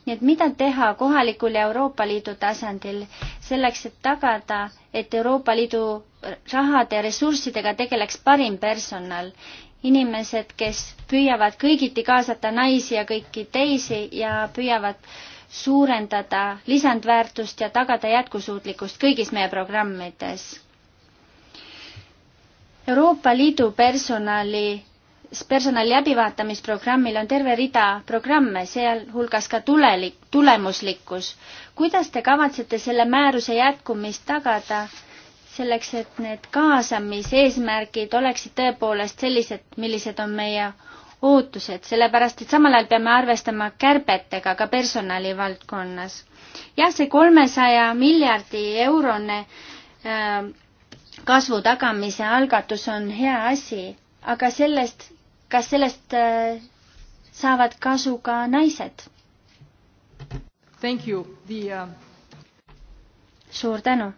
nii et mida teha kohalikul ja Euroopa Liidu tasandil selleks, et tagada, et Euroopa Liidu rahade ja ressurssidega tegeleks parim personal, inimesed, kes püüavad kõigiti kaasata naisi ja kõiki teisi ja püüavad äh, suurendada lisandväärtust ja tagada jätkusuutlikkust kõigis meie programmides. Euroopa Liidu personali, personali läbivaatamisprogrammil on terve rida programme, sealhulgas ka tulelik, tulemuslikkus. kuidas te kavatsete selle määruse jätkumist tagada, selleks et need kaasamise eesmärgid oleksid tõepoolest sellised, millised on meie ootused, sellepärast et samal ajal peame arvestama kärbetega ka personali valdkonnas. jah, see kolmesaja miljardi eurone äh, kasvu tagamise algatus on hea asi, aga sellest, kas sellest äh, saavad kasu ka naised? Thank you, the uh... suur tänu.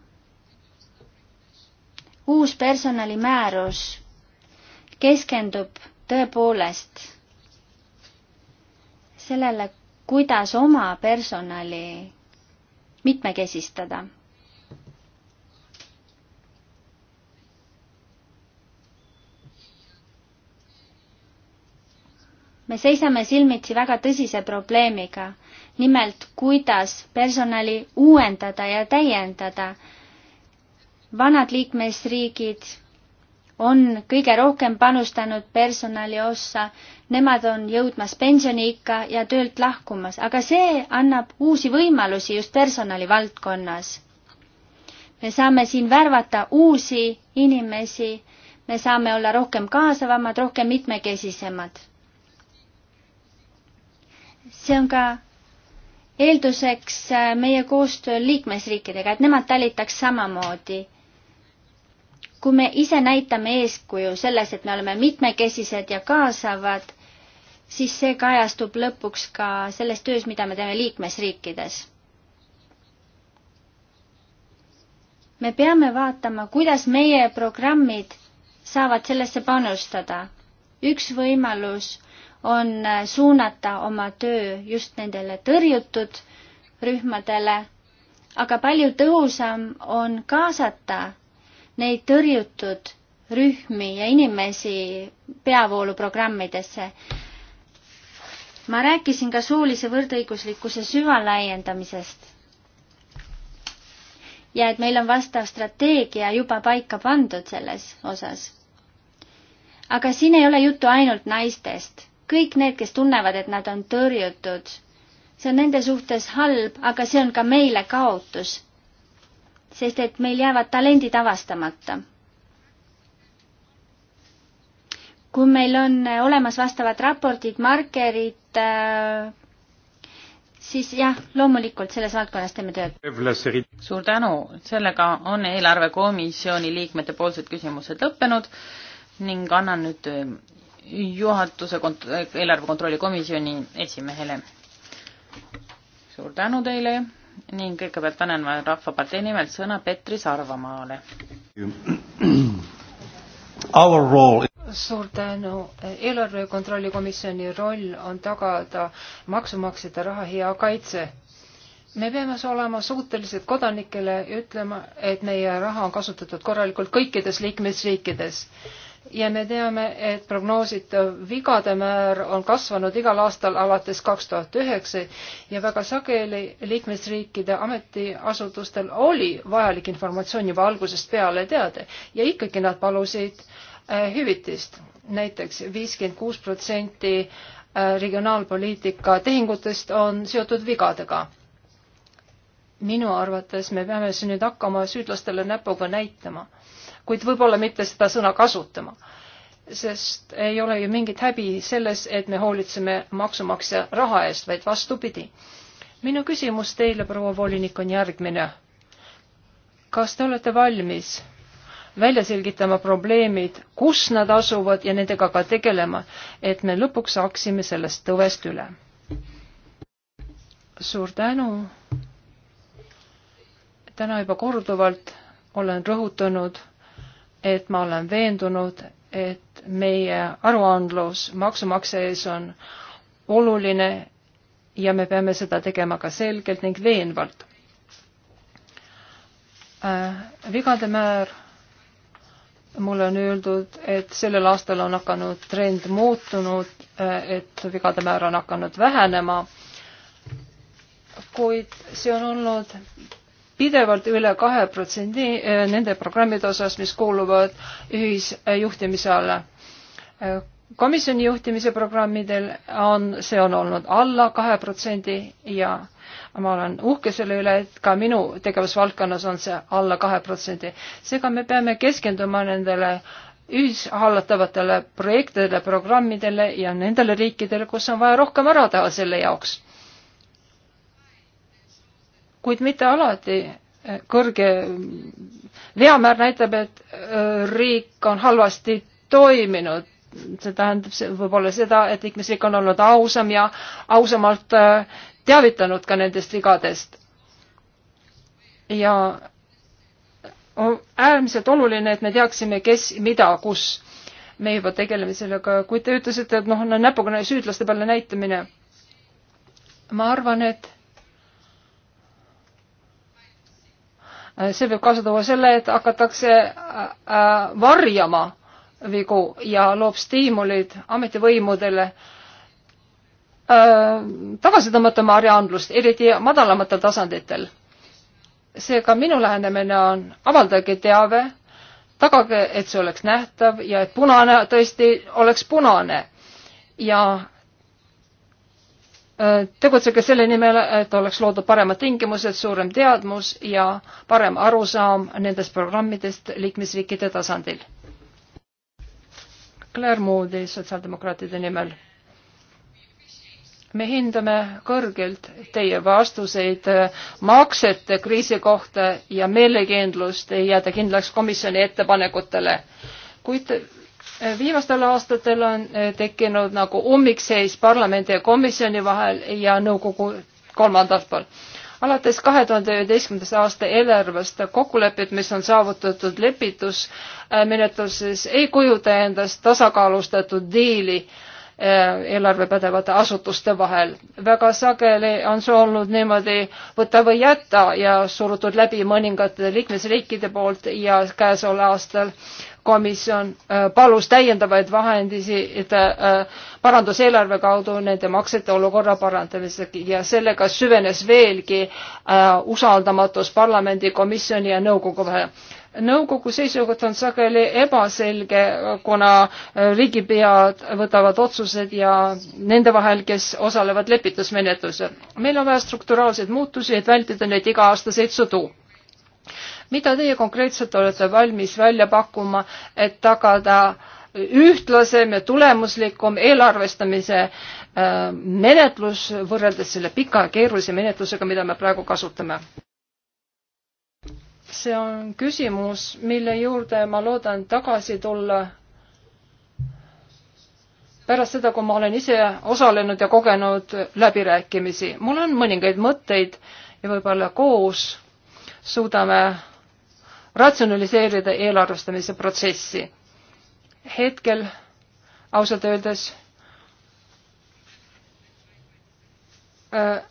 uus personalimäärus keskendub tõepoolest sellele, kuidas oma personali mitmekesistada. me seisame silmitsi väga tõsise probleemiga, nimelt kuidas personali uuendada ja täiendada. vanad liikmesriigid on kõige rohkem panustanud personali ossa, nemad on jõudmas pensioniikka ja töölt lahkumas, aga see annab uusi võimalusi just personali valdkonnas. me saame siin värvata uusi inimesi, me saame olla rohkem kaasavamad, rohkem mitmekesisemad. see on ka eelduseks äh, meie koostööl liikmesriikidega, et nemad talitaks samamoodi kui me ise näitame eeskuju selles, et me oleme mitmekesised ja kaasavad, siis see kajastub lõpuks ka selles töös, mida me teeme liikmesriikides. me peame vaatama, kuidas meie programmid saavad sellesse panustada. üks võimalus on suunata oma töö just nendele tõrjutud rühmadele, aga palju tõhusam on kaasata neid tõrjutud rühmi ja inimesi peavooluprogrammidesse. ma rääkisin ka soolise võrdõiguslikkuse süvalaiendamisest ja et meil on vastav strateegia juba paika pandud selles osas. aga siin ei ole juttu ainult naistest. kõik need, kes tunnevad, et nad on tõrjutud, see on nende suhtes halb, aga see on ka meile kaotus sest et meil jäävad talendid avastamata. kui meil on olemas vastavad raportid, markerid, äh, siis jah, loomulikult selles valdkonnas teeme tööd. suur tänu, sellega on eelarvekomisjoni liikmete poolsed küsimused lõppenud ning annan nüüd äh, juhatuse kont-, äh, eelarve kontrolli komisjoni esimehele. suur tänu teile ning kõigepealt annan ma Rahvapartei nimel sõna Petri Sarvamaale. suur tänu. eelarve kontrolli komisjoni roll on tagada maksumaksjate raha hea kaitse. me peame olema suutelised kodanikele ütlema, et meie raha on kasutatud korralikult kõikides liikmesriikides ja me teame, et prognoositav vigade määr on kasvanud igal aastal alates kaks tuhat üheksa ja väga sageli liikmesriikide ametiasutustel oli vajalik informatsioon juba algusest peale teada ja ikkagi nad palusid äh, hüvitist näiteks. näiteks viiskümmend kuus protsenti äh, regionaalpoliitika tehingutest on seotud vigadega. minu arvates me peame siin nüüd hakkama süüdlastele näpuga näitama kuid võib-olla mitte seda sõna kasutama. sest ei ole ju mingit häbi selles, et me hoolitseme maksumaksja raha eest, vaid vastupidi. minu küsimus teile, proua volinik, on järgmine. kas te olete valmis välja selgitama probleemid, kus nad asuvad ja nendega ka tegelema, et me lõpuks saaksime sellest tõvest üle. suur tänu. täna juba korduvalt olen rõhutanud et ma olen veendunud, et meie aruandlus maksumaksja ees on oluline ja me peame seda tegema ka selgelt ning veenvalt äh,. vigade määr, mulle on öeldud, et sellel aastal on hakanud trend muutunud, äh, et vigade määr on hakanud vähenema, kuid see on olnud pidevalt üle kahe protsendi eh, nende programmide osas, mis kuuluvad ühisjuhtimise alla. Eh, komisjoni juhtimise programmidel on, see on olnud alla kahe protsendi ja ma olen uhke selle üle, et ka minu tegevusvaldkonnas on see alla kahe protsendi. seega me peame keskenduma nendele ühishallatavatele projektidele, programmidele ja nendele riikidele, kus on vaja rohkem ära teha selle jaoks kuid mitte alati kõrge veamäär näitab, et äh, riik on halvasti toiminud. see tähendab võib-olla seda, et liikmesriik on olnud ausam ja ausamalt äh, teavitanud ka nendest vigadest. ja on äärmiselt oluline, et me teaksime, kes, mida, kus. me juba tegeleme sellega, kuid te ütlesite, et noh, näpuga süüdlaste peale näitamine. ma arvan, et Äh, see võib kaasa tuua selle, et hakatakse äh, äh, varjama vigu ja loob stiimulid ametivõimudele tagasi tõmmata oma harjaandlust, eriti madalamatel tasanditel. seega minu lähenemine on avaldage teave, tagage, et see oleks nähtav ja et punane tõesti oleks punane ja tegutsege selle nimel, et oleks loodud paremad tingimused, suurem teadmus ja parem arusaam nendest programmidest liikmesriikide tasandil. Claire Moody sotsiaaldemokraatide nimel. me hindame kõrgelt teie vastuseid maksete kriisi kohta ja meelekindlust jääda kindlaks komisjoni ettepanekutele kuid viimastel aastatel on eh, tekkinud nagu ummikseis parlamendi ja komisjoni vahel ja nõukogu kolmandalt poolt. alates kahe tuhande üheteistkümnendast aasta eelarvest kokkulepped, mis on saavutatud lepitusmenetluses, ei kujuta endast tasakaalustatud diili eh, eelarvepädevate asutuste vahel. väga sageli on see olnud niimoodi võta või jäta ja surutud läbi mõningate liikmesriikide poolt ja käesoleval aastal äh, komisjon äh, palus täiendavaid vahendisid äh, paranduseelarve kaudu nende maksete olukorra parandamiseks ja sellega süvenes veelgi äh, usaldamatus parlamendi, komisjoni ja nõukogu vahel nõukogu seisukoht on sageli ebaselge, kuna riigipead võtavad otsused ja nende vahel, kes osalevad lepitusmenetlusel. meil on vaja strukturaalseid muutusi, et vältida neid iga-aastaseid sõdu mida teie konkreetselt olete valmis välja pakkuma, et tagada ühtlasem ja tulemuslikum eelarvestamise äh, menetlus võrreldes selle pika ja keerulise menetlusega, mida me praegu kasutame? see on küsimus, mille juurde ma loodan tagasi tulla pärast seda, kui ma olen ise osalenud ja kogenud läbirääkimisi. mul on mõningaid mõtteid ja võib-olla koos suudame ratsionaliseerida eelarvestamise protsessi. hetkel ausalt öeldes öö, äh,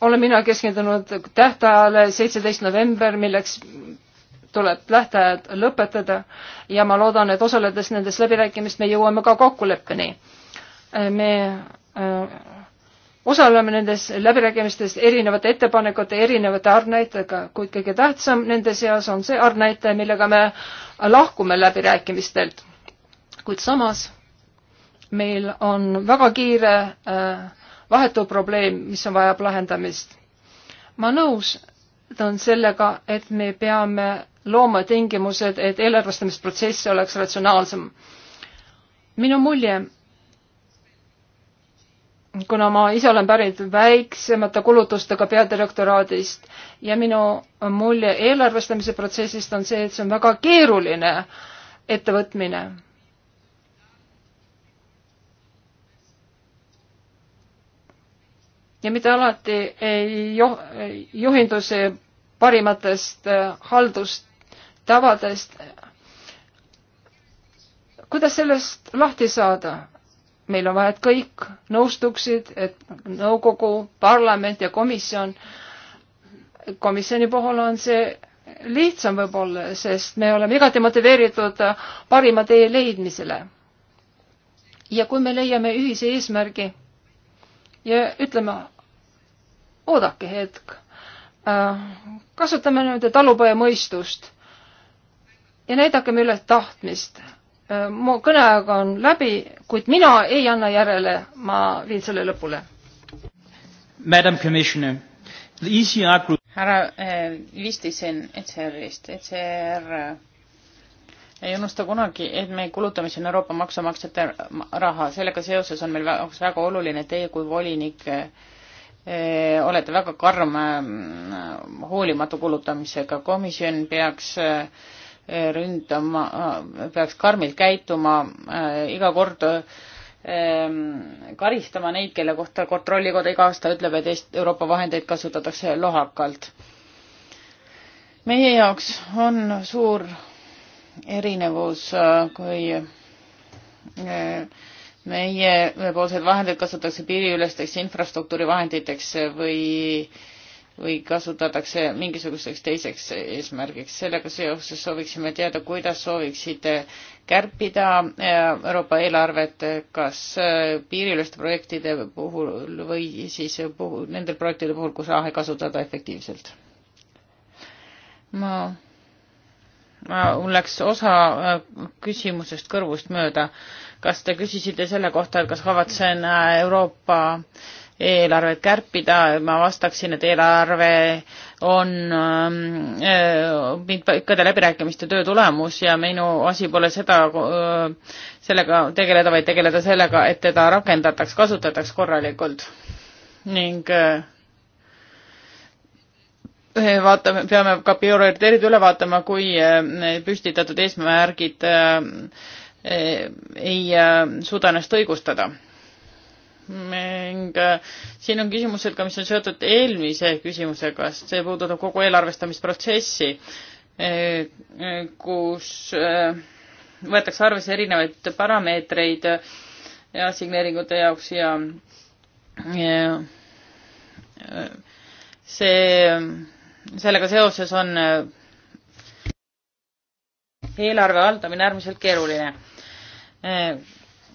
olen mina keskendunud tähtajale seitseteist november, milleks tuleb tähtajad lõpetada ja ma loodan, et osaledes nendes läbirääkimistes me jõuame ka kokkuleppeni. Äh, me öö, äh, osaleme nendes läbirääkimistes erinevate ettepanekute, erinevate arvnäitajatega, kuid kõige tähtsam nende seas on see arvnäitaja, millega me lahkume läbirääkimistelt. kuid samas meil on väga kiire äh, vahetu probleem, mis on vajab lahendamist. ma nõus on sellega, et me peame looma tingimused, et eelarvestamisprotsess oleks ratsionaalsem. minu mulje kuna ma ise olen pärit väiksemate kulutustega peadirektoraadist ja minu mulje eelarvestamise protsessist on see, et see on väga keeruline ettevõtmine. ja mitte alati ei jo-, juhinduse parimatest äh, haldustavadest. kuidas sellest lahti saada? meil on vaja, et kõik nõustuksid, et nõukogu, parlament ja komisjon, komisjoni puhul on see lihtsam võib-olla, sest me oleme igati motiveeritud parima tee leidmisele. ja kui me leiame ühise eesmärgi ja ütleme, oodake hetk, äh, kasutame nüüd talupoja mõistust ja näidakem üles tahtmist Äh, mu kõneaeg on läbi, kuid mina ei anna järele, ma viin selle lõpule. E härra äh, Vistisen ECR-ist, ECR äh, ei unusta kunagi, et me kulutame siin Euroopa maksumaksjate raha, sellega seoses on meil jaoks väga oluline, teie kui volinik olete väga karm hoolimatu kulutamisega, komisjon peaks öö, ründama, peaks karmilt käituma, äh, iga kord ähm, karistama neid, kelle kohta Kontrollikoda iga aasta ütleb, et Eest-, Euroopa vahendeid kasutatakse lohakalt. meie jaoks on suur erinevus, äh, kui äh, meiepoolsed vahendid kasutatakse piiriülesteks infrastruktuurivahenditeks või äh, või kasutatakse mingisuguseks teiseks eesmärgiks. sellega seoses sooviksime teada, kuidas sooviksite kärpida eh, Euroopa eelarvet, kas eh, piiriüleste projektide puhul või siis puhul, nendel projektide puhul, kus raha ei kasutata efektiivselt? ma, ma, mul läks osa eh, küsimusest kõrvust mööda. kas te küsisite selle kohta, et kas kavatsen Euroopa äh, eelarvet kärpida, ma vastaksin, et eelarve on ähm, äh, pikkade läbirääkimiste töö tulemus ja minu asi pole seda, äh, sellega tegeleda, vaid tegeleda sellega, et teda rakendataks, kasutataks korralikult. ning äh, vaatame, peame ka prioriteedid üle vaatama, kui püstitatud eesmärgid ei suuda ennast õigustada ning äh, siin on küsimused ka, mis on seotud eelmise küsimusega, sest see puudutab kogu eelarvestamisprotsessi, äh, äh, kus võetakse arvesse erinevaid parameetreid assigneeringute jaoks ja, ja see, sellega seoses on eelarve haldamine äärmiselt keeruline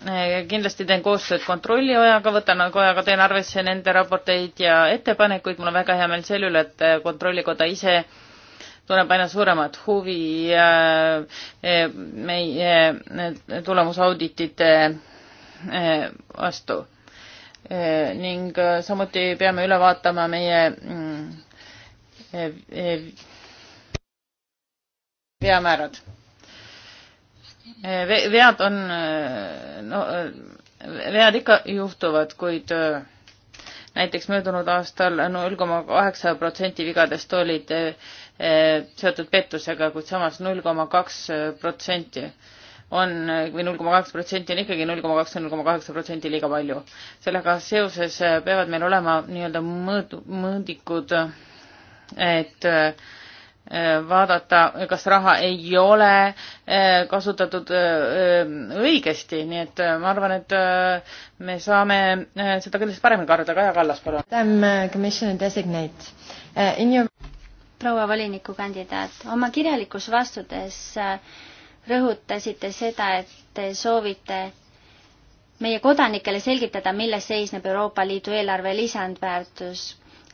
Eh, kindlasti teen koostööd kontrollikojaga, võtan kojaga, teen arvesse nende raporteid ja ettepanekuid, mul on väga hea meel selle üle, et eh, kontrollikoda ise tunneb aina suuremat huvi eh, meie tulemusauditite vastu. ning samuti peame üle vaatama meie veamäärad mm, Eh, vead on, eh, no eh, vead ikka juhtuvad, kuid näiteks möödunud aastal null koma kaheksa protsenti vigadest olid seotud pettusega, kuid samas null koma kaks protsenti on või null koma kaheksa protsenti on ikkagi null koma kaks ja null koma kaheksa protsenti liiga palju. sellega seoses peavad meil olema nii-öelda mõõdu, mõõdikud, et äh, Äh, vaadata, kas raha ei ole äh, kasutatud äh, õigesti, nii et ma arvan, et me saame seda kindlasti paremini korraldada. Kaja Kallas, palun. proua volinikukandidaat, oma kirjalikus vastudes rõhutasite seda, et te soovite meie kodanikele selgitada, milles seisneb Euroopa Liidu eelarve lisandväärtus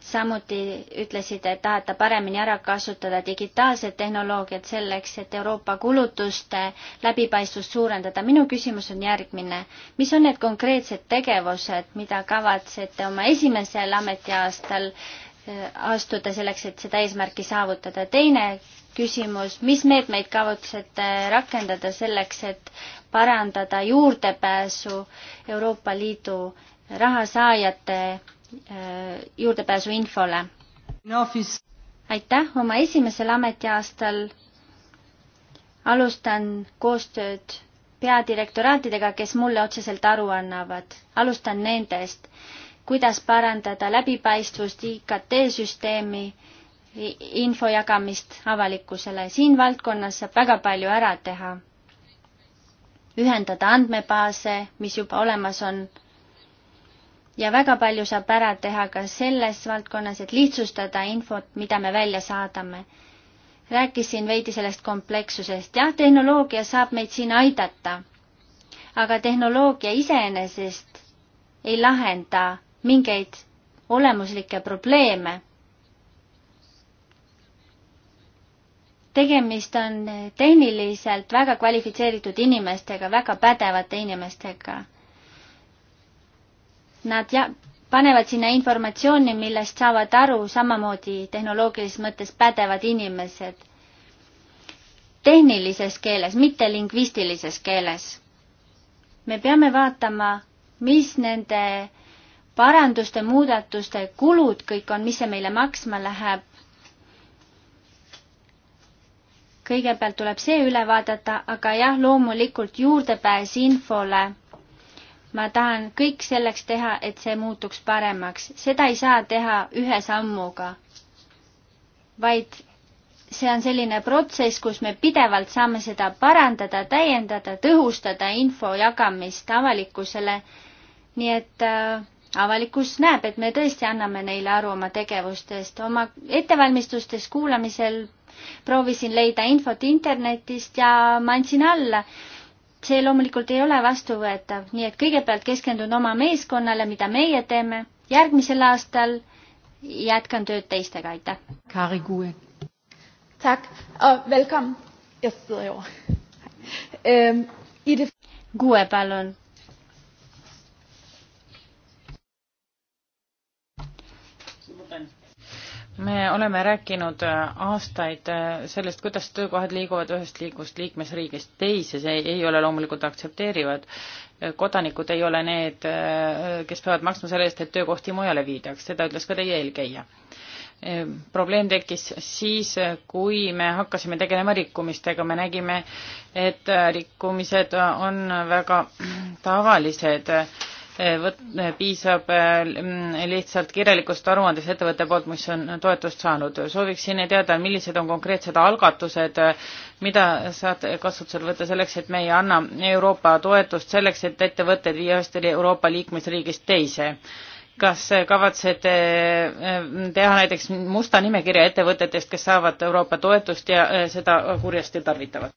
samuti ütlesid, et tahate paremini ära kasutada digitaalset tehnoloogiat selleks, et Euroopa kulutuste läbipaistvust suurendada. minu küsimus on järgmine. mis on need konkreetsed tegevused, mida kavatsete oma esimesel ametiaastal äh, astuda selleks, et seda eesmärki saavutada? teine küsimus, mis meetmeid kavatsete rakendada selleks, et parandada juurdepääsu Euroopa Liidu rahasaajate Äh, juurdepääsu infole no,. aitäh, oma esimesel ametiaastal alustan koostööd peadirektoraatidega, kes mulle otseselt aru annavad. alustan nendest, kuidas parandada läbipaistvust IKT-süsteemi, info jagamist avalikkusele. siin valdkonnas saab väga palju ära teha. ühendada andmebaase, mis juba olemas on ja väga palju saab ära teha ka selles valdkonnas, et lihtsustada infot, mida me välja saadame. rääkisin veidi sellest komplekssusest. jah, tehnoloogia saab meid siin aidata, aga tehnoloogia iseenesest ei lahenda mingeid olemuslikke probleeme. tegemist on tehniliselt väga kvalifitseeritud inimestega, väga pädevate inimestega nad ja-, panevad sinna informatsiooni, millest saavad aru samamoodi tehnoloogilises mõttes pädevad inimesed. tehnilises keeles, mitte lingvistilises keeles. me peame vaatama, mis nende paranduste, muudatuste kulud kõik on, mis see meile maksma läheb. kõigepealt tuleb see üle vaadata, aga jah, loomulikult juurdepääs infole ma tahan kõik selleks teha, et see muutuks paremaks. seda ei saa teha ühe sammuga, vaid see on selline protsess, kus me pidevalt saame seda parandada, täiendada, tõhustada info jagamist avalikkusele. nii et äh, avalikkus näeb, et me tõesti anname neile aru oma tegevustest, oma ettevalmistustest kuulamisel proovisin leida infot internetist ja ma andsin alla see loomulikult ei ole vastuvõetav, nii et kõigepealt keskendun oma meeskonnale, mida meie teeme, järgmisel aastal jätkan tööd teistega, aitäh. Kari Kuue. tak- uh,, welcome. Yes, joo. Kuue, palun me oleme rääkinud äh, aastaid äh, sellest, kuidas töökohad liiguvad ühest liigust liikmesriigist teise, see ei ole loomulikult aktsepteerivad. Äh, kodanikud ei ole need, kes peavad maksma selle eest, et töökohti mujale viidaks, seda ütles ka teie eelkäija. probleem tekkis siis, kui me hakkasime tegelema rikkumistega, me nägime, et rikkumised on väga tavalised Eh, võt-, eh, piisab eh, lihtsalt kirjalikust aruandest ettevõtte poolt, mis on toetust saanud. sooviksin teada, millised on konkreetsed algatused, mida saate kasutusele võtta selleks, et me ei anna Euroopa toetust selleks, et ettevõtted viia ühest Euroopa liikmesriigist teise kas kavatsete teha näiteks musta nimekirja ettevõtetest, kes saavad Euroopa toetust ja seda kurjasti tarvitavad?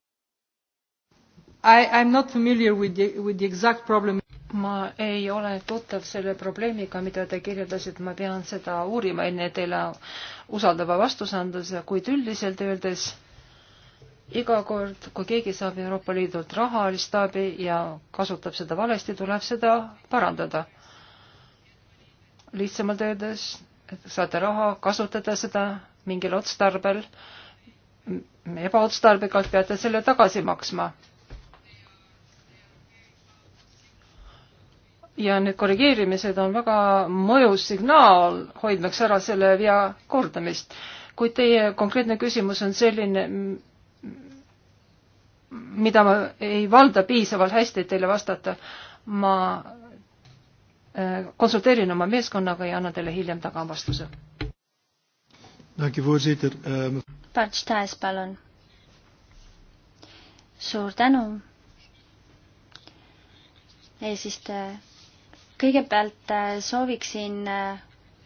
I am not familiar with the, with the exact problem ma ei ole tuttav selle probleemiga, mida te kirjeldasite, ma pean seda uurima enne teile usaldava vastuse andes, kuid üldiselt öeldes iga kord, kui keegi saab Euroopa Liidult rahalist abi ja kasutab seda valesti, tuleb seda parandada. lihtsamalt öeldes, et saate raha, kasutada seda mingil otstarbel, ebaotstarbekalt peate selle tagasi maksma ja need korrigeerimised on väga mõjus signaal, hoidmaks ära selle vea kordamist. kuid teie konkreetne küsimus on selline, mida ma ei valda piisavalt hästi, et teile vastata. ma consulteerin äh, oma meeskonnaga ja annan teile hiljem taga vastuse. Parts ehm, Taes, palun. suur tänu eesistuja kõigepealt äh, sooviksin äh,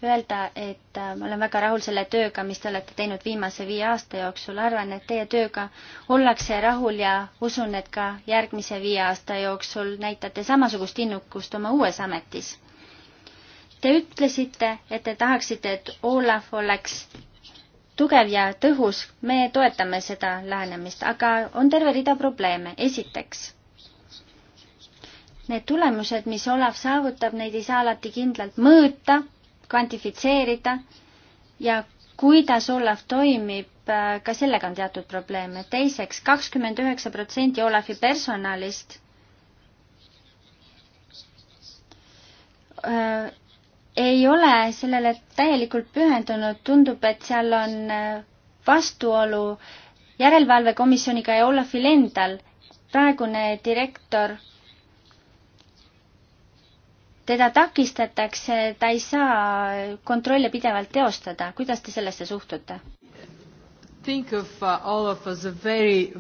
öelda, et äh, ma olen väga rahul selle tööga, mis te olete teinud viimase viie aasta jooksul. arvan, et teie tööga ollakse rahul ja usun, et ka järgmise viie aasta jooksul näitate samasugust innukust oma uues ametis. Te ütlesite, et te tahaksite, et Olav oleks tugev ja tõhus. me toetame seda lähenemist, aga on terve rida probleeme. esiteks Need tulemused, mis Olav saavutab, neid ei saa alati kindlalt mõõta, kvantifitseerida ja kuidas Olav toimib, äh, ka sellega on teatud probleeme. teiseks, kakskümmend üheksa protsenti Olavi personalist öö, äh, ei ole sellele täielikult pühendunud, tundub, et seal on äh, vastuolu järelevalvekomisjoniga ja Olafil endal. praegune direktor teda takistatakse, ta ei saa kontrolle pidevalt teostada, kuidas te sellesse suhtute? Uh, very...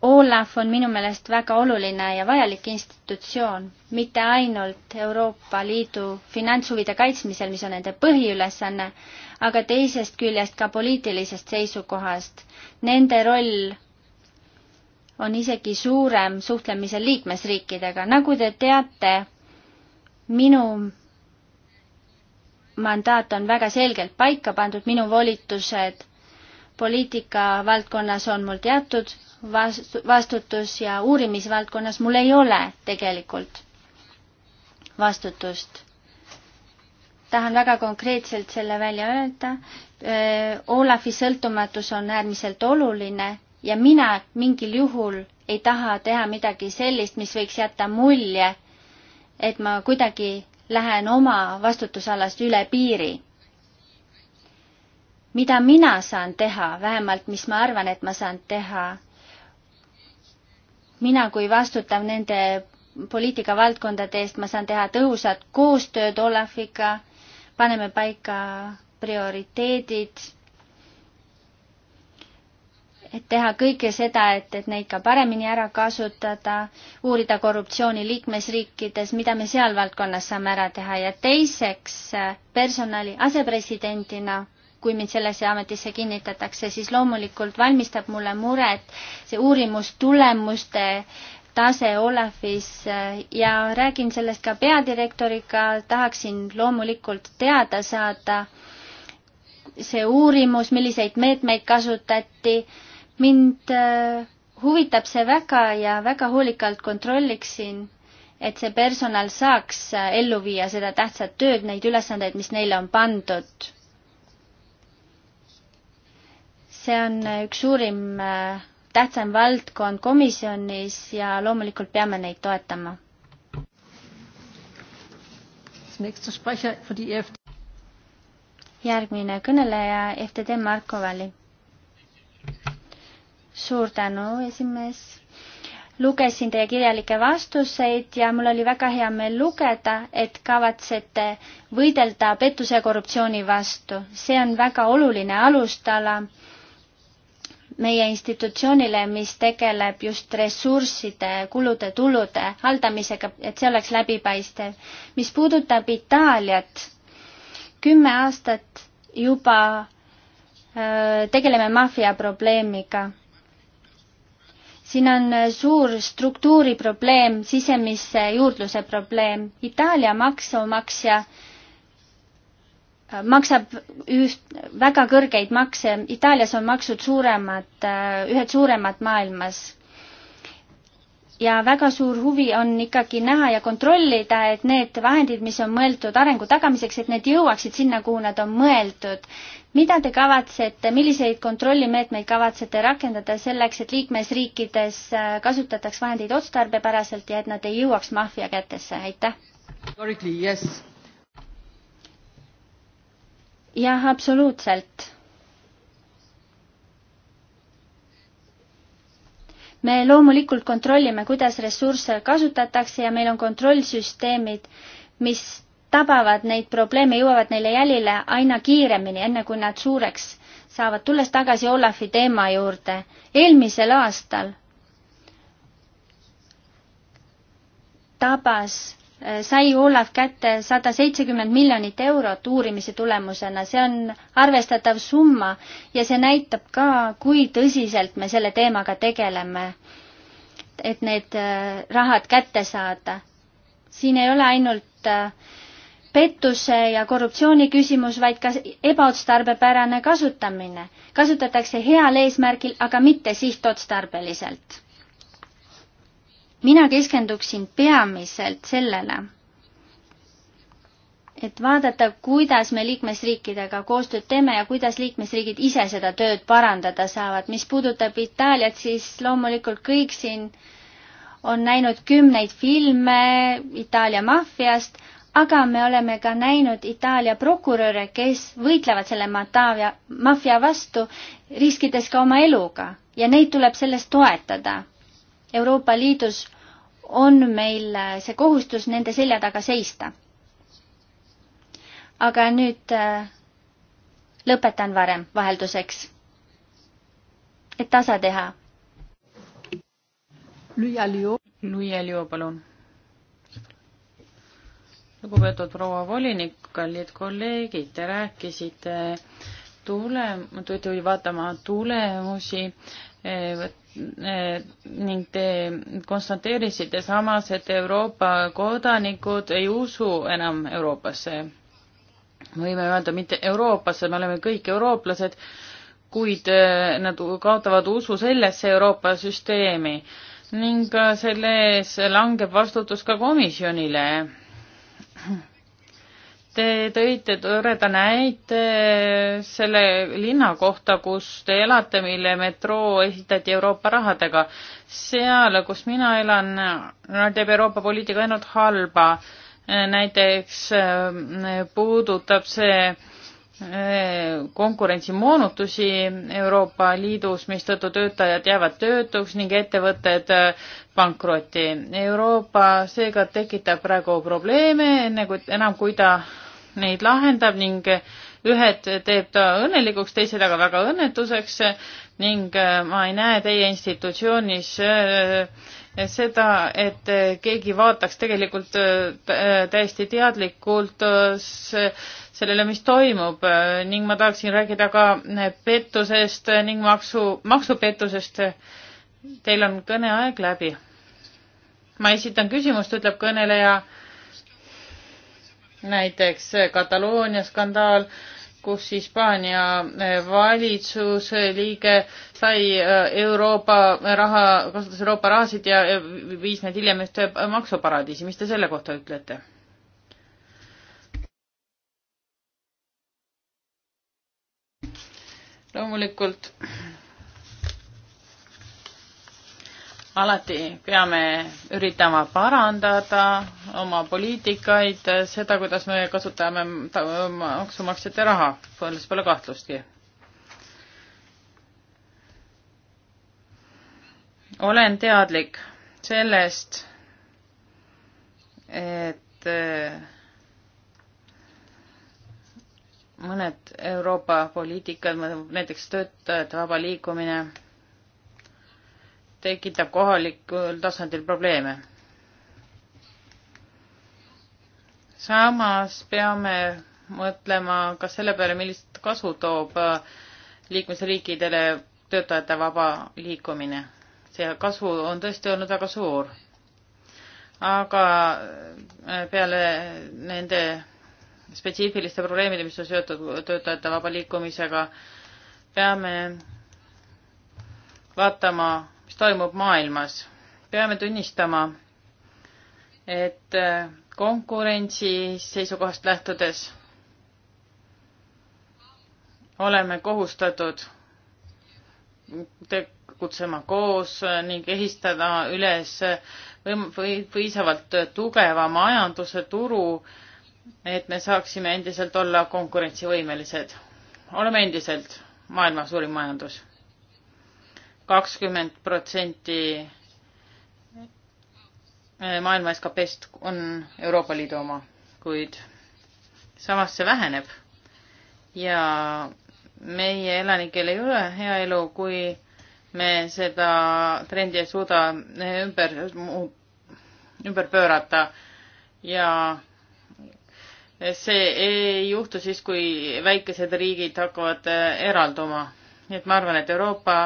Olaf on minu meelest väga oluline ja vajalik institutsioon, mitte ainult Euroopa Liidu finantshuvide kaitsmisel, mis on nende põhiülesanne, aga teisest küljest ka poliitilisest seisukohast. Nende roll on isegi suurem suhtlemisel liikmesriikidega, nagu te teate minu mandaat on väga selgelt paika pandud, minu volitused poliitika valdkonnas on mul teatud vastutus ja uurimisvaldkonnas mul ei ole tegelikult vastutust tahan väga konkreetselt selle välja öelda. Olafi sõltumatus on äärmiselt oluline ja mina mingil juhul ei taha teha midagi sellist, mis võiks jätta mulje, et ma kuidagi lähen oma vastutusalast üle piiri. mida mina saan teha, vähemalt mis ma arvan, et ma saan teha, mina kui vastutav nende poliitikavaldkondade eest, ma saan teha tõhusat koostööd Olafiga, paneme paika prioriteedid et teha kõike seda, et, et neid ka paremini ära kasutada, uurida korruptsiooni liikmesriikides, mida me seal valdkonnas saame ära teha ja teiseks personali asepresidendina, kui mind sellesse ametisse kinnitatakse, siis loomulikult valmistab mulle muret see uurimustulemuste tase Olafis ja räägin sellest ka peadirektoriga, tahaksin loomulikult teada saada see uurimus, milliseid meetmeid kasutati mind äh, huvitab see väga ja väga hoolikalt kontrolliksin, et see personal saaks äh, ellu viia seda tähtsat tööd, neid ülesandeid, mis neile on pandud. see on äh, üks suurim, tähtsam valdkond komisjonis ja loomulikult peame neid toetama. E järgmine kõneleja, e FTD Marko Väli suur tänu, esimees. lugesin teie kirjalikke vastuseid ja mul oli väga hea meel lugeda, et kavatsete võidelda pettuse ja korruptsiooni vastu. see on väga oluline alustala meie institutsioonile, mis tegeleb just ressursside, kulude, tulude haldamisega, et see oleks läbipaistev. mis puudutab Itaaliat, kümme aastat juba öö, äh, tegeleme maffia probleemiga siin on äh, suur struktuuriprobleem, sisemise juurdluse probleem. Itaalia maksumaksja äh, maksab üht, väga kõrgeid makse, Itaalias on maksud suuremad, äh, ühed suuremad maailmas ja väga suur huvi on ikkagi näha ja kontrollida, et need vahendid, mis on mõeldud arengu tagamiseks, et need jõuaksid sinna, kuhu nad on mõeldud. mida te kavatsete, milliseid kontrollimeetmeid kavatsete rakendada selleks, et liikmesriikides äh, kasutataks vahendeid otstarbepäraselt ja et nad ei jõuaks maffia kätesse, aitäh! jah, absoluutselt me loomulikult kontrollime, kuidas ressursse kasutatakse ja meil on kontrollsüsteemid, mis tabavad neid probleeme, jõuavad neile jälile aina kiiremini, enne kui nad suureks saavad. tulles tagasi Olafi teema juurde, eelmisel aastal tabas Eh, sai Olav kätte sada seitsekümmend miljonit eurot uurimise tulemusena, see on arvestatav summa ja see näitab ka, kui tõsiselt me selle teemaga tegeleme, et need eh, rahad kätte saada. siin ei ole ainult eh, pettuse ja korruptsiooni küsimus, vaid ka ebaotstarbepärane kasutamine. kasutatakse heal eesmärgil, aga mitte sihtotstarbeliselt mina keskenduksin peamiselt sellele, et vaadata, kuidas me liikmesriikidega koostööd teeme ja kuidas liikmesriigid ise seda tööd parandada saavad. mis puudutab Itaaliat, siis loomulikult kõik siin on näinud kümneid filme Itaalia maffiast, aga me oleme ka näinud Itaalia prokuröre, kes võitlevad selle Matavia, maffia vastu, riskides ka oma eluga ja neid tuleb selles toetada Euroopa Liidus on meil äh, see kohustus nende selja taga seista. aga nüüd äh, lõpetan varem vahelduseks, et tasa teha. Lüüa Liu. Lüüa Liu, palun. lugupeetud proua volinik, kallid kolleegid, te rääkisite tule, tuli vaatama tulemusi Eh, eh, ning te konstateerisite samas, et Euroopa kodanikud ei usu enam Euroopasse. võime öelda mitte Euroopasse, me oleme kõik eurooplased, kuid eh, nad kaotavad usu sellesse Euroopa süsteemi ning selle ees langeb vastutus ka komisjonile Te tõite toreda näite selle linna kohta, kus te elate, mille metroo ehitati Euroopa rahadega. seal, kus mina elan, teeb Euroopa poliitika ainult halba. näiteks eh, puudutab see eh, konkurentsimoonutusi Euroopa Liidus, mistõttu töötajad jäävad töötuks ning ettevõtted eh, pankrotti. Euroopa seega tekitab praegu probleeme, enne kui, enam kui ta neid lahendab ning ühed teeb ta õnnelikuks, teised aga väga õnnetuseks ning äh, ma ei näe teie institutsioonis äh, seda, et äh, keegi vaataks tegelikult täiesti teadlikult sellele, mis toimub ning ma tahaksin rääkida ka pettusest ning maksu, maksupettusest. Teil on kõneaeg läbi. ma esitan küsimust, ütleb kõneleja näiteks eh, Kataloonia skandaal, kus Hispaania eh, valitsuse liige sai eh, Euroopa raha, kasutas Euroopa rahasid ja viis need hiljem ühte maksuparadiisi. mis te selle kohta ütlete? loomulikult alati peame üritama parandada oma poliitikaid, seda, kuidas me kasutame maksumaksjate raha, selles pole kahtlustki. olen teadlik sellest, et äh, mõned Euroopa poliitikad, näiteks töötajate vaba liikumine tekitab kohalikul tasandil probleeme. samas peame mõtlema ka selle peale, millist kasu toob äh, liikmesriikidele töötajate vaba liikumine. see kasu on tõesti olnud väga suur. aga äh, peale nende spetsiifiliste probleemide, mis on seotud töötajate vaba liikumisega, peame vaatama toimub maailmas. peame tunnistama, et äh, konkurentsi seisukohast lähtudes oleme kohustatud tegutsema koos ning ehistada üles või piisavalt tugeva majanduse turu, et me saaksime endiselt olla konkurentsivõimelised. oleme endiselt maailma suurim majandus kakskümmend protsenti maailma SKP-st on Euroopa Liidu oma, kuid samas see väheneb ja meie elanikel ei ole hea elu, kui me seda trendi ei suuda ümber, ümber pöörata ja see ei juhtu siis, kui väikesed riigid hakkavad äh, eralduma. nii et ma arvan, et Euroopa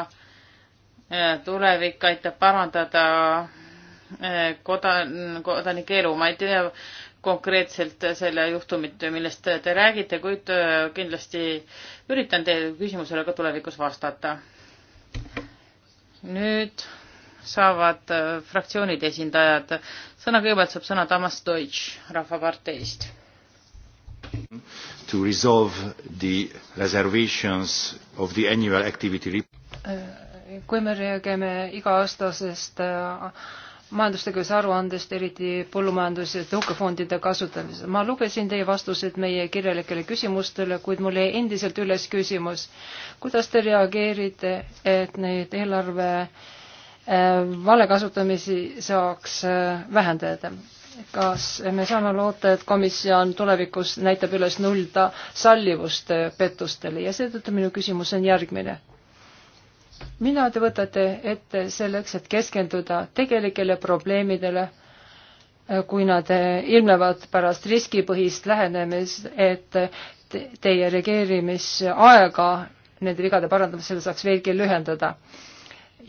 Äh, tulevik aitab parandada äh, kodan-, kodanike elu, ma ei tea konkreetselt selle juhtumit, millest te räägite, kuid äh, kindlasti üritan teie küsimusele ka tulevikus vastata. nüüd saavad fraktsioonide esindajad sõna, kõigepealt saab sõna Tamas Deutsch Rahvaparteist. To resolve the reservations of the annual activity report kui me räägime iga-aastasest äh, majandustegevuse aruandest, eriti põllumajandus- ja tõukefondide kasutamisel. ma lugesin teie vastused meie kirjalikele küsimustele, kuid mul jäi endiselt üles küsimus, kuidas te reageerite, et neid eelarve äh, vale kasutamisi saaks äh, vähendada? kas me saame loota, et komisjon tulevikus näitab üles null sallivust pettustele ja seetõttu minu küsimus on järgmine mida te võtate ette selleks, et keskenduda tegelikele probleemidele, äh, kui nad äh, ilmnevad pärast riskipõhist lähenemist, et teie reageerimisaega nende vigade parandamisel saaks veelgi lühendada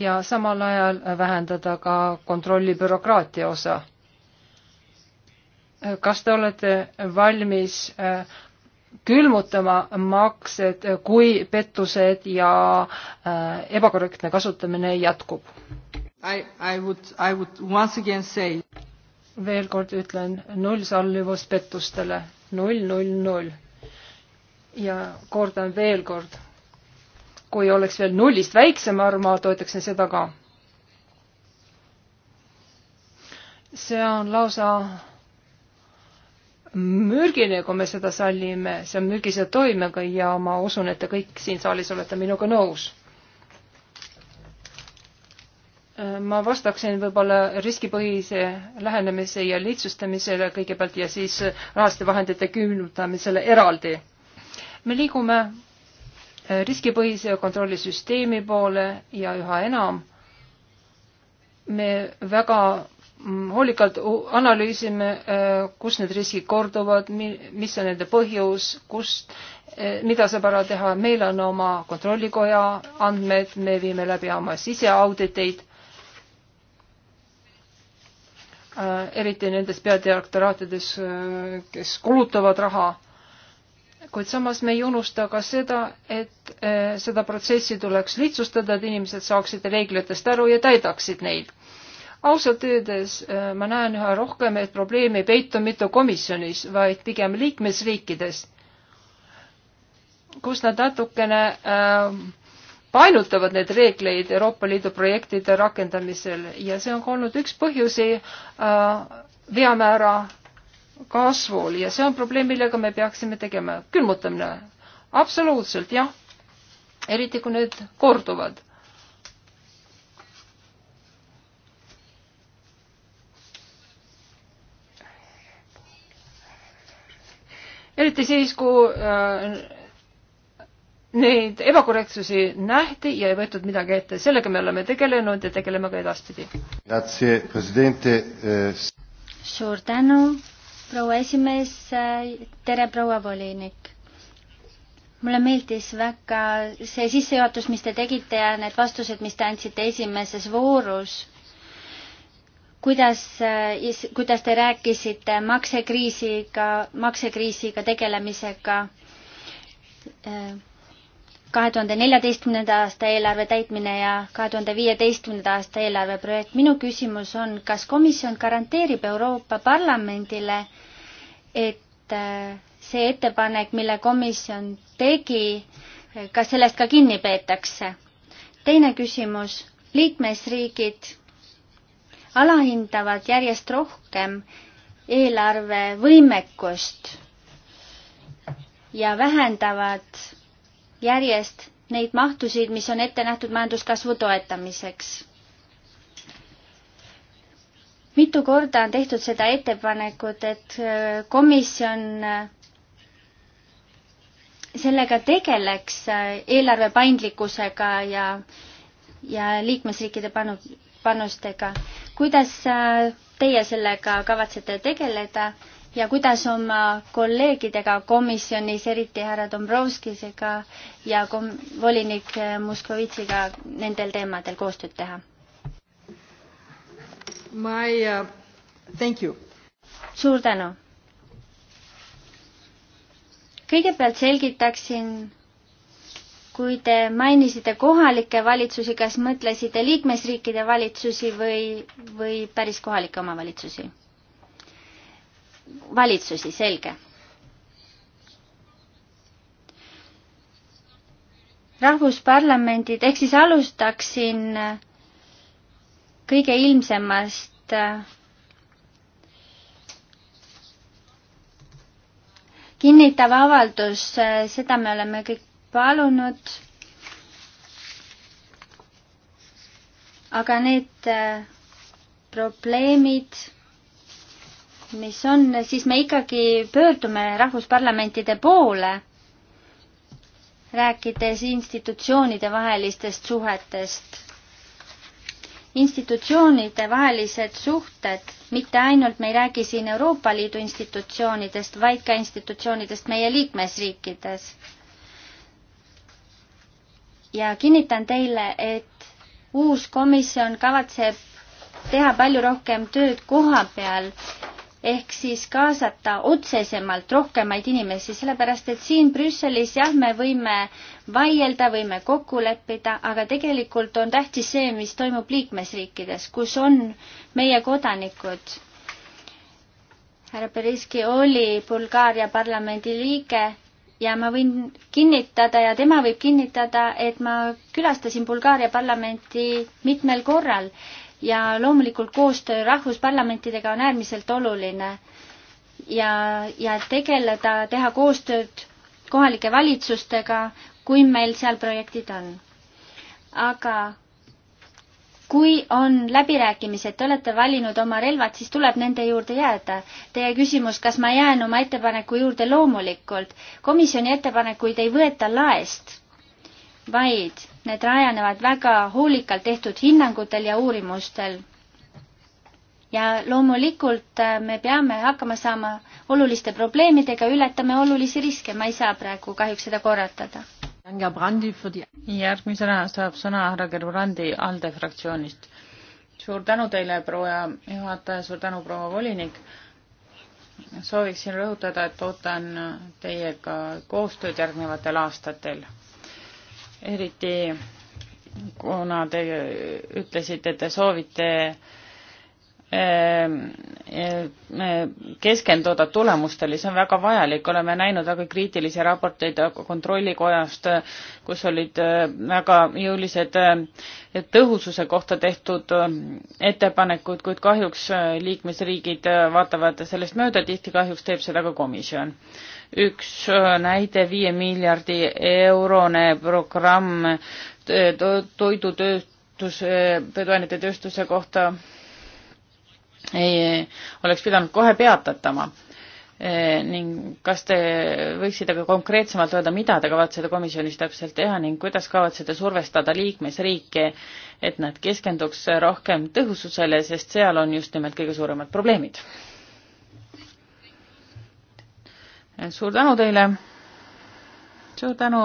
ja samal ajal vähendada ka kontrolli bürokraatia osa. Äh, kas te olete valmis külmutama maksed, kui pettused ja äh, ebakorrektne kasutamine jätkub. I, I would, I would once again say veel kord ütlen, null sallivus pettustele, null, null, null. ja kordan veel kord, kui oleks veel nullist väiksem arv, ma toetaksin seda ka. see on lausa mürgine, kui me seda sallime, see on mürgise toimega ja ma usun, et te kõik siin saalis olete minuga nõus. Äh, ma vastaksin võib-olla riskipõhise lähenemise ja lihtsustamisele kõigepealt ja siis rahaliste vahendite külmutamisele eraldi. me liigume äh, riskipõhise kontrollisüsteemi poole ja üha enam me väga hoolikalt analüüsime, äh, kus need riskid korduvad, mis on nende põhjus, kust, äh, mida saab ära teha, meil on oma kontrollikoja andmed, me viime läbi oma siseauditeid, äh, eriti nendes peadirektoraatides, kes kulutavad raha, kuid samas me ei unusta ka seda, et seda protsessi tuleks lihtsustada, et inimesed saaksid reeglitest aru ja täidaksid neid ausalt öeldes äh, ma näen üha rohkem, et probleem ei peitu mitte komisjonis, vaid pigem liikmesriikides, kus nad natukene äh, painutavad neid reegleid Euroopa Liidu projektide rakendamisel ja see on ka olnud üks põhjusi äh, veamäära kasvul ja see on probleem, millega me peaksime tegema. külmutamine, absoluutselt jah, eriti kui need korduvad eriti siis, kui äh, neid ebakorrektsusi nähti ja ei võetud midagi ette. sellega me oleme tegelenud ja tegeleme ka edaspidi. Eh, suur tänu, proua esimees, tere, proua volinik! mulle meeldis väga see sissejuhatus, mis te tegite ja need vastused, mis te andsite esimeses voorus kuidas, kuidas te rääkisite maksekriisiga, maksekriisiga tegelemisega. Äh, kahe tuhande neljateistkümnenda aasta eelarve täitmine ja kahe tuhande viieteistkümnenda aasta eelarve projekt. minu küsimus on, kas komisjon garanteerib Euroopa Parlamendile, et äh, see ettepanek, mille komisjon tegi, äh, kas sellest ka kinni peetakse? teine küsimus, liikmesriigid alahindavad järjest rohkem eelarve võimekust ja vähendavad järjest neid mahtusid, mis on ette nähtud majanduskasvu toetamiseks. mitu korda on tehtud seda ettepanekut, et äh, komisjon äh, sellega tegeleks, äh, eelarve paindlikkusega ja, ja liikmesriikide panu, panustega kuidas äh, teie sellega kavatsete tegeleda ja kuidas oma kolleegidega komisjonis, eriti härra Dombrovskisega ja kom-, volinik äh, Moskovitšiga nendel teemadel koostööd teha? My uh, thank you. suur tänu. kõigepealt selgitaksin kui te mainisite kohalikke valitsusi, kas mõtlesite liikmesriikide valitsusi või, või päris kohalikke omavalitsusi? valitsusi, selge. rahvusparlamendid, ehk siis alustaksin kõige ilmsemast kinnitav avaldus, seda me oleme kõik palunud, aga need äh, probleemid, mis on, siis me ikkagi pöördume rahvusparlamentide poole, rääkides institutsioonide vahelistest suhetest. institutsioonide vahelised suhted, mitte ainult me ei räägi siin Euroopa Liidu institutsioonidest, vaid ka institutsioonidest meie liikmesriikides ja kinnitan teile, et uus komisjon kavatseb teha palju rohkem tööd koha peal ehk siis kaasata otsesemalt rohkemaid inimesi, sellepärast et siin Brüsselis jah, me võime vaielda, võime kokku leppida, aga tegelikult on tähtis see, mis toimub liikmesriikides, kus on meie kodanikud. härra Beriski oli Bulgaaria parlamendi liige ja ma võin kinnitada ja tema võib kinnitada, et ma külastasin Bulgaaria parlamenti mitmel korral ja loomulikult koostöö rahvusparlamentidega on äärmiselt oluline. ja, ja tegeleda, teha koostööd kohalike valitsustega, kui meil seal projektid on. aga kui on läbirääkimised, te olete valinud oma relvad, siis tuleb nende juurde jääda. Teie küsimus, kas ma jään oma ettepaneku juurde, loomulikult. komisjoni ettepanekuid ei võeta laest, vaid need rajanevad väga hoolikalt tehtud hinnangutel ja uurimustel. ja loomulikult äh, me peame hakkama saama oluliste probleemidega, ületame olulisi riske, ma ei saa praegu kahjuks seda korratada järgmisena saab sõna härra Gerbrandi ALDE fraktsioonist. suur tänu teile, proua juhataja, suur tänu, proua volinik. sooviksin rõhutada, et ootan teiega koostööd järgnevatel aastatel. eriti kuna te ütlesite, et te soovite Ehm, ehm, ehm, keskenduda tulemustele, see on väga vajalik, oleme näinud väga kriitilisi raporteid kontrollikojast, kus olid väga jõulised tõhususe kohta tehtud ettepanekud, kuid kahjuks liikmesriigid vaatavad sellest mööda, tihti kahjuks teeb seda ka komisjon. üks näide, viie miljardi eurone programm toidutööstuse, toiduainetetööstuse kohta ei oleks pidanud kohe peatatama e, ning kas te võiksite ka konkreetsemalt öelda, mida te kavatsete komisjonis täpselt teha ning kuidas kavatsete survestada liikmesriike, et nad keskenduks rohkem tõhususele, sest seal on just nimelt kõige suuremad probleemid? E, suur tänu teile, suur tänu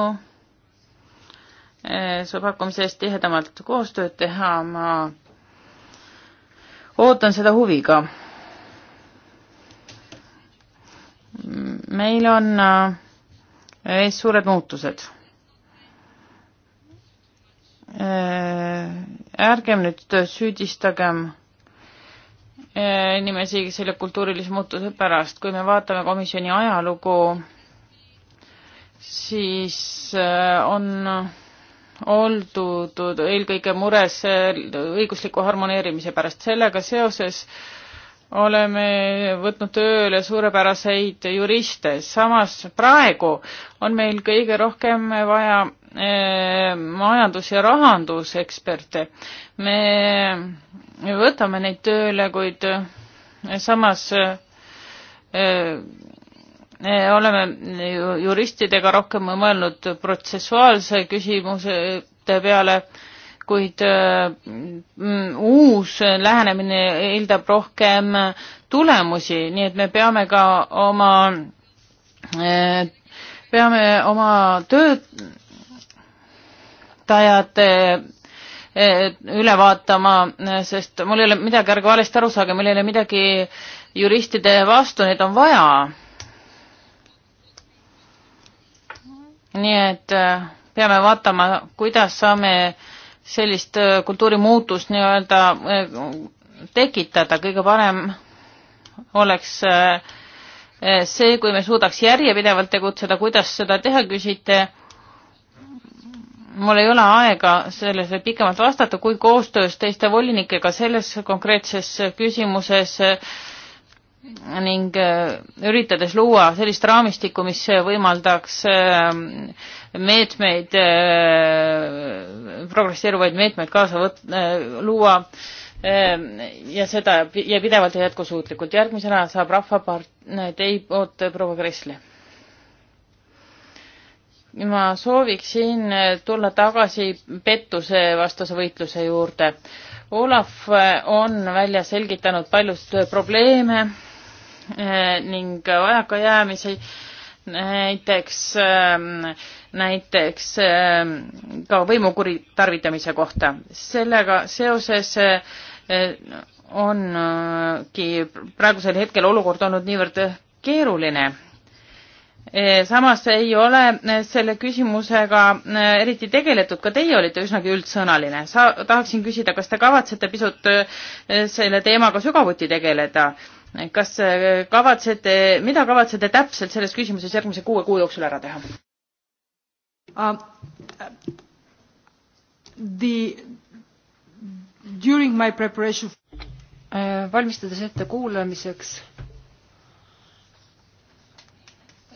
e, su pakkumise eest tihedamalt koostööd teha, ma ootan seda huviga. meil on äh, ees suured muutused. Äh, ärgem nüüd süüdistagem äh, inimesi selle kultuurilise muutuse pärast, kui me vaatame komisjoni ajalugu, siis on oldud eelkõige mures õigusliku harmoneerimise pärast. sellega seoses oleme võtnud tööle suurepäraseid juriste, samas praegu on meil kõige rohkem vaja eh, majandus- ja rahanduseksperte. me võtame neid tööle, kuid samas eh, oleme juristidega rohkem mõelnud protsessuaalse küsimuste peale, kuid äh, mm, uus lähenemine eeldab rohkem tulemusi, nii et me peame ka oma, äh, peame oma töötajate äh, üle vaatama, sest mul ei ole midagi, ärge valesti aru saage, mul ei ole midagi juristide vastu, neid on vaja nii et äh, peame vaatama, kuidas saame sellist äh, kultuurimuutust nii-öelda äh, tekitada, kõige parem oleks see, kui me suudaks järjepidevalt tegutseda, kuidas seda teha, küsite. mul ei ole aega sellele pikemalt vastata, kui koostöös teiste volinikega selles konkreetses küsimuses äh, ning äh, üritades luua sellist raamistikku, mis võimaldaks ähm, meetmeid, äh, progresseeruvaid meetmeid kaasa võt-, äh, luua ähm, ja seda ja pidevalt ja jätkusuutlikult. järgmisena saab Rahvapartei poolt proua Kressle. ma sooviksin tulla tagasi pettuse vastase võitluse juurde. Olav on välja selgitanud paljust probleeme Eh, ning vajakajäämisi, näiteks, ehm, näiteks ehm, ka võimu kuritarvitamise kohta. sellega seoses eh, ongi praegusel hetkel olukord olnud niivõrd keeruline. Eh, samas ei ole selle küsimusega eriti tegeletud, ka teie olite üsnagi üldsõnaline. sa, tahaksin küsida, kas te kavatsete pisut selle teemaga sügavuti tegeleda? kas äh, kavatsete, mida kavatsete täpselt selles küsimuses järgmise kuue kuu jooksul ära teha uh,? The, during my preparation uh, valmistades ette kuulamiseks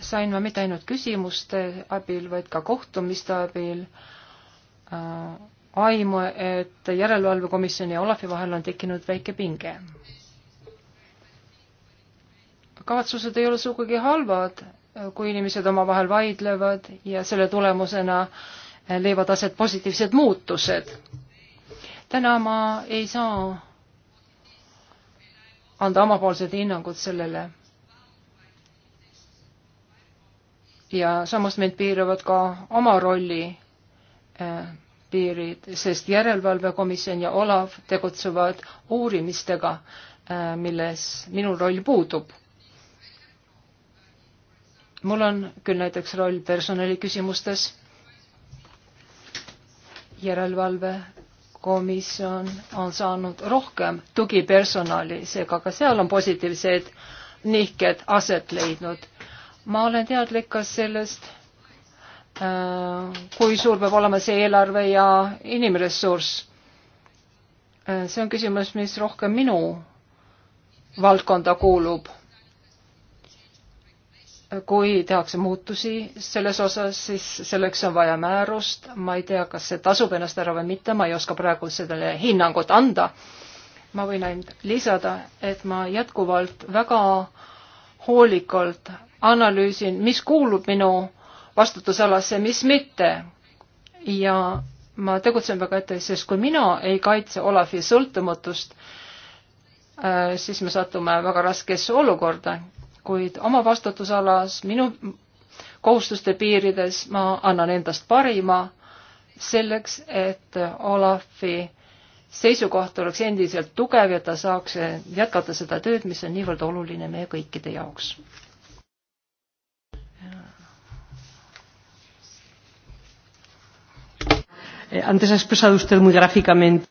sain ma mitte ainult küsimuste abil, vaid ka kohtumiste abil uh, aimu, et järelevalvekomisjoni ja Olafi vahel on tekkinud väike pinge kavatsused ei ole sugugi halvad, kui inimesed omavahel vaidlevad ja selle tulemusena leiavad aset positiivsed muutused. täna ma ei saa anda omapoolsed hinnangud sellele. ja samas meid piiravad ka oma rolli äh, piirid, sest Järelevalvekomisjon ja Olav tegutsevad uurimistega, äh, milles minul roll puudub mul on küll näiteks roll personaliküsimustes, järelevalvekomisjon on saanud rohkem tugipersonali, seega ka seal on positiivsed nihked aset leidnud. ma olen teadlik ka sellest, äh, kui suur peab olema see eelarve ja inimressurss. Äh, see on küsimus, mis rohkem minu valdkonda kuulub kui tehakse muutusi selles osas, siis selleks on vaja määrust, ma ei tea, kas see tasub ennast ära või mitte, ma ei oska praegu sellele hinnangut anda. ma võin ainult lisada, et ma jätkuvalt väga hoolikalt analüüsin, mis kuulub minu vastutusalasse, mis mitte. ja ma tegutsen väga ette, sest kui mina ei kaitse Olavi sõltumatust, äh, siis me satume väga raskesse olukorda kuid oma vastutusalas, minu kohustuste piirides ma annan endast parima selleks, et Olafi seisukoht oleks endiselt tugev ja ta saaks jätkata seda tööd, mis on niivõrd oluline meie kõikide jaoks. Eh, antes ha expresado usted muy gráficamente.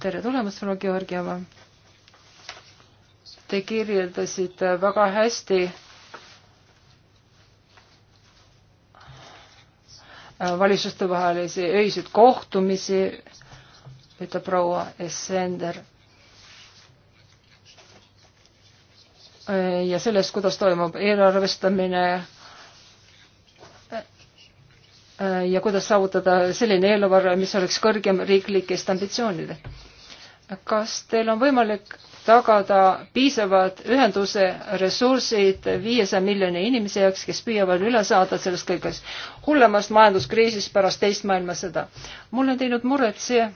tere tulemast, proua Georgieva Te kirjeldasite väga hästi äh, valitsustevahelisi öiseid kohtumisi, ütleb proua Essender. Äh, ja sellest, kuidas toimub eelarvestamine äh, ja kuidas saavutada selline eelarve, mis oleks kõrgem riiklikest ambitsioonidest. kas teil on võimalik tagada piisavad ühenduse ressursid viiesaja miljoni inimese jaoks, kes püüavad üle saada sellest kõigest hullemast majanduskriisist pärast teist maailmasõda. mul on teinud muret see,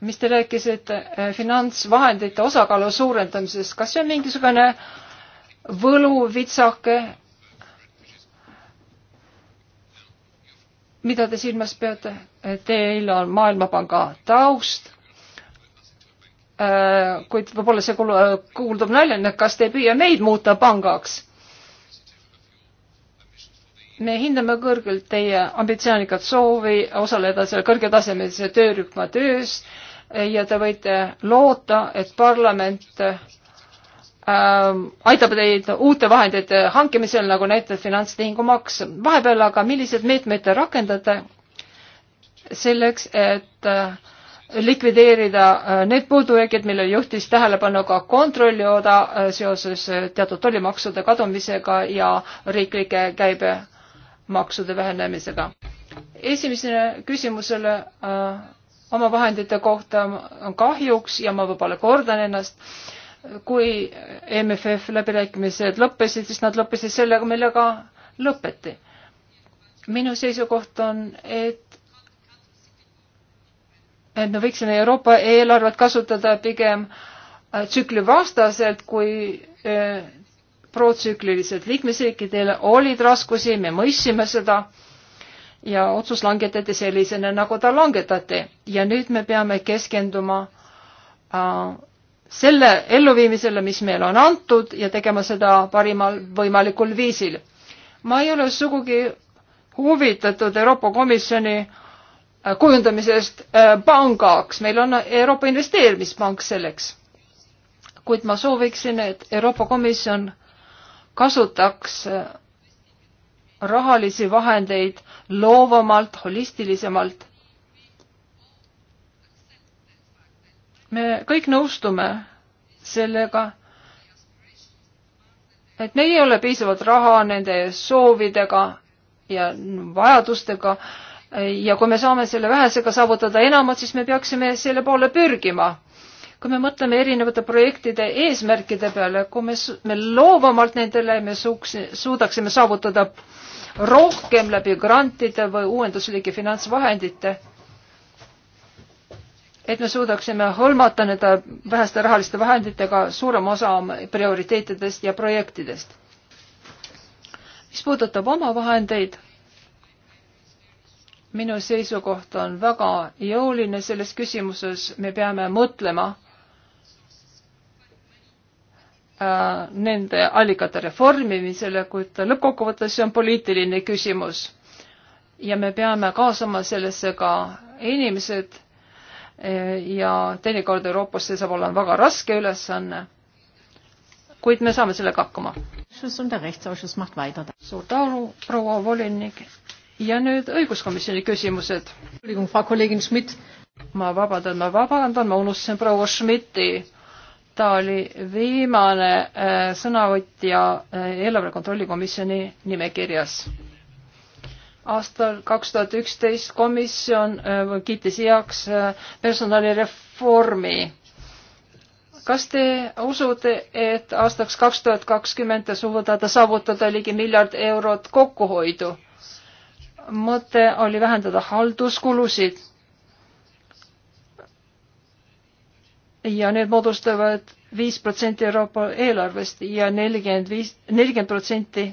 mis te rääkisite eh, finantsvahendite osakaalu suurendamisest, kas see on mingisugune võluvitsake, mida te silmas peate, teil on Maailmapanga taust Äh, kuid võib-olla see kuuldub naljana, kas te ei püüa meid muuta pangaks? me hindame kõrgelt teie ambitsioonikat soovi osaleda selle kõrgetasemelise töörühma töös ja te võite loota, et parlament äh, aitab teid uute vahendite hankimisel, nagu näiteks finantstehingumaks. vahepeal aga, milliseid meetmeid te rakendate selleks, et äh, likvideerida äh, need puudujäägid, millele juhtis tähelepanu ka kontrollioda äh, seoses äh, teatud tollimaksude kadumisega ja riiklike käibemaksude vähenemisega. esimesele küsimusele äh, oma vahendite kohta on kahjuks ja ma võib-olla kordan ennast, kui e MFF läbirääkimised lõppesid, siis nad lõppesid sellega, millega lõpeti. minu seisukoht on, et et me võiksime Euroopa eelarvet kasutada pigem äh, tsüklivastaselt kui äh, protsükliliselt. liikmesriikidel olid raskusi, me mõistsime seda ja otsus langetati sellisena, nagu ta langetati. ja nüüd me peame keskenduma äh, selle elluviimisele, mis meile on antud ja tegema seda parimal võimalikul viisil. ma ei ole sugugi huvitatud Euroopa Komisjoni äh, Äh, kujundamisest äh, pangaks, meil on Euroopa Investeerimispank selleks. kuid ma sooviksin, et Euroopa Komisjon kasutaks äh, rahalisi vahendeid loovamalt, holistilisemalt. me kõik nõustume sellega, et meil ei ole piisavalt raha nende soovidega ja vajadustega äh, ja kui me saame selle vähesega saavutada enamat, siis me peaksime selle poole pürgima. kui me mõtleme erinevate projektide eesmärkide peale, kui me, me loovamalt nendele, me suuks, suudaksime saavutada rohkem läbi grantide või uuenduslike finantsvahendite, et me suudaksime hõlmata nende väheste rahaliste vahenditega suurema osa prioriteetidest ja projektidest. mis puudutab omavahendeid minu seisukoht on väga jõuline selles küsimuses, me peame mõtlema äh, nende allikate reformimisele, kuid lõppkokkuvõttes see on poliitiline küsimus. ja me peame kaasama sellesse ka inimesed äh, ja teinekord Euroopas see saab olla väga raske ülesanne, kuid me saame sellega hakkama. suur tänu, proua volinik ja nüüd õiguskomisjoni küsimused. ma vabandan, ma vabandan, ma unustasin proua Schmidti. ta oli viimane äh, sõnavõtja äh, eelarve kontrolli komisjoni nimekirjas aastal kaks tuhat üksteist komisjon äh, kiitis heaks äh, personalireformi. kas te usute, et aastaks kaks tuhat kakskümmend te suudate saavutada ligi miljard eurot kokkuhoidu? mõte oli vähendada halduskulusid. ja need moodustavad viis protsenti Euroopa eelarvest ja nelikümmend viis, nelikümmend protsenti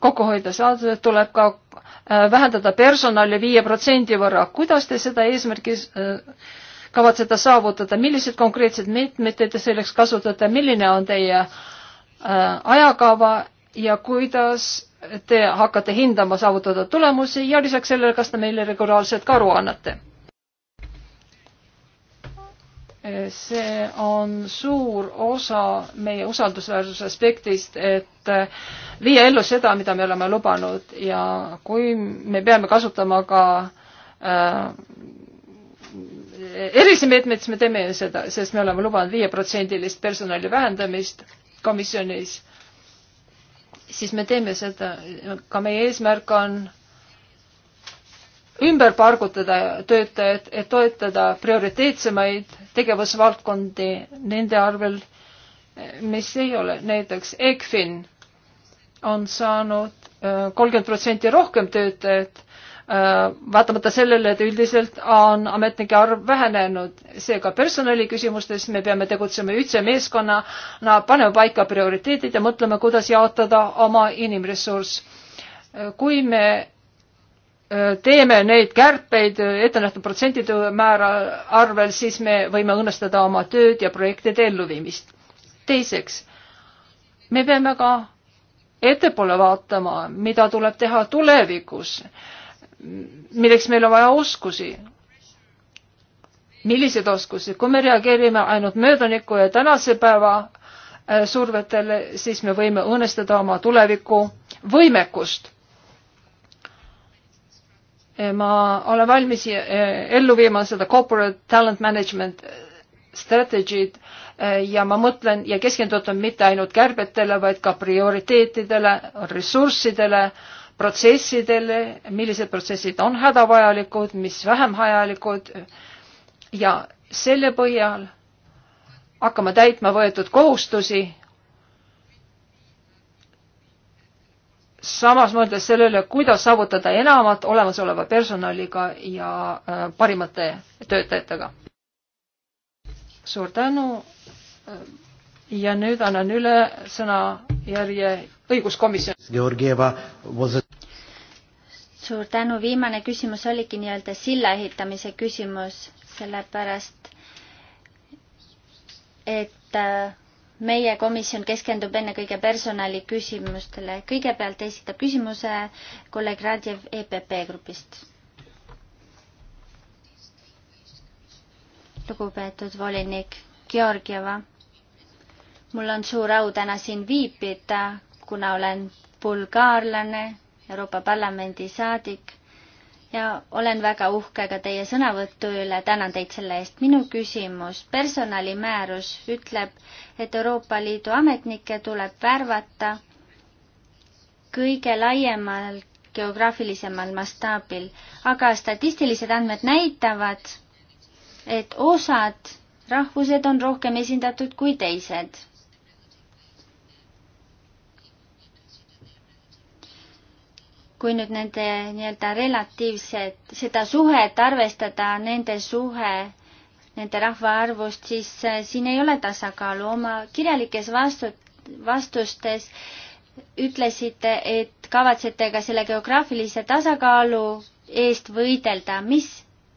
kokku hoida saada, tuleb ka äh, vähendada personali viie protsendi võrra. kuidas te seda eesmärki äh, kavatsete saavutada, millised konkreetsed meetmed te selleks kasutate, milline on teie äh, ajakava ja kuidas te hakkate hindama saavutatud tulemusi ja lisaks sellele, kas te meile regulaarselt ka aru annate? see on suur osa meie usaldusväärsuse aspektist, et viia ellu seda, mida me oleme lubanud ja kui me peame kasutama ka äh, erilisi meetmeid, siis me teeme seda, sest me oleme lubanud viieprotsendilist personali vähendamist komisjonis siis me teeme seda, ka meie eesmärk on ümber pargutada töötajad, et toetada prioriteetsemaid tegevusvaldkondi nende arvel, mis ei ole, näiteks ECFIN on saanud äh, kolmkümmend protsenti rohkem töötajat Äh, vaatamata sellele, et üldiselt on ametnike arv vähenenud. seega personaliküsimustes me peame tegutsema ühtse meeskonnana, paneme paika prioriteedid ja mõtleme, kuidas jaotada oma inimressurss. Äh, kui me äh, teeme neid kärpeid ettenähtud protsentide määra arvel, siis me võime õnnestada oma tööd ja projektide elluviimist. teiseks, me peame ka ettepoole vaatama, mida tuleb teha tulevikus milleks meil on vaja oskusi. millised oskused, kui me reageerime ainult möödaniku ja tänase päeva äh, survetele, siis me võime õõnestada oma tuleviku võimekust. Äh, ma olen valmis äh, ellu viima seda corporate talent management strateegiat ja ma mõtlen ja keskendutun mitte ainult kärbetele, vaid ka prioriteetidele, ressurssidele äh,, protsessidele, millised protsessid on hädavajalikud, mis vähem vajalikud ja selle põhjal hakkama täitma võetud kohustusi. samas mõeldes sellele, kuidas saavutada enamat olemasoleva personaliga ja äh, parimate töötajatega. suur tänu. ja nüüd annan üle sõna järje õiguskomisjon. Georgieva was a suur tänu, viimane küsimus oligi nii-öelda silla ehitamise küsimus, sellepärast et äh, meie komisjon keskendub ennekõike personali küsimustele. kõigepealt esitab küsimuse kolleeg Radjev EPP grupist. lugupeetud volinik Georgieva, mul on suur au täna siin viibida, kuna olen bulgaarlane Euroopa Parlamendi saadik ja olen väga uhke ka teie sõnavõttu üle, tänan teid selle eest. minu küsimus, personalimäärus ütleb, et Euroopa Liidu ametnikke tuleb värvata kõige laiemal geograafilisemal mastaabil, aga statistilised andmed näitavad, et osad rahvused on rohkem esindatud kui teised kui nüüd nende nii-öelda relatiivset, seda suhet arvestada, nende suhe, nende rahvaarvust, siis äh, siin ei ole tasakaalu. oma kirjalikes vastu, vastustes ütlesite, et kavatsete ka selle geograafilise tasakaalu eest võidelda. mis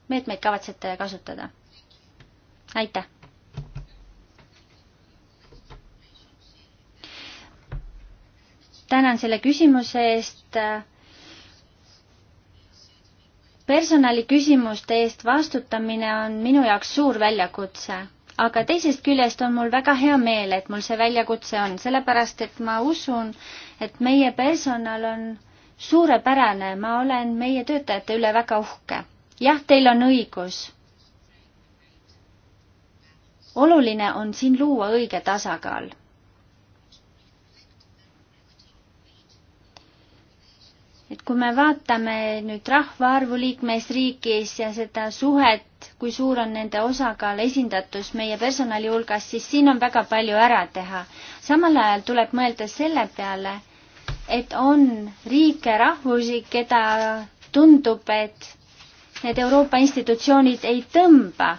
meetmeid kavatsete kasutada? aitäh! tänan selle küsimuse eest personaliküsimuste eest vastutamine on minu jaoks suur väljakutse, aga teisest küljest on mul väga hea meel, et mul see väljakutse on, sellepärast et ma usun, et meie personal on suurepärane, ma olen meie töötajate üle väga uhke. jah, teil on õigus. oluline on siin luua õige tasakaal et kui me vaatame nüüd rahvaarvu liikmesriigis ja seda suhet, kui suur on nende osakaal, esindatus meie personali hulgas, siis siin on väga palju ära teha. samal ajal tuleb mõelda selle peale, et on riike, rahvusi, keda tundub, et need Euroopa institutsioonid ei tõmba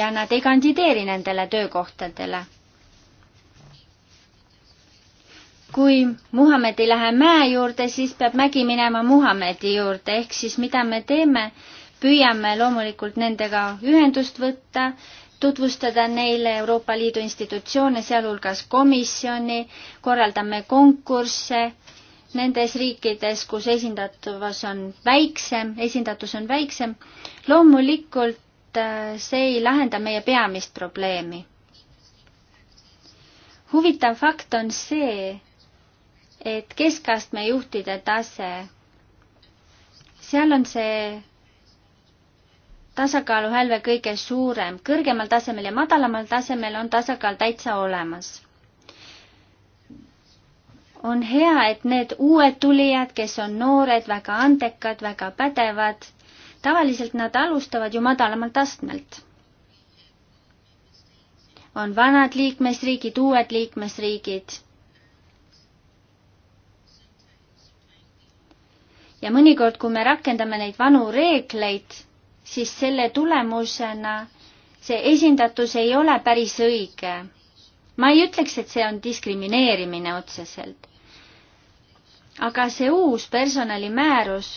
ja nad ei kandideeri nendele töökohtadele kui Muhamed ei lähe mäe juurde, siis peab mägi minema Muhamedi juurde, ehk siis mida me teeme, püüame loomulikult nendega ühendust võtta, tutvustada neile Euroopa Liidu institutsioone, sealhulgas komisjoni, korraldame konkursse nendes riikides, kus esindatavus on väiksem, esindatus on väiksem. loomulikult äh, see ei lahenda meie peamist probleemi. huvitav fakt on see, et keskastme juhtide tase, seal on see tasakaaluhälve kõige suurem, kõrgemal tasemel ja madalamal tasemel on tasakaal täitsa olemas. on hea, et need uued tulijad, kes on noored, väga andekad, väga pädevad, tavaliselt nad alustavad ju madalamalt astmelt. on vanad liikmesriigid, uued liikmesriigid ja mõnikord, kui me rakendame neid vanu reegleid, siis selle tulemusena see esindatus ei ole päris õige. ma ei ütleks, et see on diskrimineerimine otseselt. aga see uus personalimäärus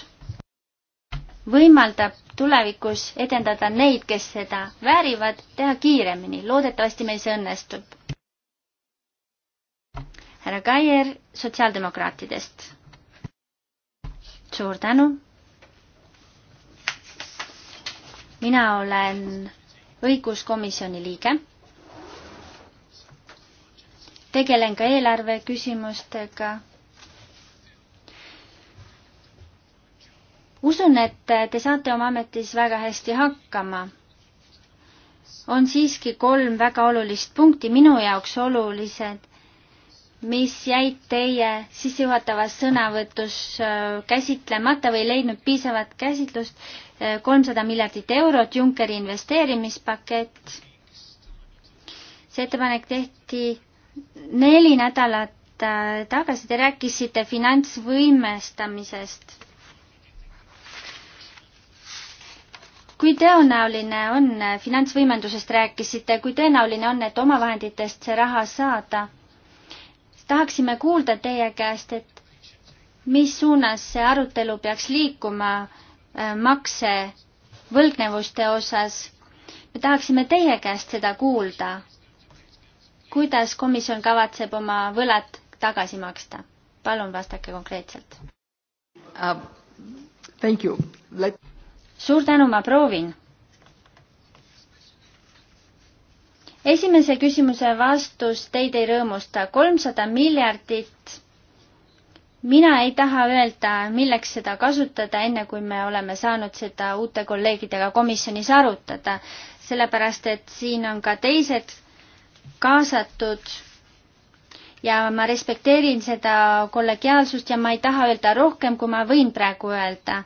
võimaldab tulevikus edendada neid, kes seda väärivad, teha kiiremini. loodetavasti meil see õnnestub. härra Kaier sotsiaaldemokraatidest suur tänu. mina olen õiguskomisjoni liige. tegelen ka eelarve küsimustega. usun, et te saate oma ametis väga hästi hakkama on siiski kolm väga olulist punkti minu jaoks olulised mis jäid teie sissejuhatavas sõnavõtus äh, käsitlemata või leidnud piisavat käsitlust, äh, kolmsada miljardit eurot, Junckeri investeerimispakett. see ettepanek tehti neli nädalat äh, tagasi, te rääkisite finantsvõimestamisest. kui tõenäoline on, finantsvõimendusest rääkisite, kui tõenäoline on, et omavahenditest see raha saada? tahaksime kuulda teie käest, et mis suunas see arutelu peaks liikuma äh, makse võlgnevuste osas. me tahaksime teie käest seda kuulda. kuidas komisjon kavatseb oma võlad tagasi maksta? palun vastake konkreetselt uh,. Thank you Let.... suur tänu, ma proovin esimese küsimuse vastus teid ei rõõmusta. kolmsada miljardit. mina ei taha öelda, milleks seda kasutada, enne kui me oleme saanud seda uute kolleegidega komisjonis arutada, sellepärast et siin on ka teised kaasatud ja ma respekteerin seda kollegiaalsust ja ma ei taha öelda rohkem, kui ma võin praegu öelda.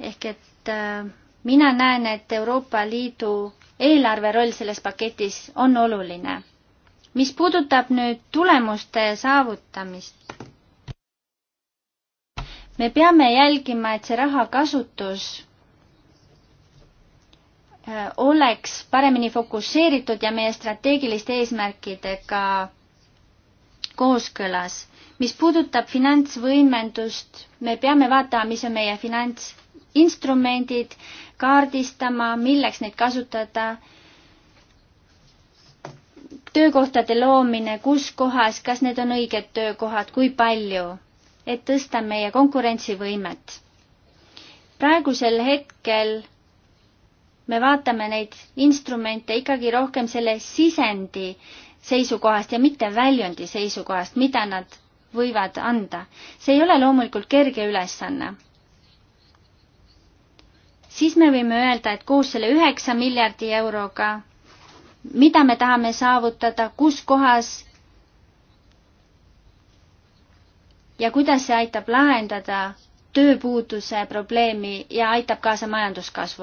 ehk et äh, mina näen, et Euroopa Liidu eelarve roll selles paketis on oluline. mis puudutab nüüd tulemuste saavutamist, me peame jälgima, et see raha kasutus äh, oleks paremini fokusseeritud ja meie strateegiliste eesmärkidega kooskõlas. mis puudutab finantsvõimendust, me peame vaatama, mis on meie finants instrumendid, kaardistama, milleks neid kasutada, töökohtade loomine, kus kohas, kas need on õiged töökohad, kui palju, et tõsta meie konkurentsivõimet. praegusel hetkel me vaatame neid instrumente ikkagi rohkem selle sisendi seisukohast ja mitte väljundi seisukohast, mida nad võivad anda. see ei ole loomulikult kerge ülesanne siis me võime öelda, et koos selle üheksa miljardi euroga, mida me tahame saavutada, kus kohas ja kuidas see aitab lahendada tööpuuduse probleemi ja aitab kaasa majanduskasvule.